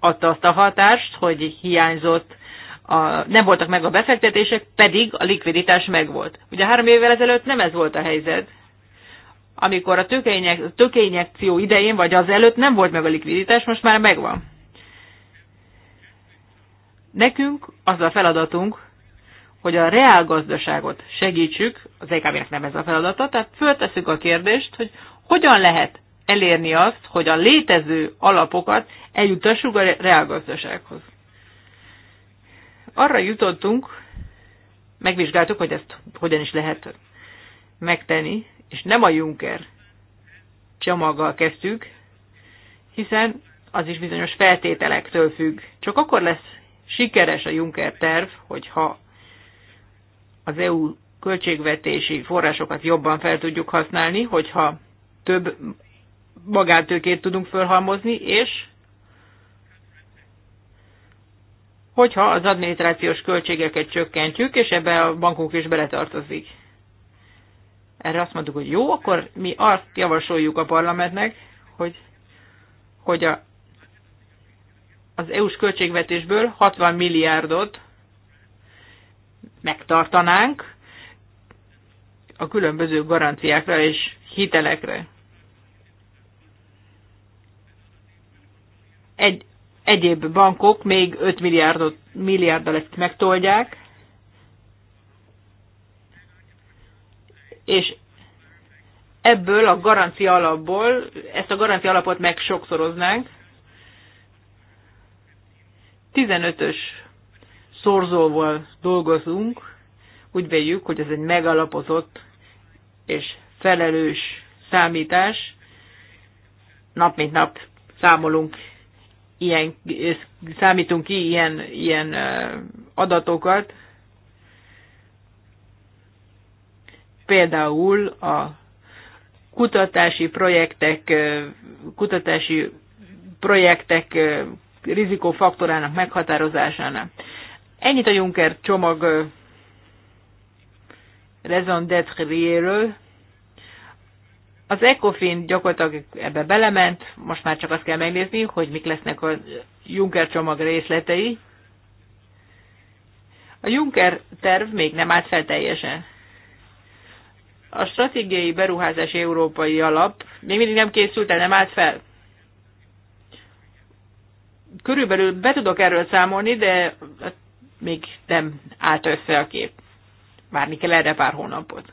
adta azt a hatást, hogy hiányzott, a, nem voltak meg a befektetések, pedig a likviditás megvolt. Ugye három évvel ezelőtt nem ez volt a helyzet. Amikor a tökényekció idején, vagy az előtt nem volt meg a likviditás, most már megvan. Nekünk az a feladatunk, hogy a reálgazdaságot segítsük, az EKB-nek nem ez a feladata, tehát föltesszük a kérdést, hogy hogyan lehet elérni azt, hogy a létező alapokat eljutassuk a reálgazdasághoz. Arra jutottunk, megvizsgáltuk, hogy ezt hogyan is lehet megtenni, és nem a Juncker csomaggal kezdtük, hiszen az is bizonyos feltételektől függ. Csak akkor lesz sikeres a Juncker terv, hogyha az EU költségvetési forrásokat jobban fel tudjuk használni, hogyha több magántőkét tudunk fölhalmozni, és hogyha az adminisztrációs költségeket csökkentjük, és ebbe a bankunk is beletartozik. Erre azt mondtuk, hogy jó, akkor mi azt javasoljuk a parlamentnek, hogy, hogy a, az EU-s költségvetésből 60 milliárdot megtartanánk a különböző garanciákra és hitelekre. Egy, egyéb bankok még 5 milliárdot, milliárddal ezt megtoldják, és ebből a garancia alapból, ezt a garancia alapot meg sokszoroznánk. 15-ös szorzóval dolgozunk, úgy véljük, hogy ez egy megalapozott és felelős számítás. Nap mint nap számolunk ilyen, számítunk ki ilyen, ilyen adatokat. Például a kutatási projektek, kutatási projektek rizikófaktorának meghatározásának. Ennyit a Juncker csomag raison d'être Az ECOFIN gyakorlatilag ebbe belement, most már csak azt kell megnézni, hogy mik lesznek a Juncker csomag részletei. A Juncker terv még nem állt fel teljesen. A stratégiai beruházás európai alap még mindig nem készült el, nem állt fel körülbelül be tudok erről számolni, de még nem állt össze a kép. Várni kell erre pár hónapot.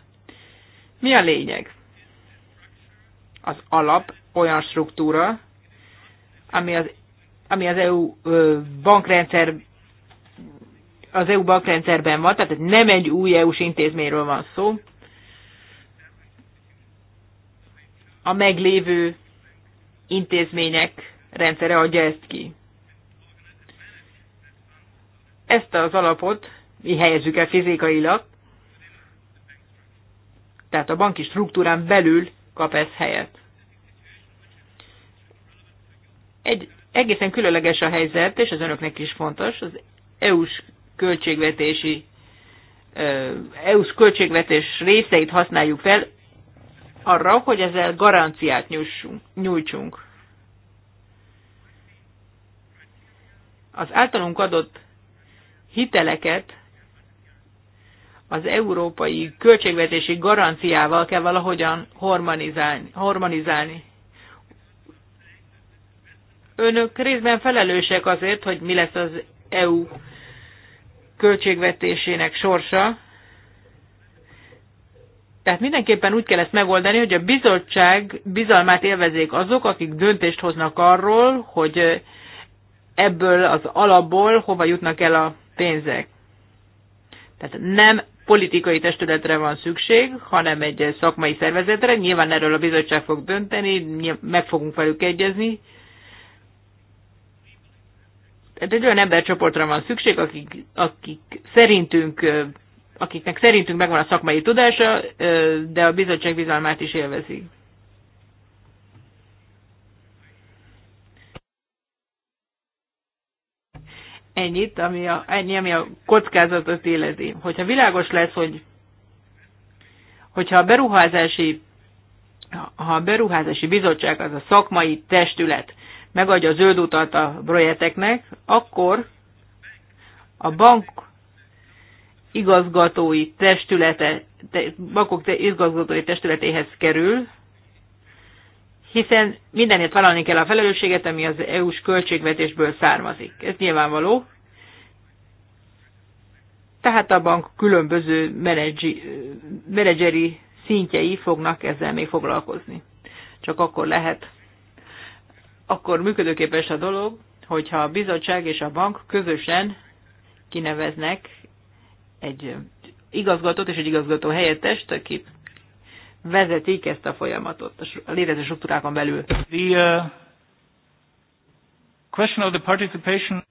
Mi a lényeg? Az alap olyan struktúra, ami az, ami az EU bankrendszer az EU bankrendszerben van, tehát nem egy új EU-s intézményről van szó. A meglévő intézmények rendszere adja ezt ki ezt az alapot mi helyezzük el fizikailag, tehát a banki struktúrán belül kap ez helyet. Egy egészen különleges a helyzet, és az önöknek is fontos, az EU-s költségvetési EU-s költségvetés részeit használjuk fel arra, hogy ezzel garanciát nyújtsunk. Az általunk adott hiteleket az európai költségvetési garanciával kell valahogyan harmonizálni. harmonizálni. Önök részben felelősek azért, hogy mi lesz az EU költségvetésének sorsa. Tehát mindenképpen úgy kell ezt megoldani, hogy a bizottság bizalmát élvezék azok, akik döntést hoznak arról, hogy ebből az alapból hova jutnak el a pénzek. Tehát nem politikai testületre van szükség, hanem egy szakmai szervezetre. Nyilván erről a bizottság fog dönteni, meg fogunk velük egyezni. Tehát egy olyan embercsoportra van szükség, akik, akik szerintünk, akiknek szerintünk megvan a szakmai tudása, de a bizottság bizalmát is élvezik. ennyit, ami a, ennyi, ami a kockázatot élezi. Hogyha világos lesz, hogy hogyha a beruházási, ha a beruházási bizottság, az a szakmai testület megadja a zöld utat a projekteknek, akkor a bank igazgatói testülete, bankok igazgatói testületéhez kerül, hiszen mindenért vállalni kell a felelősséget, ami az EU-s költségvetésből származik. Ez nyilvánvaló. Tehát a bank különböző menedzseri szintjei fognak ezzel még foglalkozni. Csak akkor lehet. Akkor működőképes a dolog, hogyha a bizottság és a bank közösen kineveznek egy igazgatót és egy igazgató helyettest, akit vezetik ezt a folyamatot a létező struktúrákon belül. The, uh, question of the participation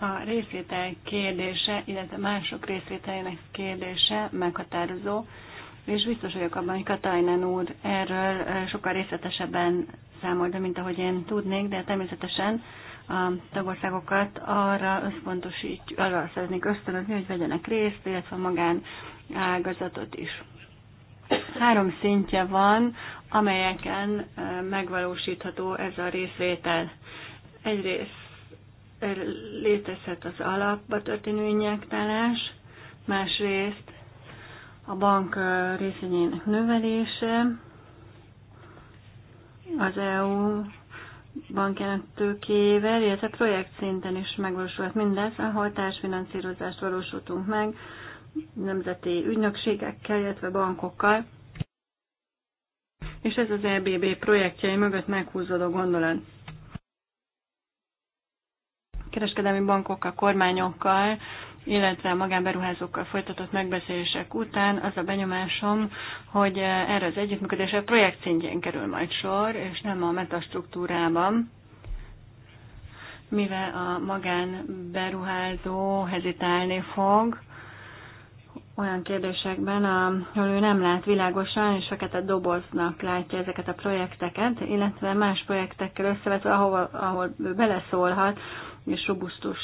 a részvétel kérdése, illetve mások részvételének kérdése meghatározó, és biztos vagyok abban, hogy Katajnen úr erről sokkal részletesebben számol, de mint ahogy én tudnék, de természetesen a tagországokat arra összpontosítjuk, arra szeretnék ösztönözni, hogy vegyenek részt, illetve magán ágazatot is. Három szintje van, amelyeken megvalósítható ez a részvétel. Egyrészt létezhet az alapba történő injektálás, másrészt a bank részvényének növelése, az EU bankjának tőkével, illetve projekt szinten is megvalósulhat mindez, ahol társfinanszírozást valósultunk meg nemzeti ügynökségekkel, illetve bankokkal. És ez az EBB projektjei mögött meghúzódó gondolat. Kereskedelmi bankokkal, kormányokkal, illetve a magánberuházókkal folytatott megbeszélések után az a benyomásom, hogy erre az együttműködésre a projekt szintjén kerül majd sor, és nem a metastruktúrában, mivel a magánberuházó hezitálni fog, olyan kérdésekben, ahol ő nem lát világosan, és fekete doboznak látja ezeket a projekteket, illetve más projektekkel összevetve, ahol, ahol beleszólhat, és robusztus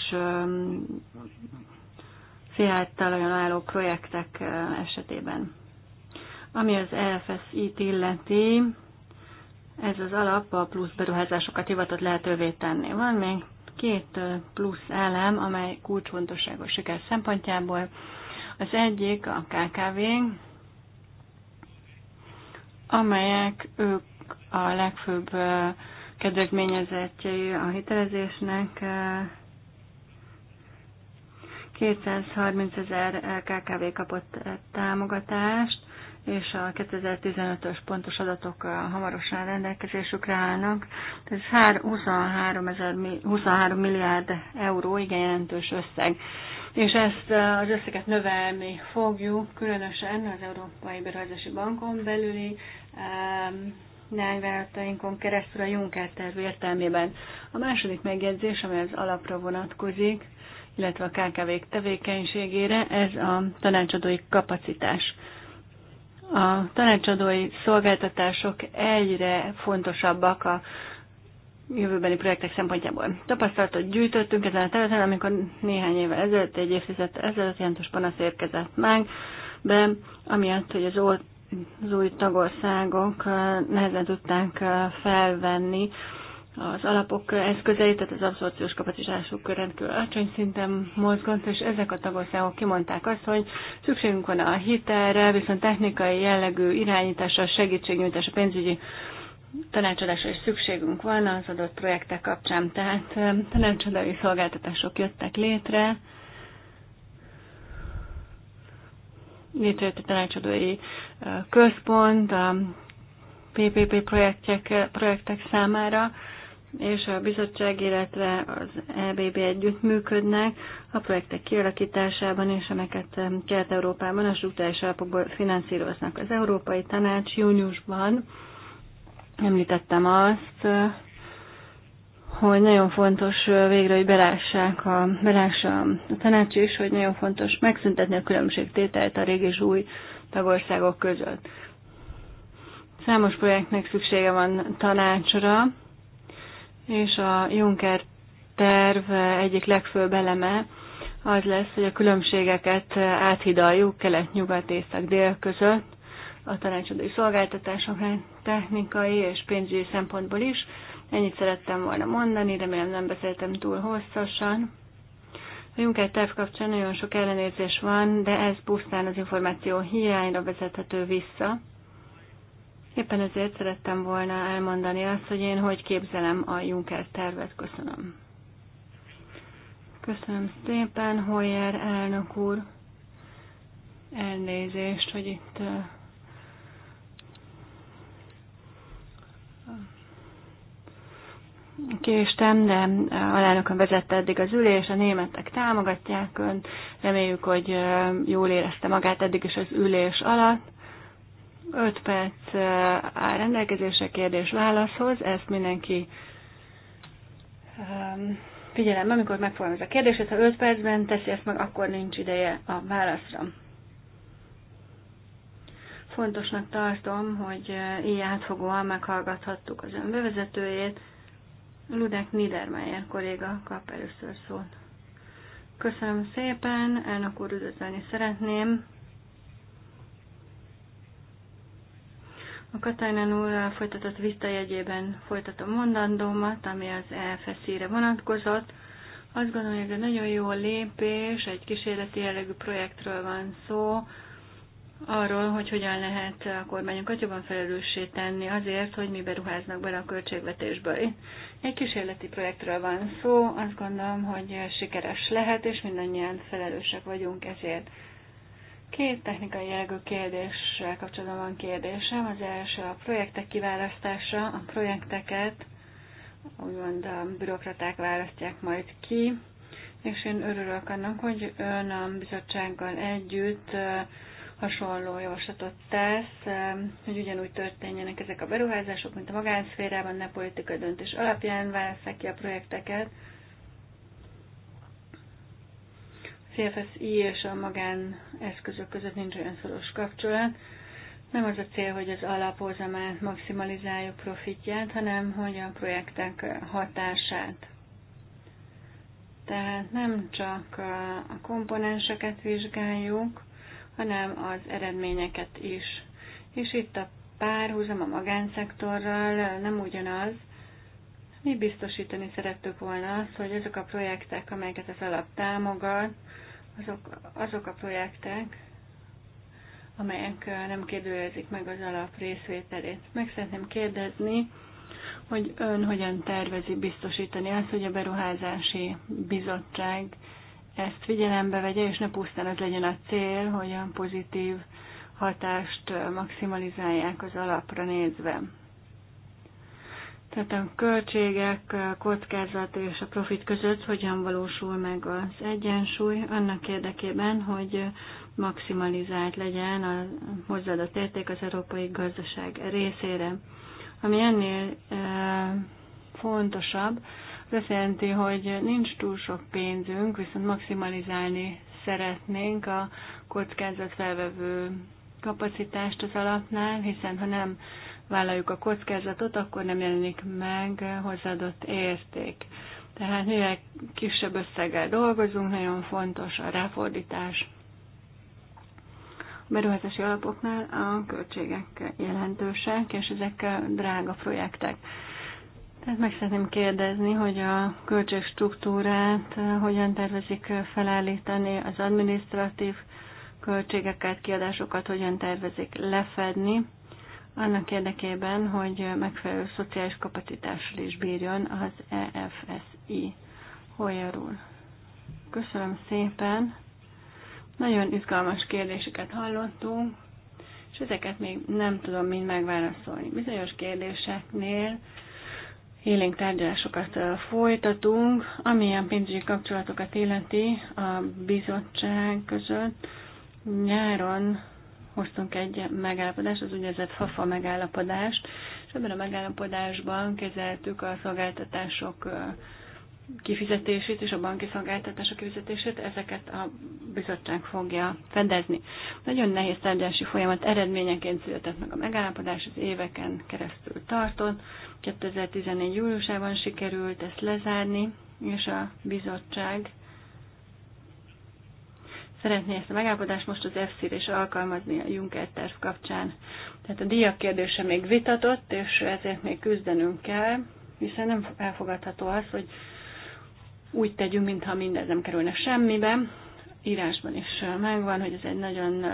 olyan álló projektek esetében. Ami az EFSI-t illeti, ez az alap a plusz beruházásokat hivatott lehetővé tenni. Van még két plusz elem, amely kulcsfontosságos siker szempontjából. Az egyik a kkv amelyek ők a legfőbb kedvezményezettjei a hitelezésnek. 230 ezer KKV kapott támogatást, és a 2015-ös pontos adatok hamarosan rendelkezésükre állnak. Ez 23, 000, 23 milliárd euró, igen jelentős összeg és ezt eh, az összeget növelni fogjuk, különösen az Európai Beruházási Bankon belüli leányvállalatainkon keresztül a Juncker terv értelmében. A második megjegyzés, amely az alapra vonatkozik, illetve a KKV-k tevékenységére, ez a tanácsadói kapacitás. A tanácsadói szolgáltatások egyre fontosabbak a jövőbeni projektek szempontjából. Tapasztalatot gyűjtöttünk ezen a területen, amikor néhány évvel ezelőtt, egy évtized ezelőtt jelentős panasz érkezett meg, be, amiatt, hogy az, old, az új tagországok nehezen tudták felvenni az alapok eszközeit, tehát az abszorciós kapacitásuk rendkívül alacsony szinten mozgott, és ezek a tagországok kimondták azt, hogy szükségünk van a hitelre, viszont technikai jellegű irányításra, segítségnyújtásra, pénzügyi tanácsadásra is szükségünk van az adott projektek kapcsán, tehát tanácsadói szolgáltatások jöttek létre, létrejött a tanácsadói központ a PPP projektek, projektek számára, és a bizottság, illetve az EBB együtt működnek a projektek kialakításában, és amiket Kelet-Európában a struktúrális alapokból finanszíroznak. Az Európai Tanács júniusban Említettem azt, hogy nagyon fontos végre, hogy belássák a, belássa a tanács is, hogy nagyon fontos megszüntetni a különbségtételt a régi és új tagországok között. Számos projektnek szüksége van tanácsra, és a Juncker terv egyik legfőbb eleme az lesz, hogy a különbségeket áthidaljuk kelet-nyugat, észak-dél között a tanácsadói szolgáltatásoknál, technikai és pénzügyi szempontból is. Ennyit szerettem volna mondani, remélem nem beszéltem túl hosszasan. A Juncker terv kapcsán nagyon sok ellenérzés van, de ez pusztán az információ hiányra vezethető vissza. Éppen ezért szerettem volna elmondani azt, hogy én hogy képzelem a Juncker tervet. Köszönöm. Köszönöm szépen, Hoyer elnök úr. Elnézést, hogy itt késtem, de a lelnökön vezette eddig az ülés, a németek támogatják ön, reméljük, hogy jól érezte magát eddig is az ülés alatt. 5 perc áll rendelkezésre kérdés-válaszhoz, ezt mindenki figyelembe, amikor megfogalmaz a kérdését, ha 5 percben teszi ezt meg, akkor nincs ideje a válaszra. Fontosnak tartom, hogy így átfogóan meghallgathattuk az önbevezetőjét, Ludek Niedermeyer kolléga kap először szót. Köszönöm szépen, elnök úr, üdvözölni szeretném. A Katajnán úr folytatott vita folytatom mondandómat, ami az EFSZ-re vonatkozott. Azt gondolom, hogy ez egy nagyon jó lépés, egy kísérleti jellegű projektről van szó, arról, hogy hogyan lehet a kormányokat jobban felelőssé tenni azért, hogy mi beruháznak bele a költségvetésből. Egy kísérleti projektről van szó, azt gondolom, hogy sikeres lehet, és mindannyian felelősek vagyunk ezért. Két technikai jellegű kérdéssel kapcsolatban van kérdésem. Az első a projektek kiválasztása. A projekteket úgymond a bürokraták választják majd ki, és én örülök annak, hogy ön a bizottsággal együtt hasonló javaslatot tesz, hogy ugyanúgy történjenek ezek a beruházások, mint a magánszférában, ne politikai döntés alapján válasszák ki a projekteket. A CFSI és a magáneszközök között nincs olyan szoros kapcsolat. Nem az a cél, hogy az alapozamát maximalizáljuk profitját, hanem hogy a projektek hatását. Tehát nem csak a komponenseket vizsgáljuk, hanem az eredményeket is. És itt a párhuzam a magánszektorral nem ugyanaz. Mi biztosítani szerettük volna azt, hogy azok a projektek, amelyeket az alap támogat, azok, azok a projektek, amelyek nem kérdőjelezik meg az alap részvételét. Meg szeretném kérdezni, hogy ön hogyan tervezi biztosítani azt, hogy a beruházási bizottság ezt figyelembe vegye, és ne pusztán az legyen a cél, hogy a pozitív hatást maximalizálják az alapra nézve. Tehát a költségek, kockázat és a profit között hogyan valósul meg az egyensúly annak érdekében, hogy maximalizált legyen a hozzáadott érték az európai gazdaság részére. Ami ennél fontosabb, ez azt jelenti, hogy nincs túl sok pénzünk, viszont maximalizálni szeretnénk a kockázatfelvevő kapacitást az alapnál, hiszen ha nem vállaljuk a kockázatot, akkor nem jelenik meg hozzáadott érték. Tehát mivel kisebb összeggel dolgozunk, nagyon fontos a ráfordítás. A beruházási alapoknál a költségek jelentősek, és ezek drága projektek. Tehát meg szeretném kérdezni, hogy a költségstruktúrát eh, hogyan tervezik eh, felállítani, az administratív költségeket, kiadásokat hogyan tervezik lefedni, annak érdekében, hogy megfelelő szociális kapacitással is bírjon az EFSI. Holyarul. Köszönöm szépen. Nagyon izgalmas kérdéseket hallottunk, és ezeket még nem tudom mind megválaszolni. Bizonyos kérdéseknél élénk tárgyalásokat folytatunk, amilyen pénzügyi kapcsolatokat illeti a bizottság között. Nyáron hoztunk egy megállapodást, az úgynevezett FAFA megállapodást, és ebben a megállapodásban kezeltük a szolgáltatások kifizetését és a banki szolgáltatások kifizetését, ezeket a bizottság fogja fedezni. Nagyon nehéz tárgyalási folyamat eredményeként született meg a megállapodás, az éveken keresztül tartott. 2014. júliusában sikerült ezt lezárni, és a bizottság szeretné ezt a megállapodást most az EFSZ-re alkalmazni a Juncker terv kapcsán. Tehát a díjak kérdése még vitatott, és ezért még küzdenünk kell, hiszen nem elfogadható az, hogy úgy tegyünk, mintha mindez nem kerülne semmibe. Írásban is megvan, hogy ez egy nagyon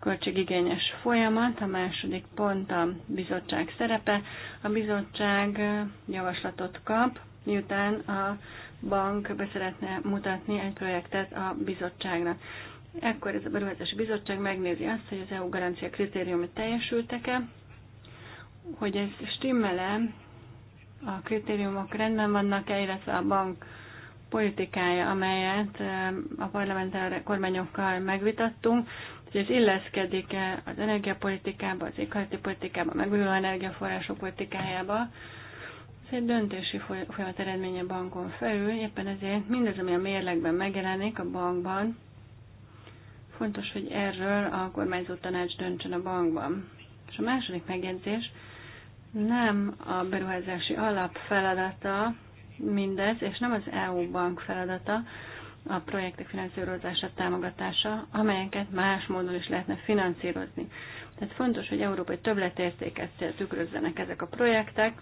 költségigényes folyamat. A második pont a bizottság szerepe. A bizottság javaslatot kap, miután a bank be szeretne mutatni egy projektet a bizottságnak. Ekkor ez a beruházási bizottság megnézi azt, hogy az EU garancia kritériumi teljesültek-e, hogy ez stimmel-e, a kritériumok rendben vannak-e, illetve a bank politikája, amelyet a parlamentár kormányokkal megvitattunk, hogy ez illeszkedik-e az energiapolitikába, az éghajlati politikába, megújuló energiaforrások politikájába. Ez egy döntési folyamat eredménye bankon felül, éppen ezért mindez, ami a mérlegben megjelenik a bankban, fontos, hogy erről a kormányzó tanács döntsön a bankban. És a második megjegyzés, nem a beruházási alap feladata mindez, és nem az EU bank feladata a projektek finanszírozása, támogatása, amelyeket más módon is lehetne finanszírozni. Tehát fontos, hogy európai többletértéket tükrözzenek ezek a projektek,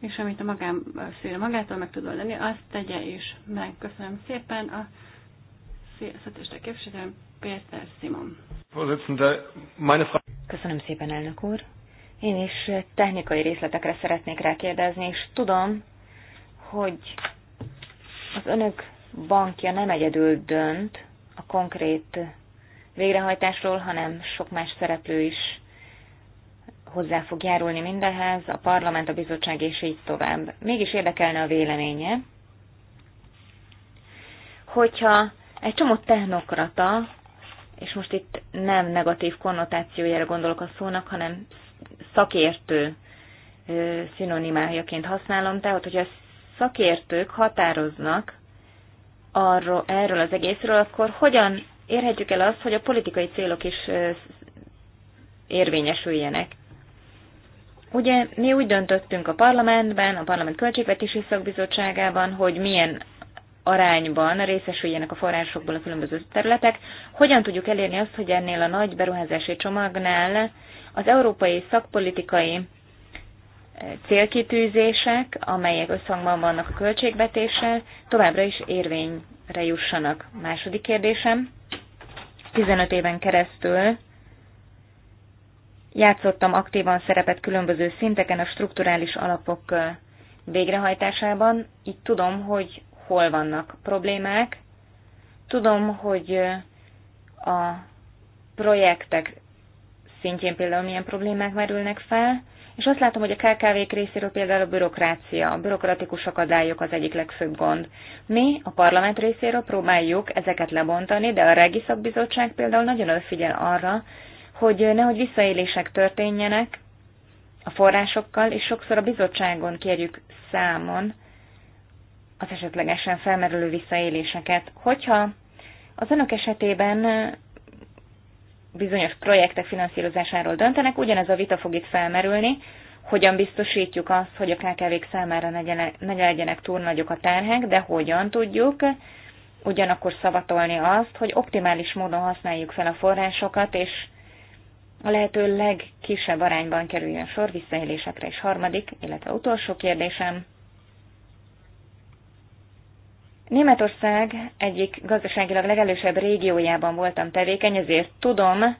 és amit a magám szféra magától meg tudom lenni, azt tegye is meg. Köszönöm szépen a szatista képviselőm, Péter Simon. Köszönöm szépen, elnök úr. Én is technikai részletekre szeretnék rákérdezni, és tudom, hogy az önök bankja nem egyedül dönt a konkrét végrehajtásról, hanem sok más szereplő is hozzá fog járulni mindehez, a parlament, a bizottság és így tovább. Mégis érdekelne a véleménye, hogyha egy csomó technokrata, és most itt nem negatív konnotációjára gondolok a szónak, hanem szakértő szinonimájaként használom, tehát hogyha szakértők határoznak arról, erről az egészről, akkor hogyan érhetjük el azt, hogy a politikai célok is érvényesüljenek? Ugye mi úgy döntöttünk a parlamentben, a parlament költségvetési szakbizottságában, hogy milyen arányban részesüljenek a forrásokból a különböző területek. Hogyan tudjuk elérni azt, hogy ennél a nagy beruházási csomagnál az európai szakpolitikai eh, célkitűzések, amelyek összhangban vannak a költségvetéssel, továbbra is érvényre jussanak. Második kérdésem. 15 éven keresztül játszottam aktívan szerepet különböző szinteken a strukturális alapok eh, végrehajtásában, így tudom, hogy hol vannak problémák, tudom, hogy eh, a projektek szintjén például milyen problémák merülnek fel, és azt látom, hogy a KKV-k részéről például a bürokrácia, a bürokratikus akadályok az egyik legfőbb gond. Mi a parlament részéről próbáljuk ezeket lebontani, de a Regi Szakbizottság például nagyon odafigyel arra, hogy nehogy visszaélések történjenek a forrásokkal, és sokszor a bizottságon kérjük számon az esetlegesen felmerülő visszaéléseket. Hogyha az önök esetében bizonyos projektek finanszírozásáról döntenek, ugyanez a vita fog itt felmerülni, hogyan biztosítjuk azt, hogy a KKV-k számára ne legyenek túl nagyok a terhek, de hogyan tudjuk ugyanakkor szavatolni azt, hogy optimális módon használjuk fel a forrásokat, és a lehető legkisebb arányban kerüljön sor visszaélésekre. És harmadik, illetve utolsó kérdésem, Németország egyik gazdaságilag legelősebb régiójában voltam tevékeny, ezért tudom,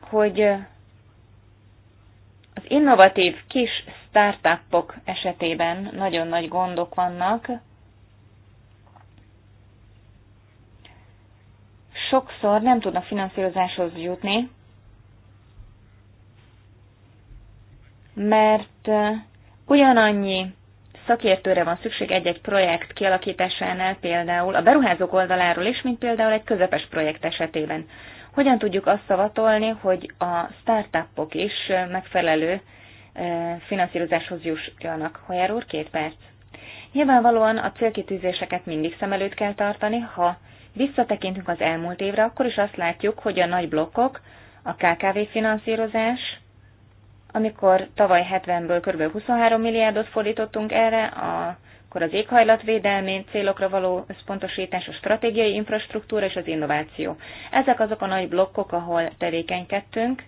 hogy az innovatív kis startupok esetében nagyon nagy gondok vannak. Sokszor nem tudnak finanszírozáshoz jutni, mert ugyanannyi szakértőre van szükség egy-egy projekt kialakításánál például a beruházók oldaláról is, mint például egy közepes projekt esetében. Hogyan tudjuk azt szavatolni, hogy a startupok is megfelelő eh, finanszírozáshoz jussanak? Hajár úr, két perc. Nyilvánvalóan a célkitűzéseket mindig szem előtt kell tartani, ha visszatekintünk az elmúlt évre, akkor is azt látjuk, hogy a nagy blokkok, a KKV finanszírozás, amikor tavaly 70-ből kb. 23 milliárdot fordítottunk erre, a akkor az éghajlatvédelmi célokra való összpontosítás, a stratégiai infrastruktúra és az innováció. Ezek azok a nagy blokkok, ahol tevékenykedtünk.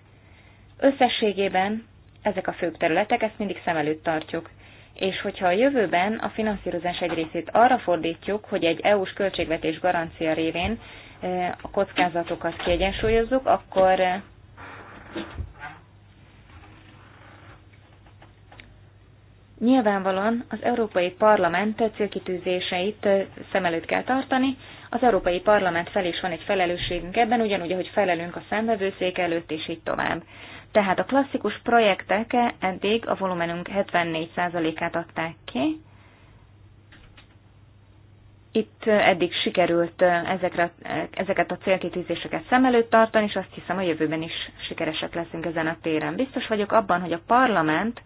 Összességében ezek a főbb területek, ezt mindig szem előtt tartjuk. És hogyha a jövőben a finanszírozás egy részét arra fordítjuk, hogy egy EU-s költségvetés garancia révén eh, a kockázatokat kiegyensúlyozzuk, akkor eh, Nyilvánvalóan az Európai Parlament célkitűzéseit szem előtt kell tartani, az Európai Parlament fel is van egy felelősségünk ebben, ugyanúgy, ahogy felelünk a szemvevőszék előtt, és így tovább. Tehát a klasszikus projektek eddig a volumenünk 74%-át adták ki. Itt eddig sikerült ezekre, ezeket a célkitűzéseket szem előtt tartani, és azt hiszem a jövőben is sikeresek leszünk ezen a téren. Biztos vagyok abban, hogy a parlament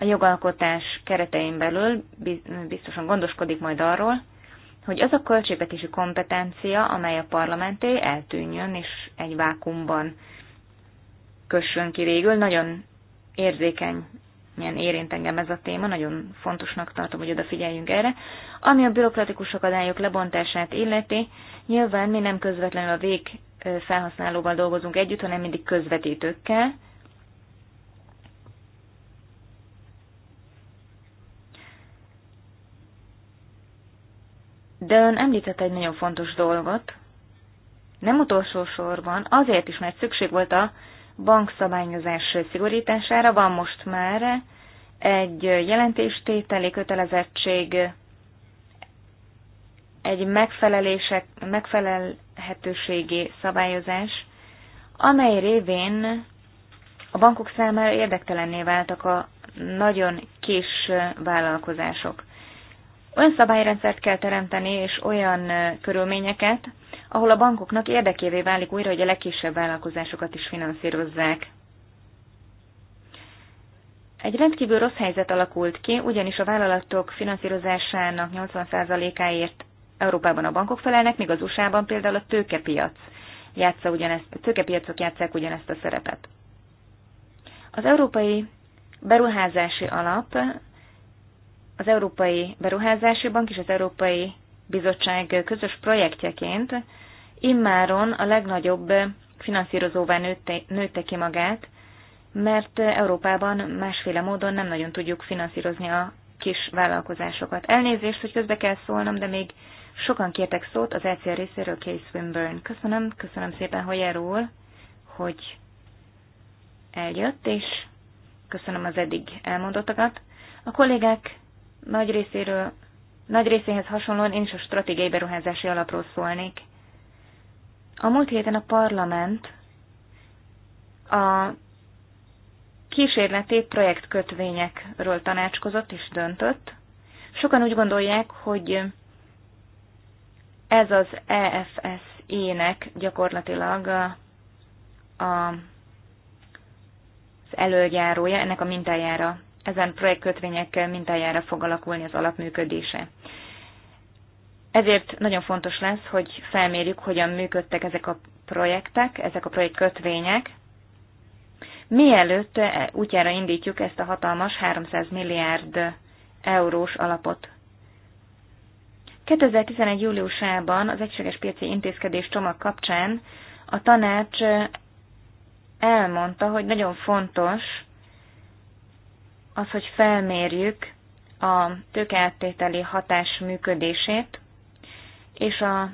a jogalkotás keretein belül biztosan gondoskodik majd arról, hogy az a költségvetési kompetencia, amely a parlamenté eltűnjön és egy vákumban kössön ki végül. Nagyon érzékenyen érint engem ez a téma, nagyon fontosnak tartom, hogy odafigyeljünk erre. Ami a bürokratikus akadályok lebontását illeti, nyilván mi nem közvetlenül a vég felhasználóval dolgozunk együtt, hanem mindig közvetítőkkel, De ön említett egy nagyon fontos dolgot. Nem utolsó sorban, azért is, mert szükség volt a bankszabályozás szigorítására, van most már egy jelentéstételi kötelezettség, egy megfelelések, megfelelhetőségi szabályozás, amely révén a bankok számára érdektelenné váltak a nagyon kis vállalkozások. Olyan szabályrendszert kell teremteni, és olyan körülményeket, ahol a bankoknak érdekévé válik újra, hogy a legkisebb vállalkozásokat is finanszírozzák. Egy rendkívül rossz helyzet alakult ki, ugyanis a vállalatok finanszírozásának 80%-áért Európában a bankok felelnek, míg az USA-ban például a tőkepiac játsza ugyanezt, a tőkepiacok játszák ugyanezt a szerepet. Az Európai Beruházási Alap az Európai Beruházási Bank és az Európai Bizottság közös projektjeként immáron a legnagyobb finanszírozóvá nőtte, nőtte ki magát, mert Európában másféle módon nem nagyon tudjuk finanszírozni a kis vállalkozásokat. Elnézést, hogy közbe kell szólnom, de még sokan kértek szót az ECR részéről Kay Swinburne. Köszönöm, köszönöm szépen hogy úr, hogy eljött, és köszönöm az eddig elmondottakat. A kollégák nagy részéről, nagy részéhez hasonlóan én is a stratégiai beruházási alapról szólnék. A múlt héten a parlament a kísérleti projektkötvényekről tanácskozott és döntött. Sokan úgy gondolják, hogy ez az EFSI-nek gyakorlatilag a, a, az előjárója, ennek a mintájára ezen projektkötvények mintájára fog alakulni az alapműködése. Ezért nagyon fontos lesz, hogy felmérjük, hogyan működtek ezek a projektek, ezek a projektkötvények, mielőtt útjára indítjuk ezt a hatalmas 300 milliárd eurós alapot. 2011. júliusában az Egységes Piaci Intézkedés csomag kapcsán a tanács elmondta, hogy nagyon fontos az, hogy felmérjük a tőkeáttételi hatás működését, és a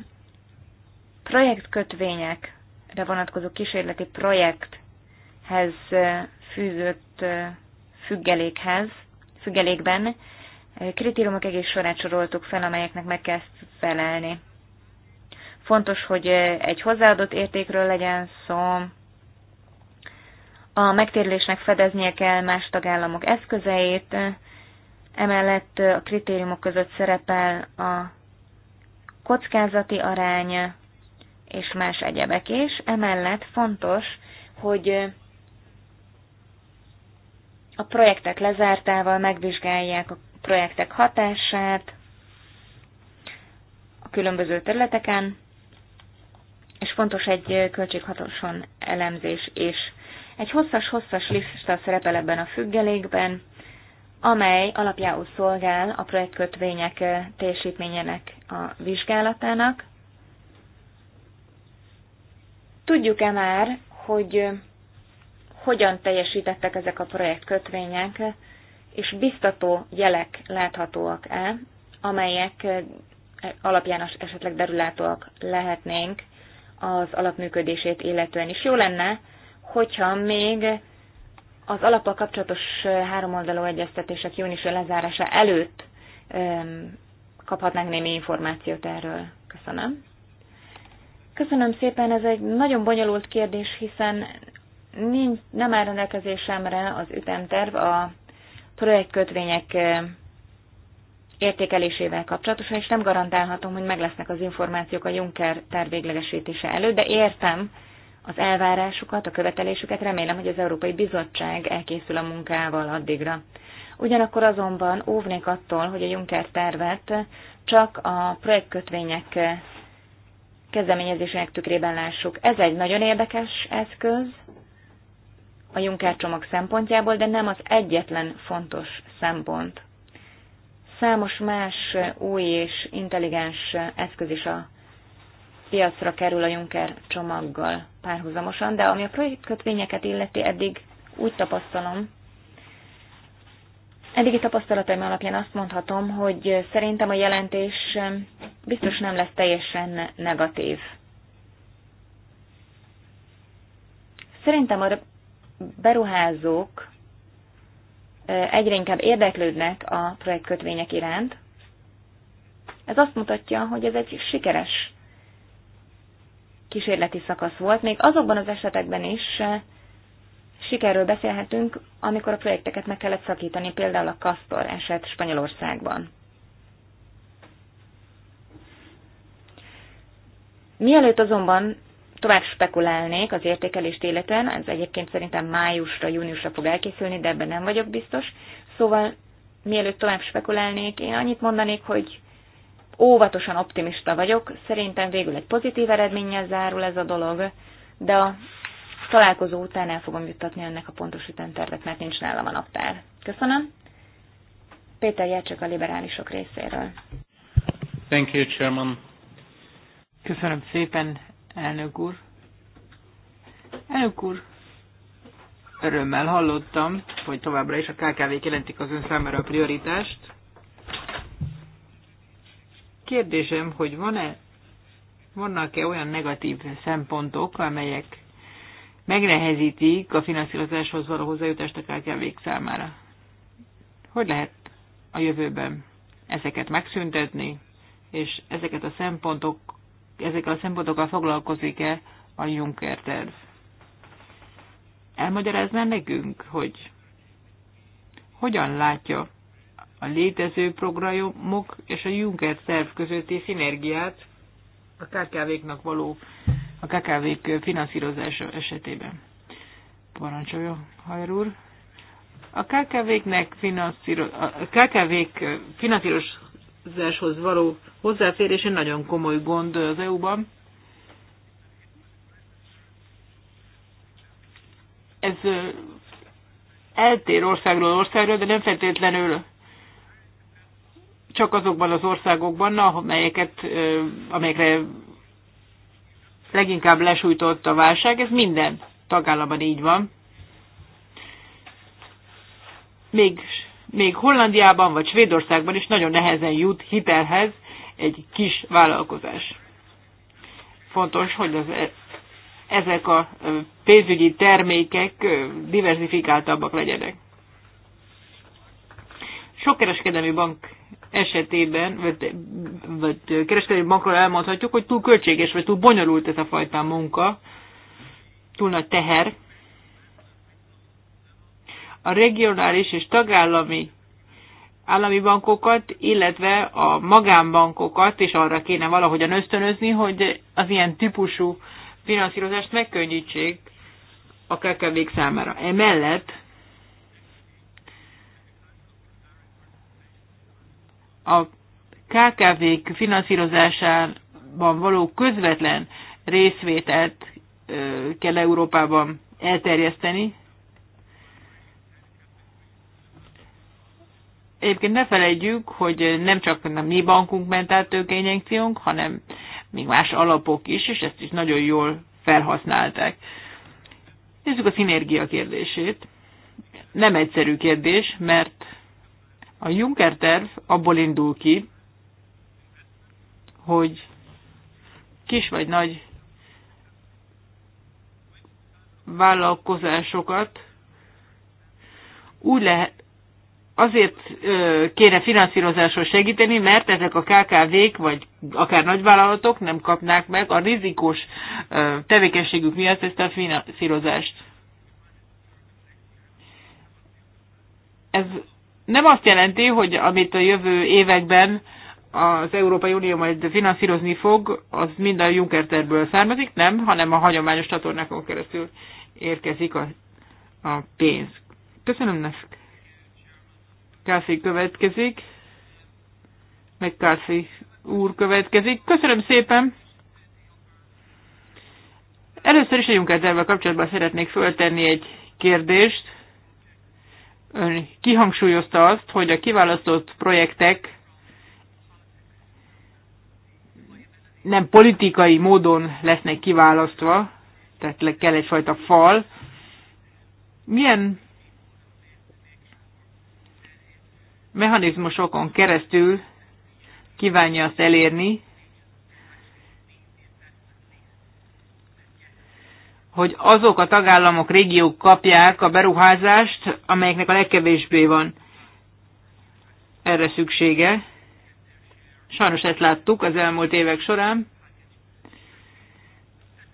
projektkötvényekre vonatkozó kísérleti projekthez fűzött függelékhez, függelékben kritériumok egész sorát soroltuk fel, amelyeknek meg kell felelni. Fontos, hogy egy hozzáadott értékről legyen szó, a megtérülésnek fedeznie kell más tagállamok eszközeit, emellett a kritériumok között szerepel a kockázati arány és más egyebek is. Emellett fontos, hogy a projektek lezártával megvizsgálják a projektek hatását a különböző területeken, és fontos egy költséghatóson elemzés is. Egy hosszas-hosszas lista szerepel ebben a függelékben, amely alapjául szolgál a projektkötvények teljesítményének a vizsgálatának. Tudjuk-e már, hogy hogyan teljesítettek ezek a projektkötvények, és biztató jelek láthatóak-e, amelyek alapján esetleg derülátóak lehetnénk az alapműködését illetően is. Jó lenne, hogyha még az alappal kapcsolatos háromoldalú egyeztetések június lezárása előtt kaphatnánk némi információt erről. Köszönöm. Köszönöm szépen, ez egy nagyon bonyolult kérdés, hiszen nincs, nem áll rendelkezésemre az ütemterv a projektkötvények értékelésével kapcsolatosan, és nem garantálhatom, hogy meg lesznek az információk a Juncker terv véglegesítése előtt, de értem az elvárásukat, a követelésüket, remélem, hogy az Európai Bizottság elkészül a munkával addigra. Ugyanakkor azonban óvnék attól, hogy a Juncker tervet csak a projektkötvények kezdeményezésének tükrében lássuk. Ez egy nagyon érdekes eszköz a Juncker csomag szempontjából, de nem az egyetlen fontos szempont. Számos más új és intelligens eszköz is a piacra kerül a Juncker csomaggal párhuzamosan, de ami a projektkötvényeket illeti, eddig úgy tapasztalom, Eddigi tapasztalataim alapján azt mondhatom, hogy szerintem a jelentés biztos nem lesz teljesen negatív. Szerintem a beruházók egyre inkább érdeklődnek a projektkötvények iránt. Ez azt mutatja, hogy ez egy sikeres kísérleti szakasz volt, még azokban az esetekben is eh, sikerről beszélhetünk, amikor a projekteket meg kellett szakítani, például a Castor eset Spanyolországban. Mielőtt azonban tovább spekulálnék az értékelést illetően, ez egyébként szerintem májusra, júniusra fog elkészülni, de ebben nem vagyok biztos, szóval mielőtt tovább spekulálnék, én annyit mondanék, hogy óvatosan optimista vagyok, szerintem végül egy pozitív eredménnyel zárul ez a dolog, de a találkozó után el fogom juttatni ennek a pontos ütemtervet, mert nincs nálam a naptár. Köszönöm. Péter Jelcsök a liberálisok részéről. Thank you, Chairman. Köszönöm szépen, elnök úr. Elnök úr, örömmel hallottam, hogy továbbra is a KKV-k jelentik az ön számára a prioritást. Kérdésem, hogy van-e, vannak-e olyan negatív szempontok, amelyek megnehezítik a finanszírozáshoz való hozzájutást a kkv számára? Hogy lehet a jövőben ezeket megszüntetni, és ezeket a szempontok, ezekkel a szempontokkal foglalkozik-e a Juncker terv? Elmagyarázná nekünk, hogy hogyan látja a létező programok és a Juncker szerv közötti szinergiát a KKV-knak való, a KKV-k finanszírozása esetében. Parancsolja, hajr úr! A KKV-knek finanszíro, a KKV-k finanszírozáshoz való hozzáférése nagyon komoly gond az EU-ban. Ez eltér országról országra, de nem feltétlenül csak azokban az országokban, amelyeket, amelyekre leginkább lesújtott a válság, ez minden tagállamban így van. Még, még Hollandiában vagy Svédországban is nagyon nehezen jut hitelhez egy kis vállalkozás. Fontos, hogy az, e- ezek a pénzügyi termékek diversifikáltabbak legyenek. Sok kereskedelmi bank esetében, vagy, vagy kereskedelmi bankról elmondhatjuk, hogy túl költséges, vagy túl bonyolult ez a fajta munka, túl nagy teher. A regionális és tagállami állami bankokat, illetve a magánbankokat, és arra kéne valahogyan ösztönözni, hogy az ilyen típusú finanszírozást megkönnyítsék a kkv számára. Emellett a KKV-k finanszírozásában való közvetlen részvételt kell Európában elterjeszteni. Egyébként ne felejtjük, hogy nem csak a mi bankunk ment át tőkeinjekciónk, hanem még más alapok is, és ezt is nagyon jól felhasználták. Nézzük a szinergia kérdését. Nem egyszerű kérdés, mert a Juncker terv abból indul ki, hogy kis vagy nagy vállalkozásokat úgy lehet, azért kéne finanszírozáshoz segíteni, mert ezek a KKV-k, vagy akár nagyvállalatok nem kapnák meg a rizikós tevékenységük miatt ezt a finanszírozást. Ez nem azt jelenti, hogy amit a jövő években az Európai Unió majd finanszírozni fog, az mind a Juncker tervből származik, nem, hanem a hagyományos csatornákon keresztül érkezik a, a pénz. Köszönöm, Nesk. Kászi következik, meg Kászi úr következik. Köszönöm szépen! Először is a Juncker tervvel kapcsolatban szeretnék föltenni egy kérdést. Ön kihangsúlyozta azt, hogy a kiválasztott projektek nem politikai módon lesznek kiválasztva, tehát kell egyfajta fal. Milyen mechanizmusokon keresztül kívánja azt elérni, hogy azok a tagállamok, régiók kapják a beruházást, amelyeknek a legkevésbé van erre szüksége. Sajnos ezt láttuk az elmúlt évek során.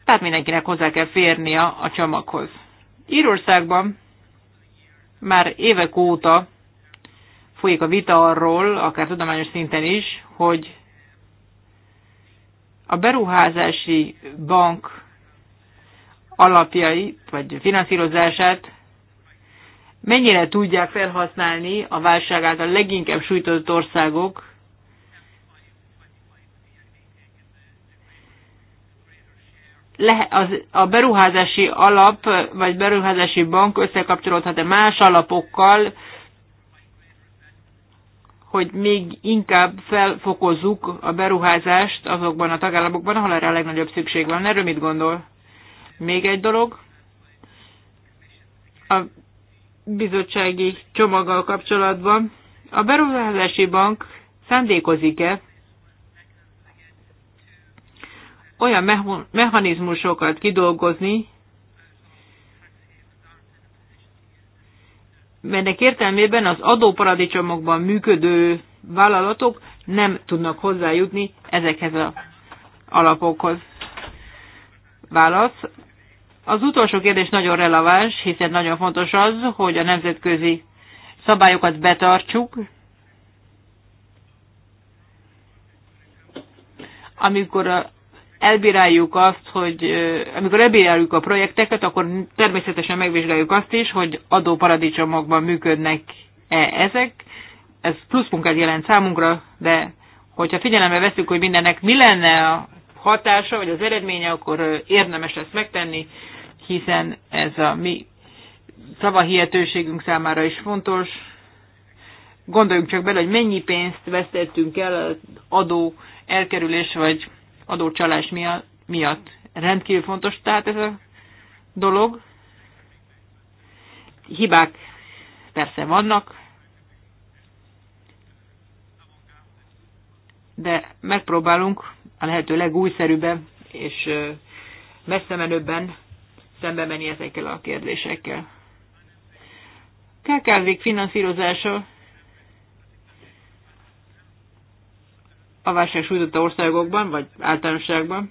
Tehát mindenkinek hozzá kell férnia a csomaghoz. Írországban már évek óta folyik a vita arról, akár tudományos szinten is, hogy a beruházási bank alapjait, vagy finanszírozását mennyire tudják felhasználni a válság által leginkább sújtott országok, az, a beruházási alap, vagy beruházási bank összekapcsolódhat-e más alapokkal, hogy még inkább felfokozzuk a beruházást azokban a tagállamokban, ahol erre a legnagyobb szükség van. Erről mit gondol? Még egy dolog, a bizottsági csomaggal kapcsolatban. A beruházási bank szándékozik-e olyan mechanizmusokat kidolgozni, melynek értelmében az adóparadicsomokban működő vállalatok nem tudnak hozzájutni ezekhez az alapokhoz. Válasz, az utolsó kérdés nagyon releváns, hiszen nagyon fontos az, hogy a nemzetközi szabályokat betartsuk, amikor elbíráljuk azt, hogy amikor elbíráljuk a projekteket, akkor természetesen megvizsgáljuk azt is, hogy adóparadicsomokban működnek-e ezek. Ez plusz munkát jelent számunkra, de hogyha figyelembe veszük, hogy mindennek mi lenne a hatása, vagy az eredménye, akkor érdemes ezt megtenni hiszen ez a mi szavahihetőségünk számára is fontos. Gondoljunk csak bele, hogy mennyi pénzt vesztettünk el adó elkerülés vagy adócsalás miatt. Rendkívül fontos tehát ez a dolog. Hibák persze vannak, de megpróbálunk a lehető legújszerűbben és messze menőbben szembe menni ezekkel a kérdésekkel. kkv finanszírozása a válság sújtotta országokban, vagy általánosságban.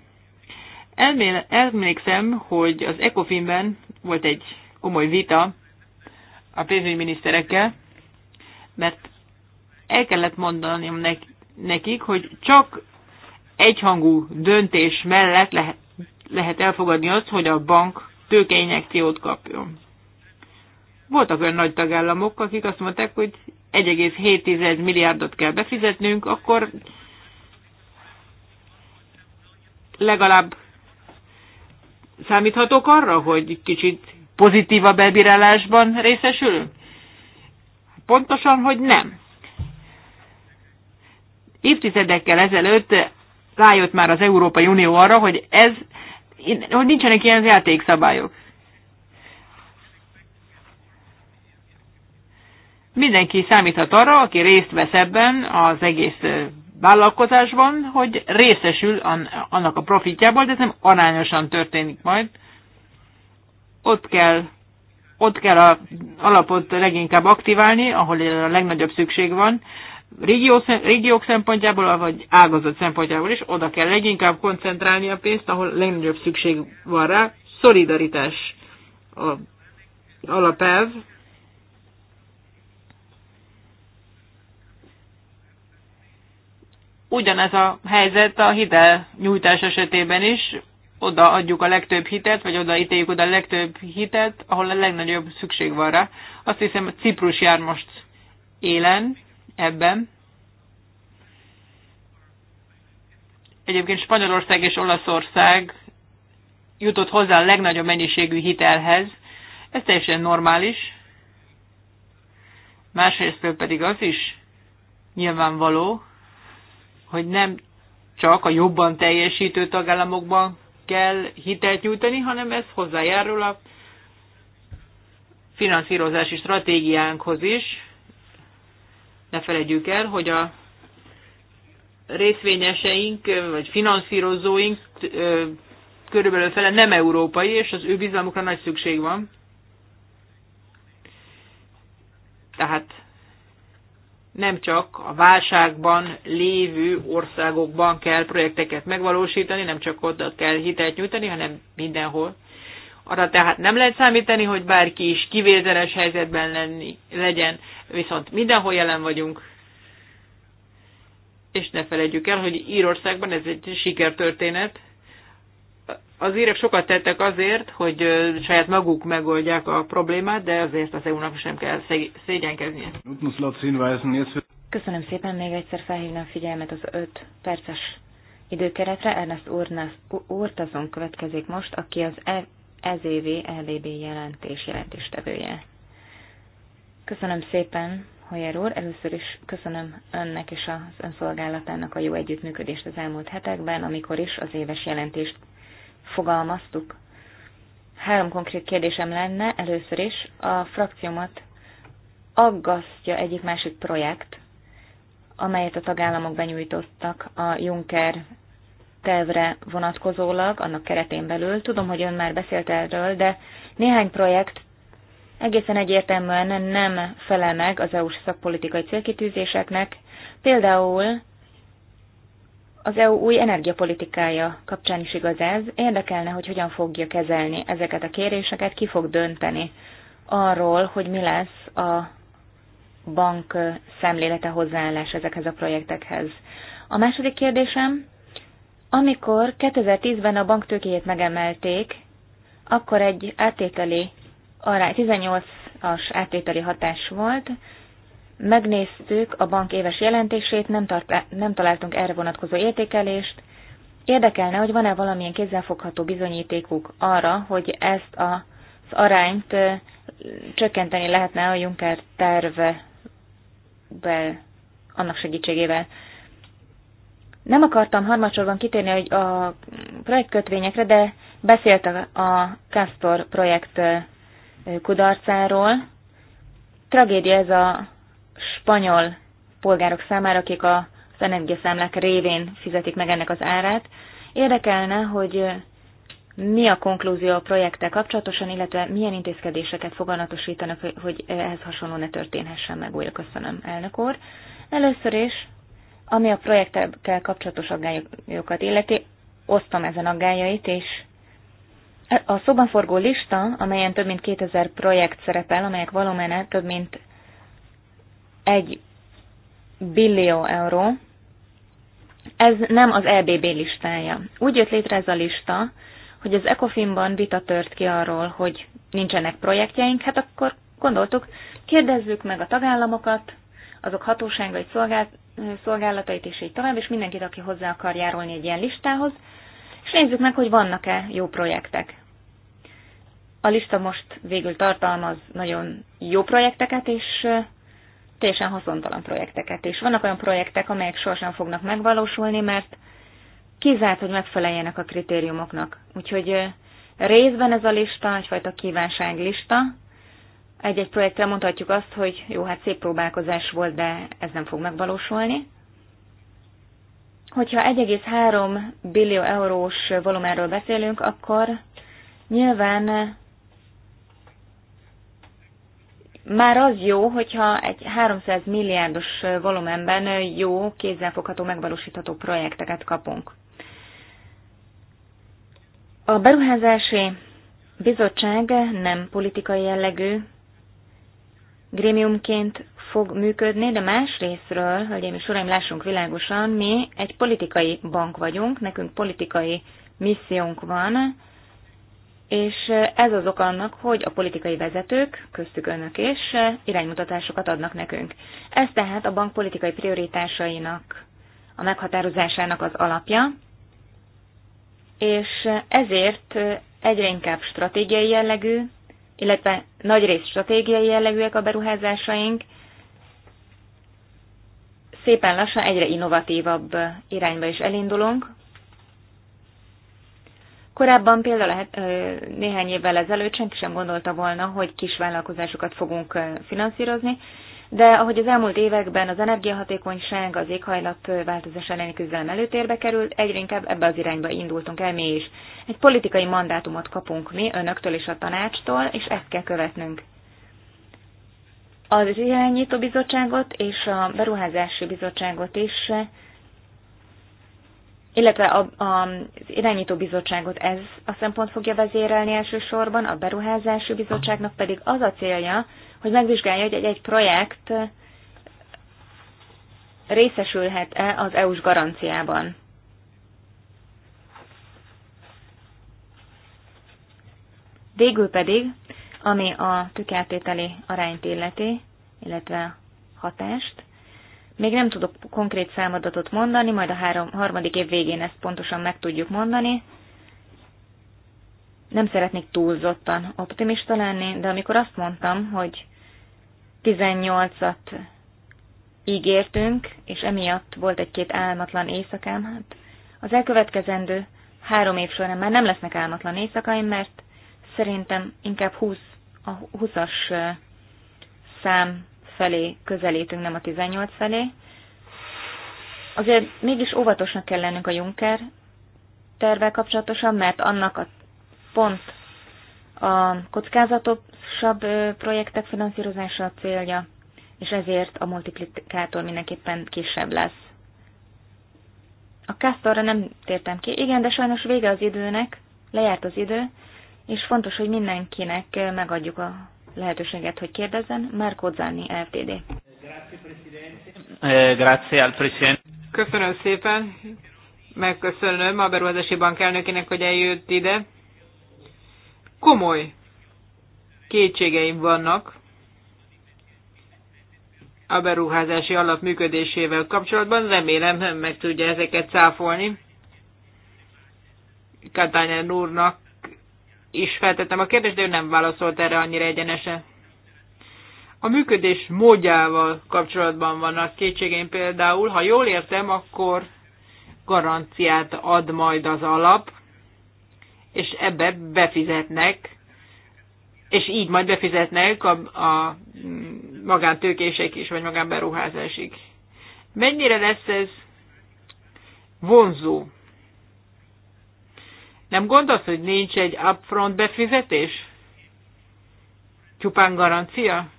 Emlékszem, hogy az ECOFIN-ben volt egy komoly vita a pénzügyminiszterekkel, mert el kellett mondani nekik, hogy csak egyhangú döntés mellett lehet, lehet elfogadni azt, hogy a bank tőkeinjekciót kapjon. Voltak olyan nagy tagállamok, akik azt mondták, hogy 1,7 milliárdot kell befizetnünk, akkor legalább számíthatok arra, hogy kicsit pozitíva bebírálásban részesülünk? Pontosan, hogy nem. Évtizedekkel ezelőtt rájött már az Európai Unió arra, hogy ez hogy nincsenek ilyen játékszabályok. Mindenki számíthat arra, aki részt vesz ebben az egész vállalkozásban, hogy részesül annak a profitjából, de ez nem arányosan történik majd. Ott kell, ott kell a alapot leginkább aktiválni, ahol a legnagyobb szükség van régió, régiók szempontjából, vagy ágazat szempontjából is oda kell leginkább koncentrálni a pénzt, ahol legnagyobb szükség van rá. Szolidaritás a alapelv. Ugyanez a helyzet a hitel nyújtás esetében is. Oda adjuk a legtöbb hitet, vagy oda ítéljük oda a legtöbb hitet, ahol a legnagyobb szükség van rá. Azt hiszem, Ciprus jár most élen, ebben. Egyébként Spanyolország és Olaszország jutott hozzá a legnagyobb mennyiségű hitelhez. Ez teljesen normális. Másrészt pedig az is nyilvánvaló, hogy nem csak a jobban teljesítő tagállamokban kell hitelt nyújtani, hanem ez hozzájárul a finanszírozási stratégiánkhoz is. Ne felejtjük el, hogy a részvényeseink, vagy finanszírozóink körülbelül fele nem európai, és az ő bizalmukra nagy szükség van. Tehát nem csak a válságban lévő országokban kell projekteket megvalósítani, nem csak ott kell hitelt nyújtani, hanem mindenhol. Arra tehát nem lehet számítani, hogy bárki is kivételes helyzetben lenni, legyen, viszont mindenhol jelen vagyunk, és ne felejtjük el, hogy Írországban ez egy sikertörténet. Az írek sokat tettek azért, hogy saját maguk megoldják a problémát, de azért az EU-nak sem kell szégyenkeznie. Köszönöm szépen, még egyszer felhívnám figyelmet az 5 perces időkeretre. Ernest Urtazon következik most, aki az e- ez évi LBB e jelentés jelentéstevője. Köszönöm szépen, Hoyer úr, először is köszönöm önnek és az önszolgálatának a jó együttműködést az elmúlt hetekben, amikor is az éves jelentést fogalmaztuk. Három konkrét kérdésem lenne, először is a frakciómat aggasztja egyik másik projekt, amelyet a tagállamok benyújtottak a Juncker tervre vonatkozólag, annak keretén belül. Tudom, hogy ön már beszélt erről, de néhány projekt egészen egyértelműen nem felel meg az EU-s szakpolitikai célkitűzéseknek, például az EU új energiapolitikája kapcsán is igaz ez, érdekelne, hogy hogyan fogja kezelni ezeket a kéréseket, ki fog dönteni arról, hogy mi lesz a bank szemlélete hozzáállás ezekhez a projektekhez. A második kérdésem, amikor 2010-ben a bank tőkéjét megemelték, akkor egy átételi, 18-as átételi hatás volt, megnéztük a bank éves jelentését, nem, tart, nem találtunk erre vonatkozó értékelést. Érdekelne, hogy van-e valamilyen kézzelfogható bizonyítékuk arra, hogy ezt a, az arányt csökkenteni lehetne a Juncker tervbe annak segítségével. Nem akartam harmadsorban kitérni hogy a projektkötvényekre, de beszélt a, a Castor projekt kudarcáról. Tragédia ez a spanyol polgárok számára, akik az energiaszámlák révén fizetik meg ennek az árát. Érdekelne, hogy mi a konklúzió a projekttel kapcsolatosan, illetve milyen intézkedéseket foganatosítanak, hogy ehhez hasonló ne történhessen meg újra. Köszönöm, elnök úr. Először is ami a projektekkel kapcsolatos aggályokat illeti, osztom ezen aggályait, és a szobanforgó lista, amelyen több mint 2000 projekt szerepel, amelyek valamene több mint 1 billió euró, ez nem az EBB listája. Úgy jött létre ez a lista, hogy az ECOFIN-ban vita tört ki arról, hogy nincsenek projektjeink, hát akkor gondoltuk, kérdezzük meg a tagállamokat, azok hatóságait, szolgált, szolgálatait, és így tovább, és mindenkit, aki hozzá akar járulni egy ilyen listához, és nézzük meg, hogy vannak-e jó projektek. A lista most végül tartalmaz nagyon jó projekteket, és teljesen haszontalan projekteket. És vannak olyan projektek, amelyek sohasem fognak megvalósulni, mert kizárt, hogy megfeleljenek a kritériumoknak. Úgyhogy részben ez a lista egyfajta kívánságlista, egy-egy projektre mondhatjuk azt, hogy jó, hát szép próbálkozás volt, de ez nem fog megvalósulni. Hogyha 1,3 billió eurós volumenről beszélünk, akkor nyilván már az jó, hogyha egy 300 milliárdos volumenben jó, kézzelfogható, megvalósítható projekteket kapunk. A beruházási bizottság nem politikai jellegű grémiumként fog működni, de más részről, hölgyeim és uraim, lássunk világosan, mi egy politikai bank vagyunk, nekünk politikai missziónk van, és ez az ok annak, hogy a politikai vezetők, köztük önök is, iránymutatásokat adnak nekünk. Ez tehát a bank politikai prioritásainak a meghatározásának az alapja, és ezért egyre inkább stratégiai jellegű, illetve nagy rész stratégiai jellegűek a beruházásaink, szépen lassan egyre innovatívabb irányba is elindulunk. Korábban például néhány évvel ezelőtt senki sem gondolta volna, hogy kis vállalkozásokat fogunk finanszírozni, de ahogy az elmúlt években az energiahatékonyság, az éghajlatváltozás elleni küzdelem előtérbe került, egyre inkább ebbe az irányba indultunk el mi is. Egy politikai mandátumot kapunk mi, önöktől és a tanácstól, és ezt kell követnünk. Az irányító bizottságot és a beruházási bizottságot is, illetve a, a, az irányító bizottságot ez a szempont fogja vezérelni elsősorban, a beruházási bizottságnak pedig az a célja, hogy megvizsgálja, hogy egy-egy projekt részesülhet-e az EU-s garanciában. Végül pedig, ami a tükeltételi arányt illeti, illetve hatást, még nem tudok konkrét számadatot mondani, majd a három, harmadik év végén ezt pontosan meg tudjuk mondani. Nem szeretnék túlzottan optimista lenni, de amikor azt mondtam, hogy 18-at ígértünk, és emiatt volt egy-két álmatlan éjszakám. Hát az elkövetkezendő három év során már nem lesznek álmatlan éjszakaim, mert szerintem inkább 20, a 20-as szám felé közelítünk, nem a 18 felé. Azért mégis óvatosnak kell lennünk a Juncker tervvel kapcsolatosan, mert annak a pont a kockázatosabb projektek finanszírozása a célja, és ezért a multiplikátor mindenképpen kisebb lesz. A Castorra nem tértem ki, igen, de sajnos vége az időnek, lejárt az idő, és fontos, hogy mindenkinek megadjuk a lehetőséget, hogy kérdezzen. Márkó Zanni, LTD. Eh, Köszönöm szépen. Megköszönöm a Beruházási Bank elnökének, hogy eljött ide komoly kétségeim vannak a beruházási alap működésével kapcsolatban. Remélem, meg tudja ezeket cáfolni. Katányen úrnak is feltettem a kérdést, de ő nem válaszolt erre annyira egyenesen. A működés módjával kapcsolatban vannak kétségeim például, ha jól értem, akkor garanciát ad majd az alap, és ebbe befizetnek, és így majd befizetnek a, a magántőkések is, vagy magánberuházásig. Mennyire lesz ez vonzó? Nem gondolsz, hogy nincs egy upfront befizetés? Csupán garancia?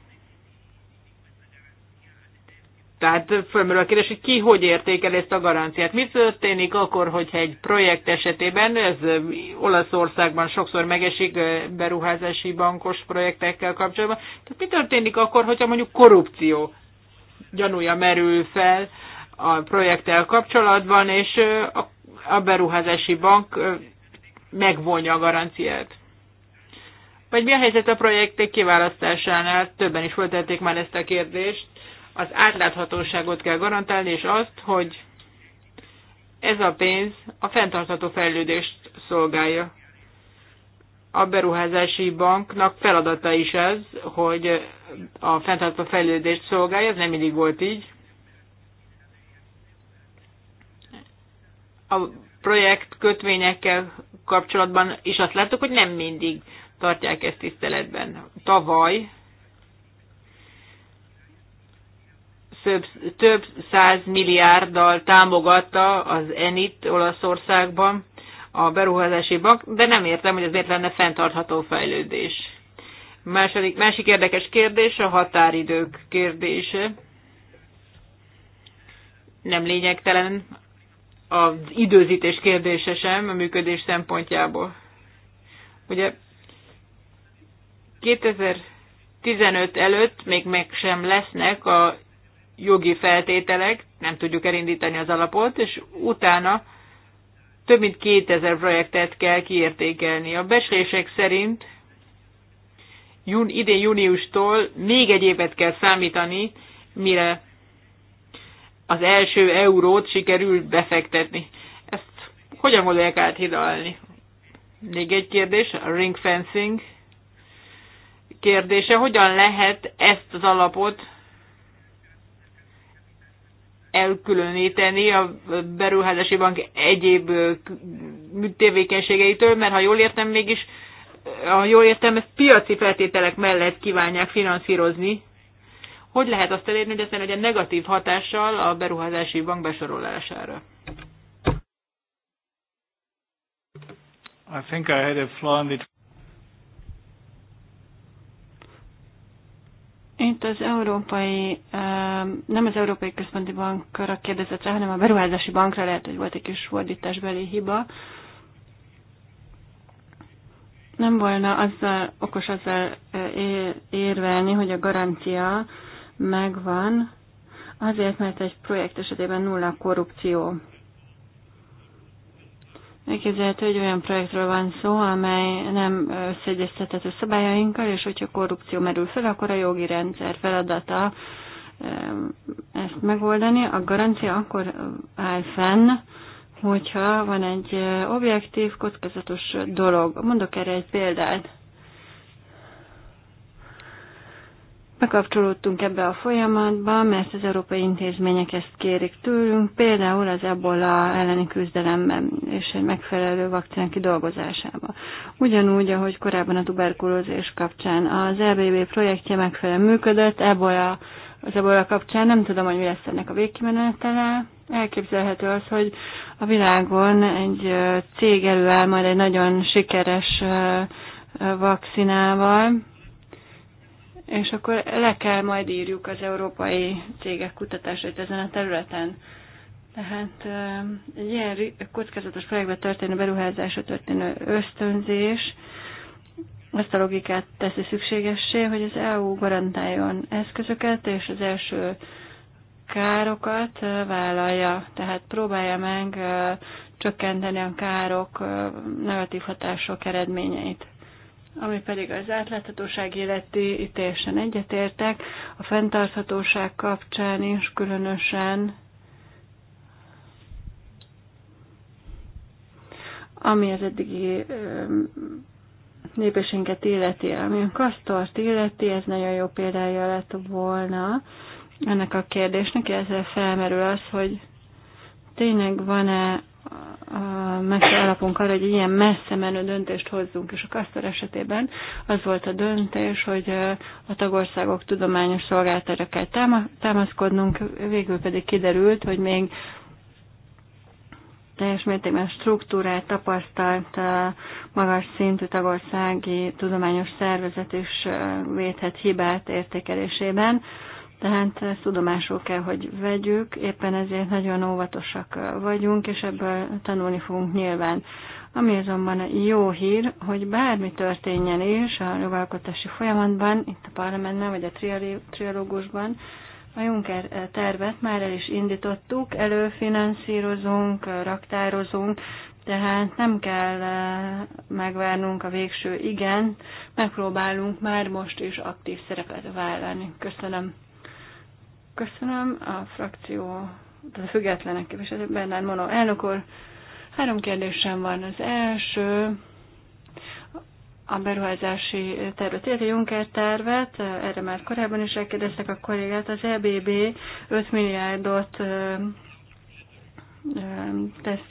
Tehát fölmerül a kérdés, hogy ki hogy értékel ezt a garanciát. Mi történik akkor, hogyha egy projekt esetében, ez Olaszországban sokszor megesik beruházási bankos projektekkel kapcsolatban, tehát mi történik akkor, hogyha mondjuk korrupció gyanúja merül fel a projekttel kapcsolatban, és a beruházási bank megvonja a garanciát? Vagy mi a helyzet a projektek kiválasztásánál? Többen is föltették már ezt a kérdést az átláthatóságot kell garantálni, és azt, hogy ez a pénz a fenntartható fejlődést szolgálja. A beruházási banknak feladata is ez, hogy a fenntartható fejlődést szolgálja, ez nem mindig volt így. A projekt kötvényekkel kapcsolatban is azt láttuk, hogy nem mindig tartják ezt tiszteletben. Tavaly több, több száz milliárddal támogatta az ENIT Olaszországban a beruházási bank, de nem értem, hogy ez miért lenne fenntartható fejlődés. Második, másik érdekes kérdés a határidők kérdése. Nem lényegtelen az időzítés kérdése sem a működés szempontjából. Ugye 2015 előtt még meg sem lesznek a jogi feltételek, nem tudjuk elindítani az alapot, és utána több mint 2000 projektet kell kiértékelni. A becslések szerint jún, idén júniustól még egy évet kell számítani, mire az első eurót sikerül befektetni. Ezt hogyan gondolják áthidalni? Még egy kérdés, a ring fencing kérdése. Hogyan lehet ezt az alapot elkülöníteni a beruházási bank egyéb tevékenységeitől, mert ha jól értem, mégis ha jól értem, ezt piaci feltételek mellett kívánják finanszírozni. Hogy lehet azt elérni, hogy ez ne legyen negatív hatással a beruházási bank besorolására? I think I had a flaw in the... Itt az európai, nem az Európai Központi Bankra kérdezett rá, hanem a Beruházási Bankra lehet, hogy volt egy kis fordításbeli hiba. Nem volna azzal, okos azzal érvelni, hogy a garancia megvan, azért, mert egy projekt esetében nulla korrupció. Elképzelhető, hogy olyan projektről van szó, amely nem összeegyeztethető szabályainkkal, és hogyha korrupció merül fel, akkor a jogi rendszer feladata ezt megoldani. A garancia akkor áll fenn, hogyha van egy objektív, kockázatos dolog. Mondok erre egy példát. bekapcsolódtunk ebbe a folyamatba, mert az európai intézmények ezt kérik tőlünk, például az ebola elleni küzdelemben és egy megfelelő vakcina kidolgozásába. Ugyanúgy, ahogy korábban a tuberkulózés kapcsán az EBB projektje megfelelően működött, ebola, az ebola kapcsán nem tudom, hogy mi lesz ennek a végkimenetele, Elképzelhető az, hogy a világon egy cég előáll majd egy nagyon sikeres vakcinával, és akkor le kell majd írjuk az európai cégek kutatásait ezen a területen. Tehát egy ilyen kockázatos projektben történő beruházásra történő ösztönzés azt a logikát teszi szükségessé, hogy az EU garantáljon eszközöket, és az első károkat vállalja, tehát próbálja meg csökkenteni a károk negatív hatások eredményeit ami pedig az átláthatóság életi, itt teljesen egyetértek, a fenntarthatóság kapcsán is különösen, ami az eddigi lépésünket illeti, ami a kasztort illeti, ez nagyon jó példája lett volna ennek a kérdésnek, ezzel felmerül az, hogy tényleg van-e a messze alapunk arra, hogy ilyen messze menő döntést hozzunk, és a Kasztor esetében az volt a döntés, hogy a tagországok tudományos szolgáltára kell támaszkodnunk, végül pedig kiderült, hogy még teljes mértékben struktúrát tapasztalt magas szintű tagországi tudományos szervezet is védhet hibát értékelésében. Tehát ezt tudomásul kell, hogy vegyük, éppen ezért nagyon óvatosak vagyunk, és ebből tanulni fogunk nyilván. Ami azonban jó hír, hogy bármi történjen is a jogalkotási folyamatban, itt a parlamentben vagy a trialógusban, a Juncker tervet már el is indítottuk, előfinanszírozunk, raktározunk, tehát nem kell eh, megvárnunk a végső igen, megpróbálunk már most is aktív szerepet vállalni. Köszönöm. Köszönöm a frakció, tehát a függetlenek képviselő Bernard Mono elnök úr. Három kérdésem van. Az első, a beruházási tervet, illetve Juncker tervet, erre már korábban is elkérdeztek a kollégát, az EBB 5 milliárdot tesz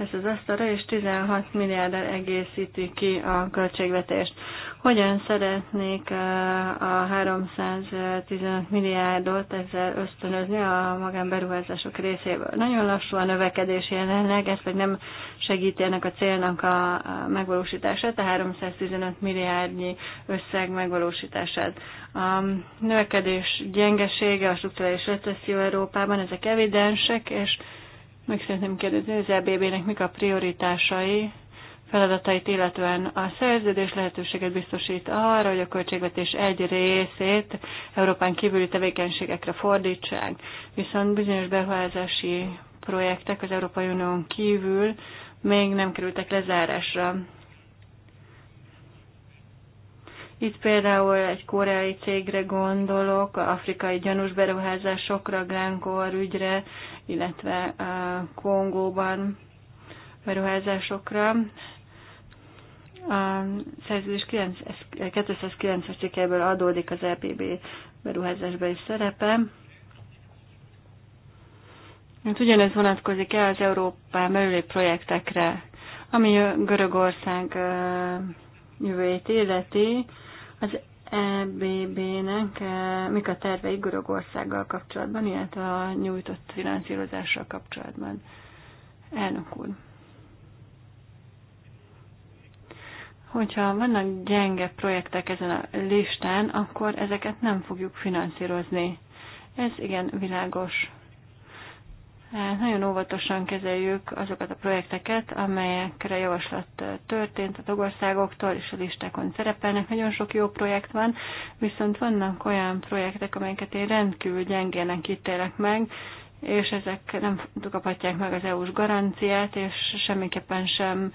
ezt az asztalra, és 16 milliárdal egészíti ki a költségvetést. Hogyan szeretnék a 315 milliárdot ezzel ösztönözni a magánberuházások részéből? Nagyon lassú a növekedés jelenleg, ez pedig nem segíti ennek a célnak a megvalósítását, a 315 milliárdnyi összeg megvalósítását. A növekedés gyengesége, a strukturális recesszió Európában, ezek evidensek, és meg szeretném kérdezni, az EBB-nek mik a prioritásai, feladatait illetően a szerződés lehetőséget biztosít arra, hogy a költségvetés egy részét Európán kívüli tevékenységekre fordítsák, viszont bizonyos beruházási projektek az Európai Unión kívül még nem kerültek lezárásra. Itt például egy koreai cégre gondolok, afrikai gyanús beruházásokra, Glencore ügyre, illetve Kongóban beruházásokra. A szerződés 209-es cikkelyből adódik az EPB beruházásbeli szerepe. Mert hát ugyanez vonatkozik el az Európán belüli projektekre, ami Görögország jövőjét illeti. Az EBB-nek e, mik a tervei Görögországgal kapcsolatban, illetve a nyújtott finanszírozással kapcsolatban? Elnök úr. Hogyha vannak gyenge projektek ezen a listán, akkor ezeket nem fogjuk finanszírozni. Ez igen világos. Hát nagyon óvatosan kezeljük azokat a projekteket, amelyekre javaslat eh, történt a tagországoktól, és a listákon szerepelnek. Nagyon sok jó projekt van, viszont vannak olyan projektek, amelyeket én rendkívül gyengének ítélek meg, és ezek nem kaphatják meg az EU-s garanciát, és semmiképpen sem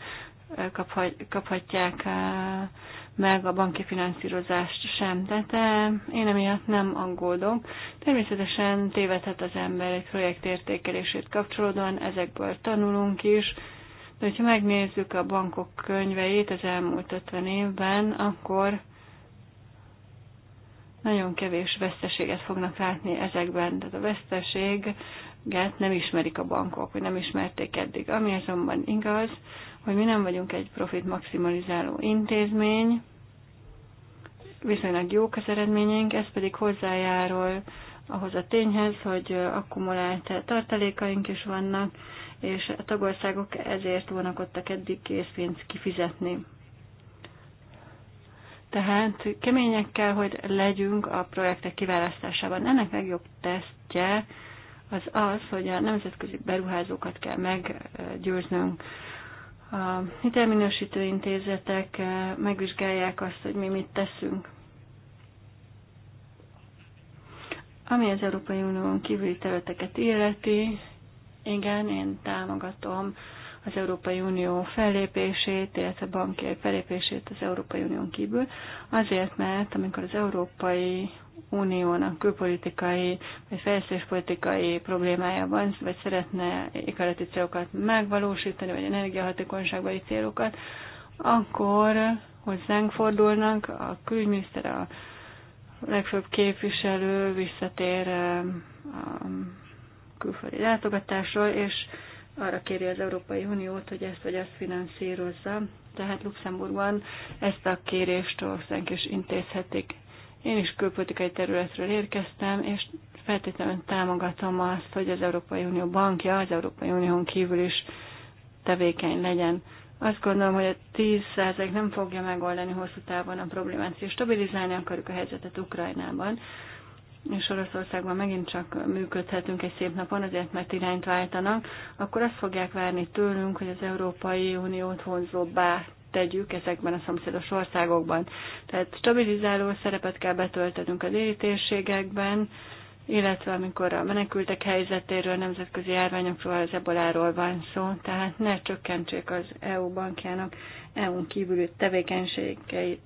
eh, kaphatják meg a banki finanszírozást sem. Tehát én emiatt nem aggódom. Természetesen tévedhet az ember egy projekt értékelését kapcsolódóan, ezekből tanulunk is, de hogyha megnézzük a bankok könyveit az elmúlt 50 évben, akkor nagyon kevés veszteséget fognak látni ezekben, tehát a veszteséget nem ismerik a bankok, vagy nem ismerték eddig. Ami azonban igaz, hogy mi nem vagyunk egy profit maximalizáló intézmény, viszonylag jók az eredményeink, ez pedig hozzájárul ahhoz a tényhez, hogy akkumulált tartalékaink is vannak, és a tagországok ezért vonakodtak eddig készpénzt kifizetni. Tehát kemények kell, hogy legyünk a projektek kiválasztásában. Ennek legjobb tesztje az az, hogy a nemzetközi beruházókat kell meggyőznünk a hitelminősítő intézetek eh, megvizsgálják azt, hogy mi mit teszünk. Ami az Európai Unión kívüli területeket illeti, igen, én támogatom az Európai Unió fellépését, illetve banki fellépését az Európai Unión kívül, azért, mert amikor az Európai Uniónak külpolitikai vagy fejlesztéspolitikai problémájában, vagy szeretne éghajlati célokat megvalósítani, vagy energiahatékonyságbeli célokat, akkor hozzánk fordulnak, a külügyminiszter, a legfőbb képviselő visszatér um, a külföldi látogatásról, és arra kéri az Európai Uniót, hogy ezt vagy azt finanszírozza. Tehát Luxemburgban ezt a kérést hozzánk is intézhetik. Én is külpolitikai területről érkeztem, és feltétlenül támogatom azt, hogy az Európai Unió bankja az Európai Unión kívül is tevékeny legyen. Azt gondolom, hogy a 10% nem fogja megoldani hosszú távon a problémát, és stabilizálni akarjuk a helyzetet Ukrajnában. És Oroszországban megint csak működhetünk egy szép napon, azért mert irányt váltanak, akkor azt fogják várni tőlünk, hogy az Európai Uniót vonzóbbá tegyük ezekben a szomszédos országokban. Tehát stabilizáló szerepet kell betöltenünk a érítésségekben, illetve amikor a menekültek helyzetéről, nemzetközi járványokról, az eboláról van szó, tehát ne csökkentsék az EU bankjának EU-n kívüli tevékenységeit.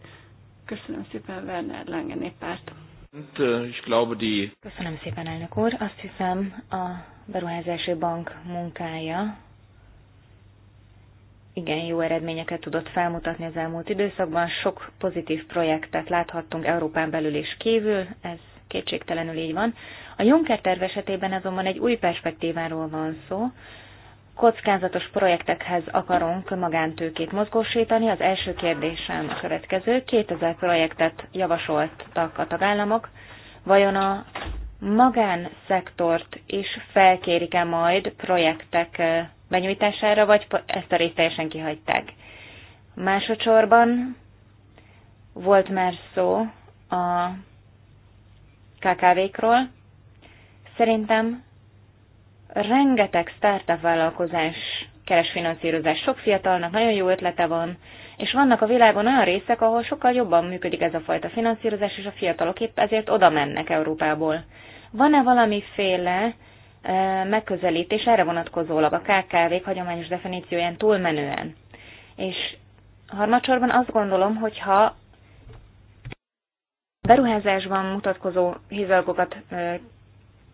Köszönöm szépen, Werner Lange párt. Köszönöm szépen, elnök úr. Azt hiszem, a beruházási bank munkája igen jó eredményeket tudott felmutatni az elmúlt időszakban. Sok pozitív projektet láthattunk Európán belül és kívül, ez kétségtelenül így van. A Juncker terv esetében azonban egy új perspektíváról van szó. Kockázatos projektekhez akarunk magántőkét mozgósítani. Az első kérdésem a következő. 2000 projektet javasoltak a tagállamok. Vajon a magánszektort is felkérik-e majd projektek benyújtására, vagy ezt a részt teljesen kihagyták. Másodszorban volt már szó a KKV-król. Szerintem rengeteg startup vállalkozás keres finanszírozás. Sok fiatalnak nagyon jó ötlete van, és vannak a világon olyan részek, ahol sokkal jobban működik ez a fajta finanszírozás, és a fiatalok épp ezért oda mennek Európából. Van-e valamiféle megközelítés erre vonatkozólag a KKV-k hagyományos definícióján túlmenően? És harmadsorban azt gondolom, hogyha beruházásban mutatkozó hizalgokat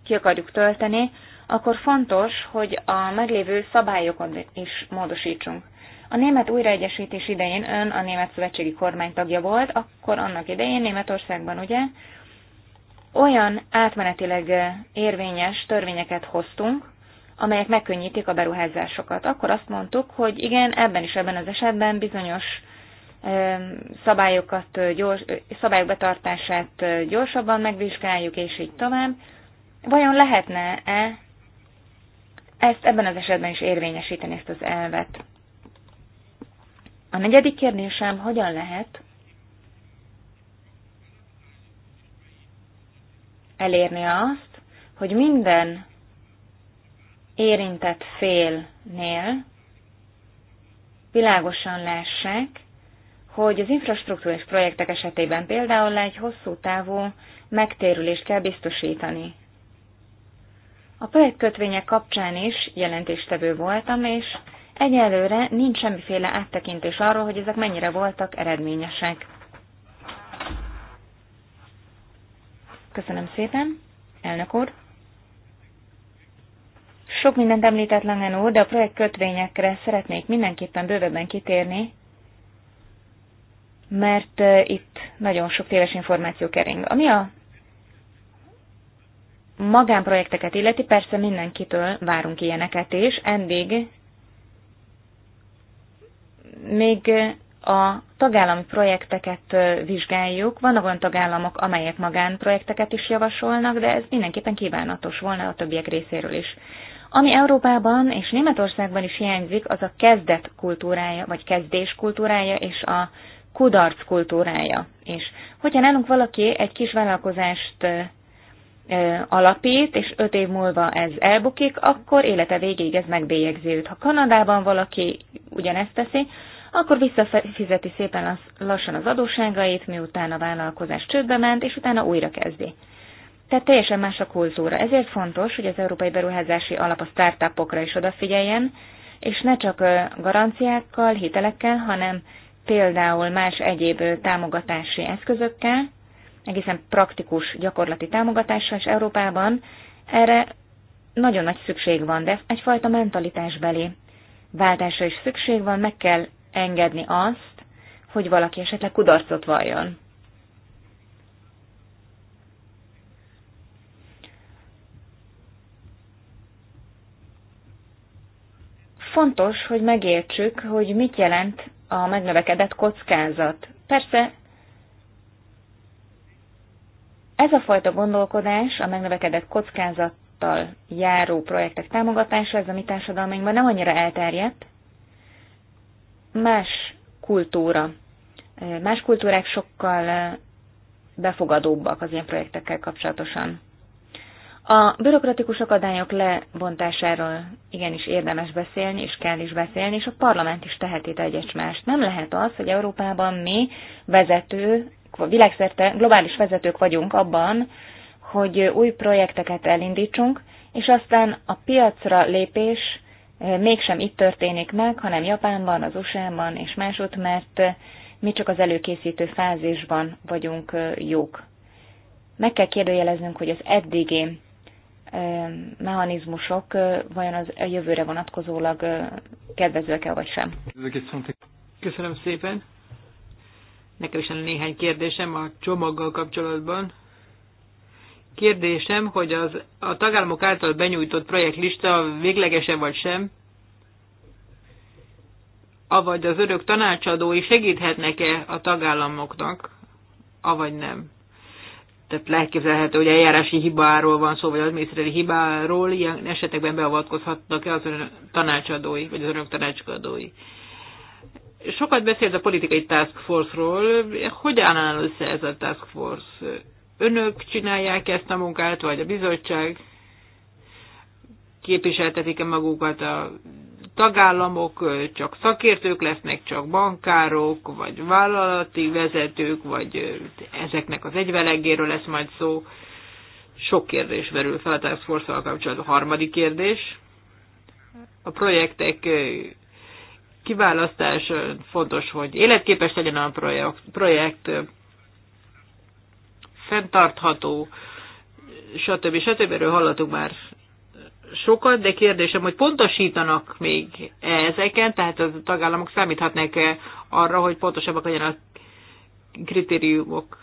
ki akarjuk tölteni, akkor fontos, hogy a meglévő szabályokon is módosítsunk. A német újraegyesítés idején ön a német szövetségi kormány tagja volt, akkor annak idején Németországban ugye olyan átmenetileg érvényes törvényeket hoztunk, amelyek megkönnyítik a beruházásokat. Akkor azt mondtuk, hogy igen, ebben is ebben az esetben bizonyos szabályokat, gyors, szabályok betartását gyorsabban megvizsgáljuk, és így tovább. Vajon lehetne-e ezt ebben az esetben is érvényesíteni, ezt az elvet? A negyedik kérdésem, hogyan lehet elérni azt, hogy minden érintett félnél világosan lássák, hogy az infrastruktúrás projektek esetében például egy hosszú távú megtérülést kell biztosítani. A projektkötvények kapcsán is jelentéstevő voltam, és egyelőre nincs semmiféle áttekintés arról, hogy ezek mennyire voltak eredményesek. Köszönöm szépen, elnök úr. Sok mindent említett Langen úr, de a projekt kötvényekre szeretnék mindenképpen bővebben kitérni, mert itt nagyon sok téves információ kering. Ami a magánprojekteket illeti, persze mindenkitől várunk ilyeneket, és eddig még a tagállami projekteket vizsgáljuk. Van olyan tagállamok, amelyek magánprojekteket is javasolnak, de ez mindenképpen kívánatos volna a többiek részéről is. Ami Európában és Németországban is hiányzik, az a kezdet kultúrája, vagy kezdés kultúrája és a kudarc kultúrája is. Hogyha nálunk valaki egy kis vállalkozást alapít, és öt év múlva ez elbukik, akkor élete végéig ez megbélyegzi őt. Ha Kanadában valaki ugyanezt teszi, akkor visszafizeti szépen lassan az adósságait, miután a vállalkozás csődbe ment, és utána újra kezdi. Tehát teljesen más a kultúra. Ezért fontos, hogy az Európai Beruházási Alap a startupokra is odafigyeljen, és ne csak garanciákkal, hitelekkel, hanem például más egyéb támogatási eszközökkel, egészen praktikus gyakorlati támogatással, is Európában erre nagyon nagy szükség van, de egyfajta mentalitásbeli váltásra is szükség van, meg kell engedni azt, hogy valaki esetleg kudarcot valljon. Fontos, hogy megértsük, hogy mit jelent a megnövekedett kockázat. Persze ez a fajta gondolkodás, a megnövekedett kockázattal járó projektek támogatása, ez a mi társadalmainkban nem annyira elterjedt, más kultúra. Más kultúrák sokkal befogadóbbak az ilyen projektekkel kapcsolatosan. A bürokratikus akadályok lebontásáról igenis érdemes beszélni, és kell is beszélni, és a parlament is teheti egyes mást. Nem lehet az, hogy Európában mi vezető, világszerte globális vezetők vagyunk abban, hogy új projekteket elindítsunk, és aztán a piacra lépés mégsem itt történik meg, hanem Japánban, az USA-ban és másút, mert eh, mi csak az előkészítő fázisban vagyunk eh, jók. Meg kell kérdőjeleznünk, hogy az eddigi eh, mechanizmusok vajon az a jövőre vonatkozólag kedvezőek-e vagy sem. Köszönöm szépen. Nekem is lenne néhány kérdésem a csomaggal kapcsolatban. Kérdésem, hogy az, a tagállamok által benyújtott projektlista véglegese vagy sem, avagy az örök tanácsadói segíthetnek-e a tagállamoknak, avagy nem. Tehát elképzelhető, hogy eljárási hibáról van szó, vagy adminisztratív hibáról, ilyen esetekben beavatkozhatnak-e az örök tanácsadói, vagy az örök tanácsadói. Sokat beszélt a politikai task force-ról. Hogyan áll össze ez a task force? önök csinálják ezt a munkát, vagy a bizottság? Képviseltetik-e magukat a tagállamok, csak szakértők lesznek, csak bankárok, vagy vállalati vezetők, vagy ezeknek az egyvelegéről lesz majd szó. Sok kérdés verül fel a Task force kapcsolatban. A harmadik kérdés. A projektek kiválasztás fontos, hogy életképes legyen a projekt, projekt fenntartható, stb. stb. Erről hallottuk már sokat, de kérdésem, hogy pontosítanak még ezeken, tehát a tagállamok számíthatnak-e arra, hogy pontosabbak legyenek a kritériumok?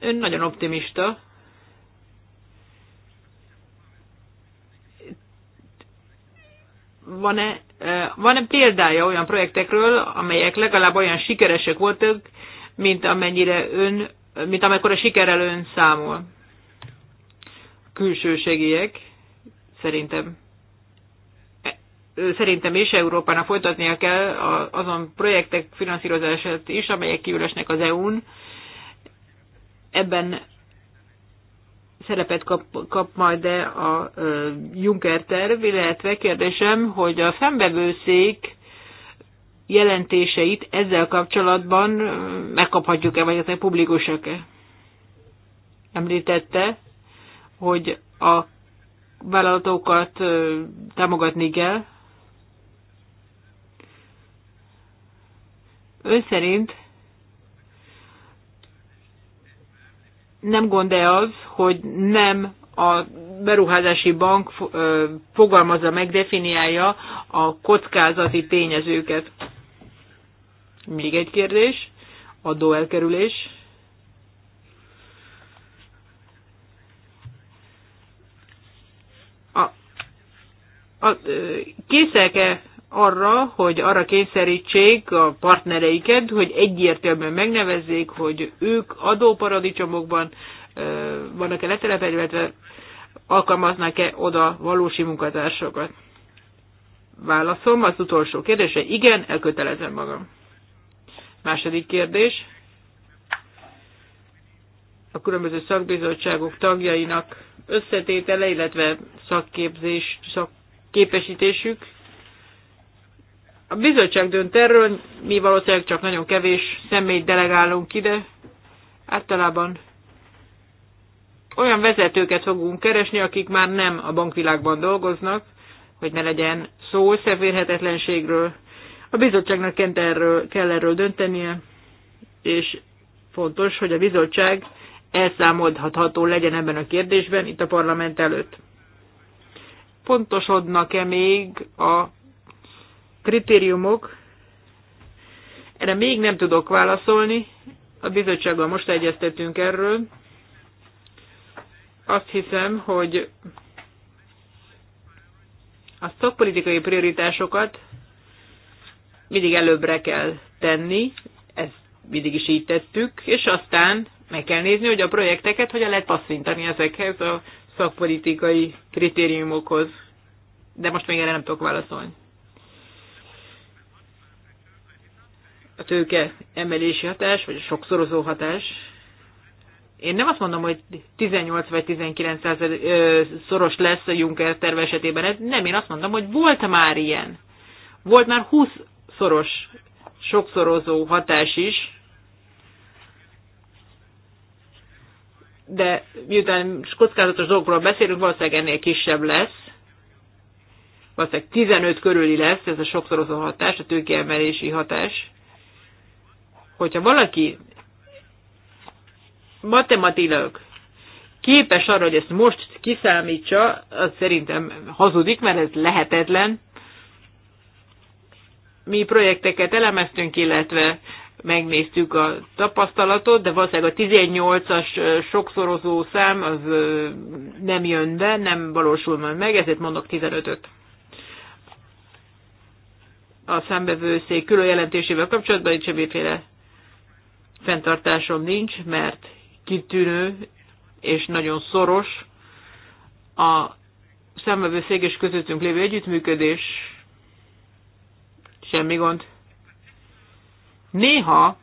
Ön nagyon optimista. Van-e van-e példája olyan projektekről, amelyek legalább olyan sikeresek voltak, mint amennyire ön, mint amikor a sikerrel ön számol? Külsőségiek, szerintem e, szerintem is Európának folytatnia kell azon projektek finanszírozását is, amelyek kívülesnek az EU-n. Ebben szerepet kap, kap majd -e a Juncker terv, illetve kérdésem, hogy a fembevőszék jelentéseit ezzel kapcsolatban megkaphatjuk-e, vagy ezek publikusak-e? Említette, hogy a vállalatokat támogatni kell. Ön szerint nem gond-e az, hogy nem a beruházási bank fogalmazza, megdefiniálja a kockázati tényezőket. Még egy kérdés, adóelkerülés. A, a, készek-e arra, hogy arra kényszerítsék a partnereiket, hogy egyértelműen megnevezzék, hogy ők adóparadicsomokban vannak-e letelepedve, illetve alkalmaznak-e oda valósi munkatársokat. Válaszom az utolsó kérdésre igen, elkötelezem magam. Második kérdés. A különböző szakbizottságok tagjainak összetétele, illetve szakképzés, szakképesítésük a bizottság dönt erről, mi valószínűleg csak nagyon kevés személyt delegálunk ide. Általában olyan vezetőket fogunk keresni, akik már nem a bankvilágban dolgoznak, hogy ne legyen szó összeférhetetlenségről. A bizottságnak kell erről, kell erről döntenie, és fontos, hogy a bizottság elszámolható legyen ebben a kérdésben itt a parlament előtt. Pontosodnak-e még a kritériumok, erre még nem tudok válaszolni, a bizottsággal most egyeztetünk erről. Azt hiszem, hogy a szakpolitikai prioritásokat mindig előbbre kell tenni, ezt mindig is így tettük, és aztán meg kell nézni, hogy a projekteket hogyan lehet passzintani ezekhez a szakpolitikai kritériumokhoz. De most még erre nem tudok válaszolni. a tőke emelési hatás, vagy a sokszorozó hatás. Én nem azt mondom, hogy 18 vagy 19 szoros lesz a Juncker terve esetében, ez nem, én azt mondom, hogy volt már ilyen. Volt már 20 szoros sokszorozó hatás is, de miután kockázatos dolgokról beszélünk, valószínűleg ennél kisebb lesz. Valószínűleg 15 körüli lesz ez a sokszorozó hatás, a tőkiemelési hatás hogyha valaki matematilag képes arra, hogy ezt most kiszámítsa, az szerintem hazudik, mert ez lehetetlen. Mi projekteket elemeztünk, illetve megnéztük a tapasztalatot, de valószínűleg a 18-as sokszorozó szám az nem jön be, nem valósul majd meg, ezért mondok 15-öt. A számbevőszék külön jelentésével kapcsolatban itt semmiféle fenntartásom nincs, mert kitűnő és nagyon szoros a szemvevőszék és közöttünk lévő együttműködés, semmi gond. Néha,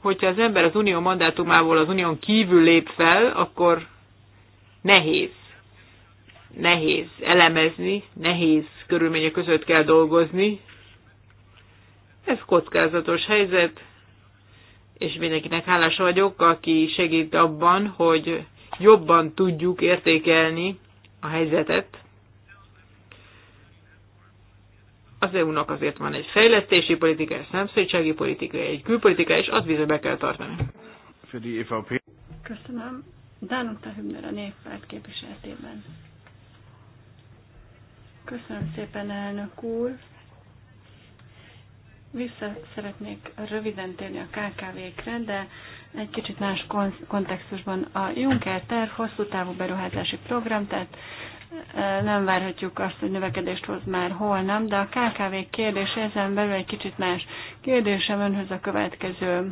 hogyha az ember az unió mandátumából az unión kívül lép fel, akkor nehéz. Nehéz elemezni, nehéz körülmények között kell dolgozni, ez kockázatos helyzet, és mindenkinek hálás vagyok, aki segít abban, hogy jobban tudjuk értékelni a helyzetet. Az EU-nak azért van egy fejlesztési politika, egy szemszédsági politika, egy külpolitika, és az vizet be kell tartani. E Köszönöm. Dánuta Hübner a néppárt képviseletében. Köszönöm szépen, elnök úr. Vissza szeretnék röviden térni a KKV-kre, de egy kicsit más kontextusban a Juncker terv hosszú távú beruházási program, tehát e, nem várhatjuk azt, hogy növekedést hoz már holnap, de a KKV kérdés ezen belül egy kicsit más. Kérdésem önhöz a következő.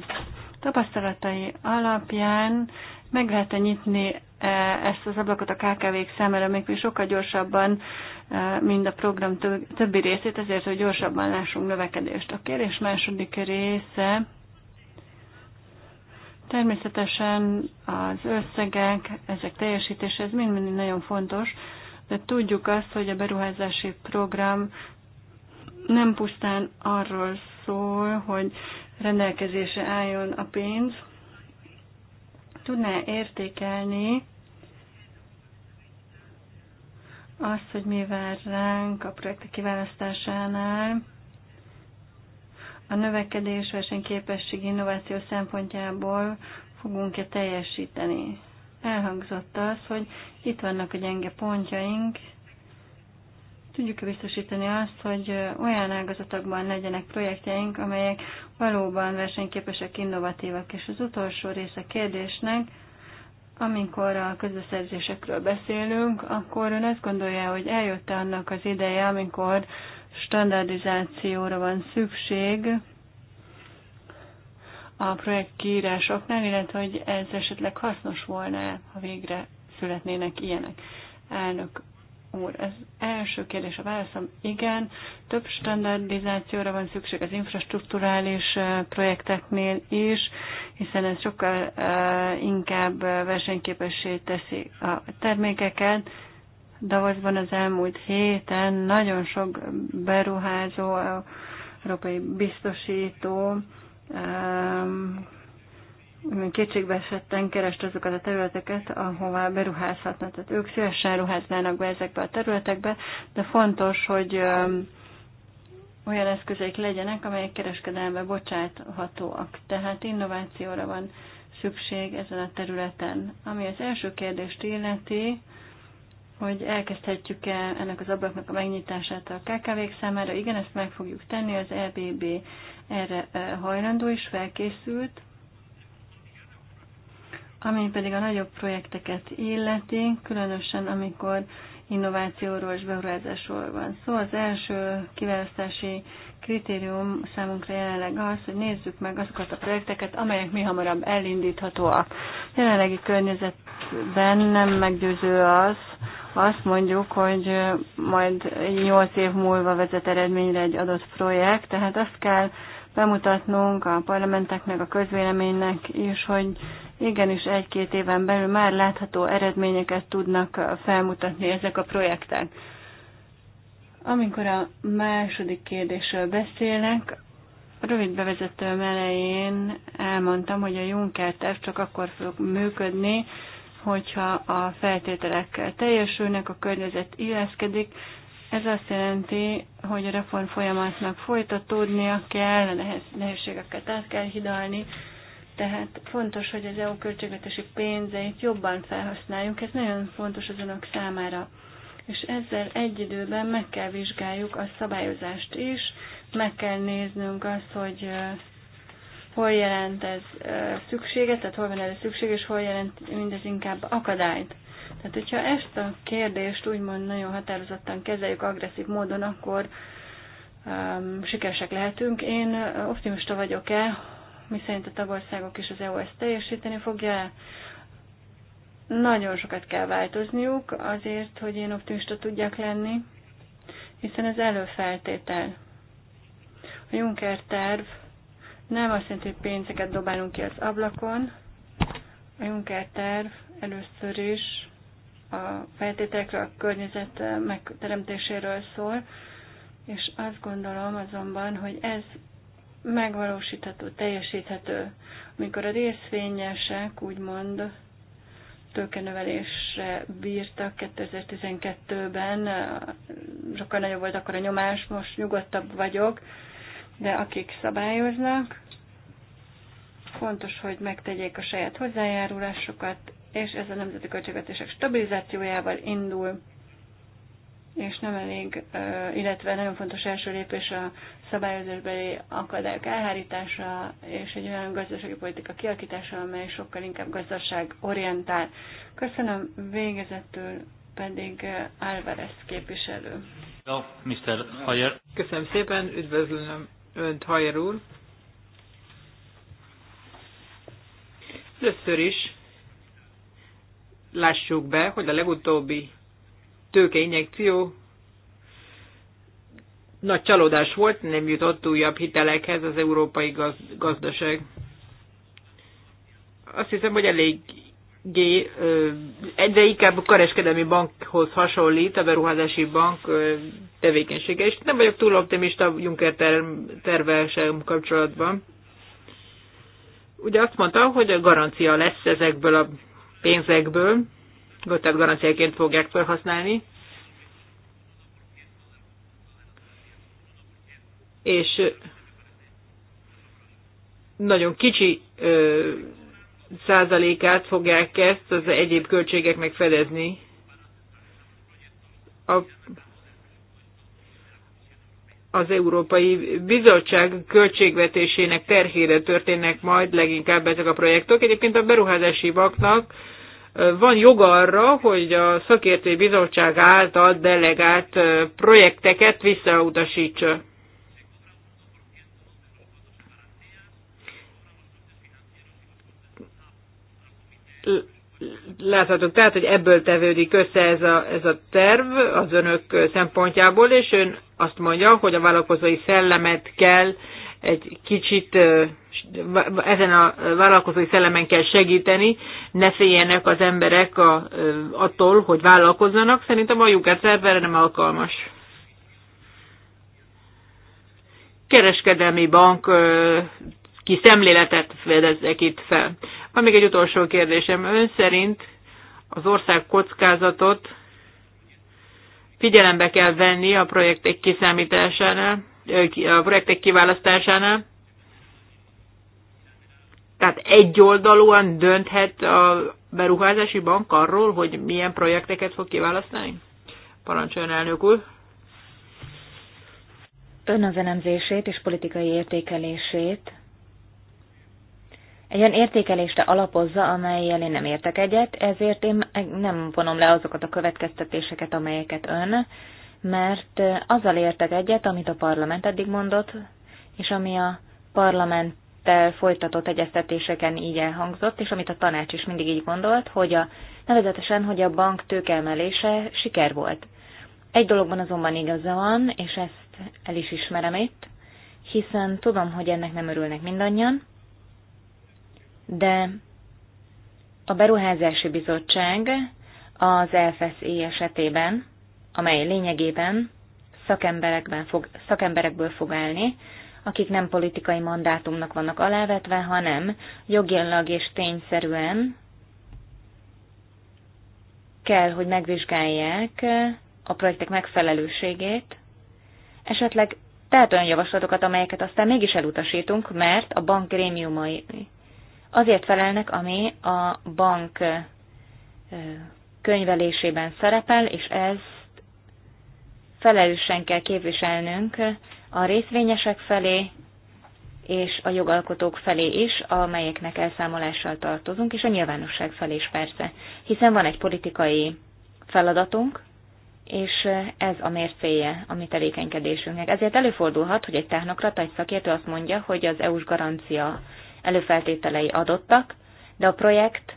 Tapasztalatai alapján meg lehet -e nyitni E, ezt az ablakot a KKV-k számára még sokkal gyorsabban, e, mint a program többi részét, ezért, hogy gyorsabban lássunk növekedést. A kérés második része természetesen az összegek, ezek teljesítése, ez mind-mind nagyon fontos, de tudjuk azt, hogy a beruházási program nem pusztán arról szól, hogy rendelkezésre álljon a pénz, tudná értékelni az, hogy mi vár ránk a projektek kiválasztásánál, a növekedés, versenyképesség, innováció szempontjából fogunk-e teljesíteni. Elhangzott az, hogy itt vannak a gyenge pontjaink, tudjuk-e biztosítani azt, hogy olyan ágazatokban legyenek projektjeink, amelyek valóban versenyképesek, innovatívak. És az utolsó része kérdésnek, amikor a közbeszerzésekről beszélünk, akkor ön azt gondolja, hogy eljött annak az ideje, amikor standardizációra van szükség a projekt kiírásoknál, illetve hogy ez esetleg hasznos volna, ha végre születnének ilyenek. Elnök úr. Az első kérdés a válaszom igen. Több standardizációra van szükség az infrastruktúrális projekteknél is, hiszen ez sokkal inkább versenyképessé teszi a termékeket. Davosban az elmúlt héten nagyon sok beruházó, európai biztosító kétségbe esetten kerest azokat a területeket, ahová beruházhatnak. Tehát ők szívesen ruháznának be ezekbe a területekbe, de fontos, hogy olyan eszközeik legyenek, amelyek kereskedelme bocsáthatóak. Tehát innovációra van szükség ezen a területen. Ami az első kérdést illeti, hogy elkezdhetjük-e ennek az ablaknak a megnyitását a KKV-k számára. Igen, ezt meg fogjuk tenni, az EBB erre hajlandó is felkészült, ami pedig a nagyobb projekteket illeti, különösen amikor innovációról és beruházásról van szó. Szóval az első kiválasztási kritérium számunkra jelenleg az, hogy nézzük meg azokat a projekteket, amelyek mi hamarabb elindíthatóak. Jelenlegi környezetben nem meggyőző az, azt mondjuk, hogy majd 8 év múlva vezet eredményre egy adott projekt, tehát azt kell bemutatnunk a parlamenteknek, a közvéleménynek is, hogy igenis egy-két éven belül már látható eredményeket tudnak felmutatni ezek a projektek. Amikor a második kérdésről beszélnek, a rövid bevezetőm elején elmondtam, hogy a Juncker terv csak akkor fog működni, hogyha a feltételek teljesülnek, a környezet illeszkedik. Ez azt jelenti, hogy a reform folyamatnak folytatódnia kell, a nehézségeket át kell hidalni, tehát fontos, hogy az EU költségvetési pénzeit jobban felhasználjuk, ez nagyon fontos az önök számára. És ezzel egy időben meg kell vizsgáljuk a szabályozást is, meg kell néznünk azt, hogy hol jelent ez szükséget, tehát hol van erre szükség, és hol jelent mindez inkább akadályt. Tehát, hogyha ezt a kérdést úgymond nagyon határozottan kezeljük agresszív módon, akkor um, sikeresek lehetünk. Én optimista vagyok-e, mi szerint a tagországok és az EU ezt teljesíteni fogja. Nagyon sokat kell változniuk azért, hogy én optimista tudjak lenni, hiszen ez előfeltétel. A Juncker terv nem azt jelenti, hogy pénzeket dobálunk ki az ablakon. A Juncker terv először is a feltételekről, a környezet megteremtéséről szól, és azt gondolom azonban, hogy ez megvalósítható, teljesíthető, amikor a részvényesek úgymond tőkenövelésre bírtak 2012-ben, sokkal nagyobb volt akkor a nyomás, most nyugodtabb vagyok, de akik szabályoznak, fontos, hogy megtegyék a saját hozzájárulásokat, és ez a nemzeti költségvetések stabilizációjával indul és nem elég, illetve nagyon fontos első lépés a szabályozásbeli akadályok elhárítása, és egy olyan gazdasági politika kialakítása, amely sokkal inkább gazdaság orientál. Köszönöm végezetül pedig Álvarez képviselő. Ja, Mr. Hajer. Köszönöm szépen, üdvözlöm Önt, Hajer úr. Először is lássuk be, hogy a legutóbbi tőkeinjekció nagy csalódás volt, nem jutott újabb hitelekhez az európai gazdaság. Azt hiszem, hogy ö, egyre inkább a kereskedelmi bankhoz hasonlít a beruházási bank tevékenysége, és nem vagyok túl optimista Juncker terve sem kapcsolatban. Ugye azt mondta, hogy a garancia lesz ezekből a pénzekből, tehát garanciáként fogják felhasználni. És nagyon kicsi ö, százalékát fogják ezt az egyéb költségeknek fedezni. A, az Európai Bizottság költségvetésének terhére történnek majd leginkább ezek a projektok. Egyébként a beruházási vaknak van joga arra, hogy a szakértői bizottság által delegált projekteket visszautasítsa. Láthatok tehát, hogy ebből tevődik össze ez a, ez a terv az önök szempontjából, és ön azt mondja, hogy a vállalkozói szellemet kell uh, egy kicsit ezen a vállalkozói szellemen kell segíteni, ne féljenek az emberek a, attól, hogy vállalkozzanak, szerintem a lyukát erre nem alkalmas. Kereskedelmi bank ki szemléletet fedezzek itt fel. Van még egy utolsó kérdésem. Ön szerint az ország kockázatot figyelembe kell venni a projektek kiszámításánál, a projektek kiválasztásánál. Tehát egyoldalúan dönthet a beruházási bank arról, hogy milyen projekteket fog kiválasztani? Parancsoljon elnök úr! Ön az elemzését és politikai értékelését egy olyan értékelésre alapozza, amelyel én nem értek egyet, ezért én nem vonom le azokat a következtetéseket, amelyeket ön mert azzal értek egyet, amit a parlament eddig mondott, és ami a parlamenttel folytatott egyeztetéseken így elhangzott, és amit a tanács is mindig így gondolt, hogy a, nevezetesen, hogy a bank tőkeemelése siker volt. Egy dologban azonban igaza van, és ezt el is ismerem itt, hiszen tudom, hogy ennek nem örülnek mindannyian, de a Beruházási Bizottság az FSI esetében amely lényegében szakemberekben fog, szakemberekből fog állni, akik nem politikai mandátumnak vannak alávetve, hanem jogilag és tényszerűen kell, hogy megvizsgálják a projektek megfelelőségét, esetleg tehát olyan javaslatokat, amelyeket aztán mégis elutasítunk, mert a bank grémiumai azért felelnek, ami a bank könyvelésében szerepel, és ez felelősen kell képviselnünk a részvényesek felé, és a jogalkotók felé is, amelyeknek elszámolással tartozunk, és a nyilvánosság felé is persze. Hiszen van egy politikai feladatunk, és ez a mércéje a mi tevékenykedésünknek. Ezért előfordulhat, hogy egy technokrata, egy szakértő azt mondja, hogy az EU-s garancia előfeltételei adottak, de a projekt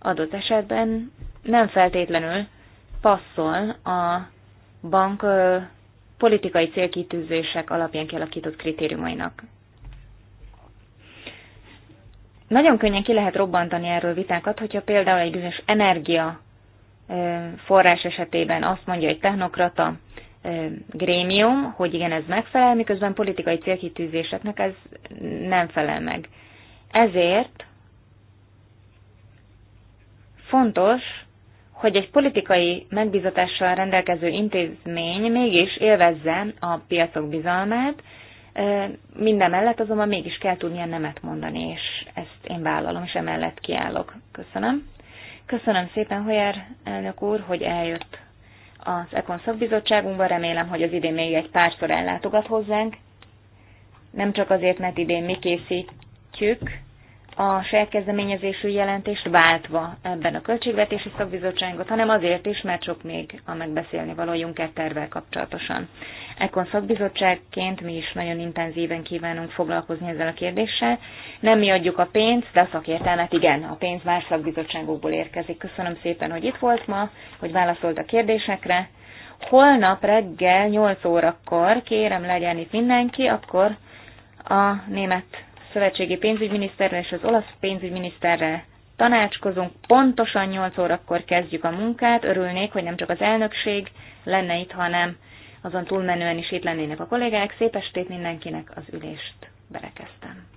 adott esetben nem feltétlenül passzol a bank politikai célkitűzések alapján kialakított kritériumainak. Nagyon könnyen ki lehet robbantani erről vitákat, hogyha például egy bizonyos energia forrás esetében azt mondja egy technokrata grémium, hogy igen, ez megfelel, miközben politikai célkitűzéseknek ez nem felel meg. Ezért fontos, hogy egy politikai megbizatással rendelkező intézmény mégis élvezze a piacok bizalmát, minden mellett azonban mégis kell tudnia nemet mondani, és ezt én vállalom, és emellett kiállok. Köszönöm. Köszönöm szépen, Hoyer elnök úr, hogy eljött az Econ szakbizottságunkba. Remélem, hogy az idén még egy párszor ellátogat hozzánk. Nem csak azért, mert idén mi készítjük a saját kezdeményezésű jelentést váltva ebben a költségvetési szakbizottságot, hanem azért is, mert sok még a megbeszélni való Juncker tervvel kapcsolatosan. Ekkor szakbizottságként mi is nagyon intenzíven kívánunk foglalkozni ezzel a kérdéssel. Nem mi adjuk a pénzt, de a szakértelmet igen, a pénz más szakbizottságokból érkezik. Köszönöm szépen, hogy itt volt ma, hogy válaszolt a kérdésekre. Holnap reggel 8 órakor kérem legyen itt mindenki, akkor a német szövetségi pénzügyminiszterrel és az olasz pénzügyminiszterrel tanácskozunk. Pontosan 8 órakor kezdjük a munkát. Örülnék, hogy nem csak az elnökség lenne itt, hanem azon túlmenően is itt lennének a kollégák. Szép estét mindenkinek, az ülést berekeztem.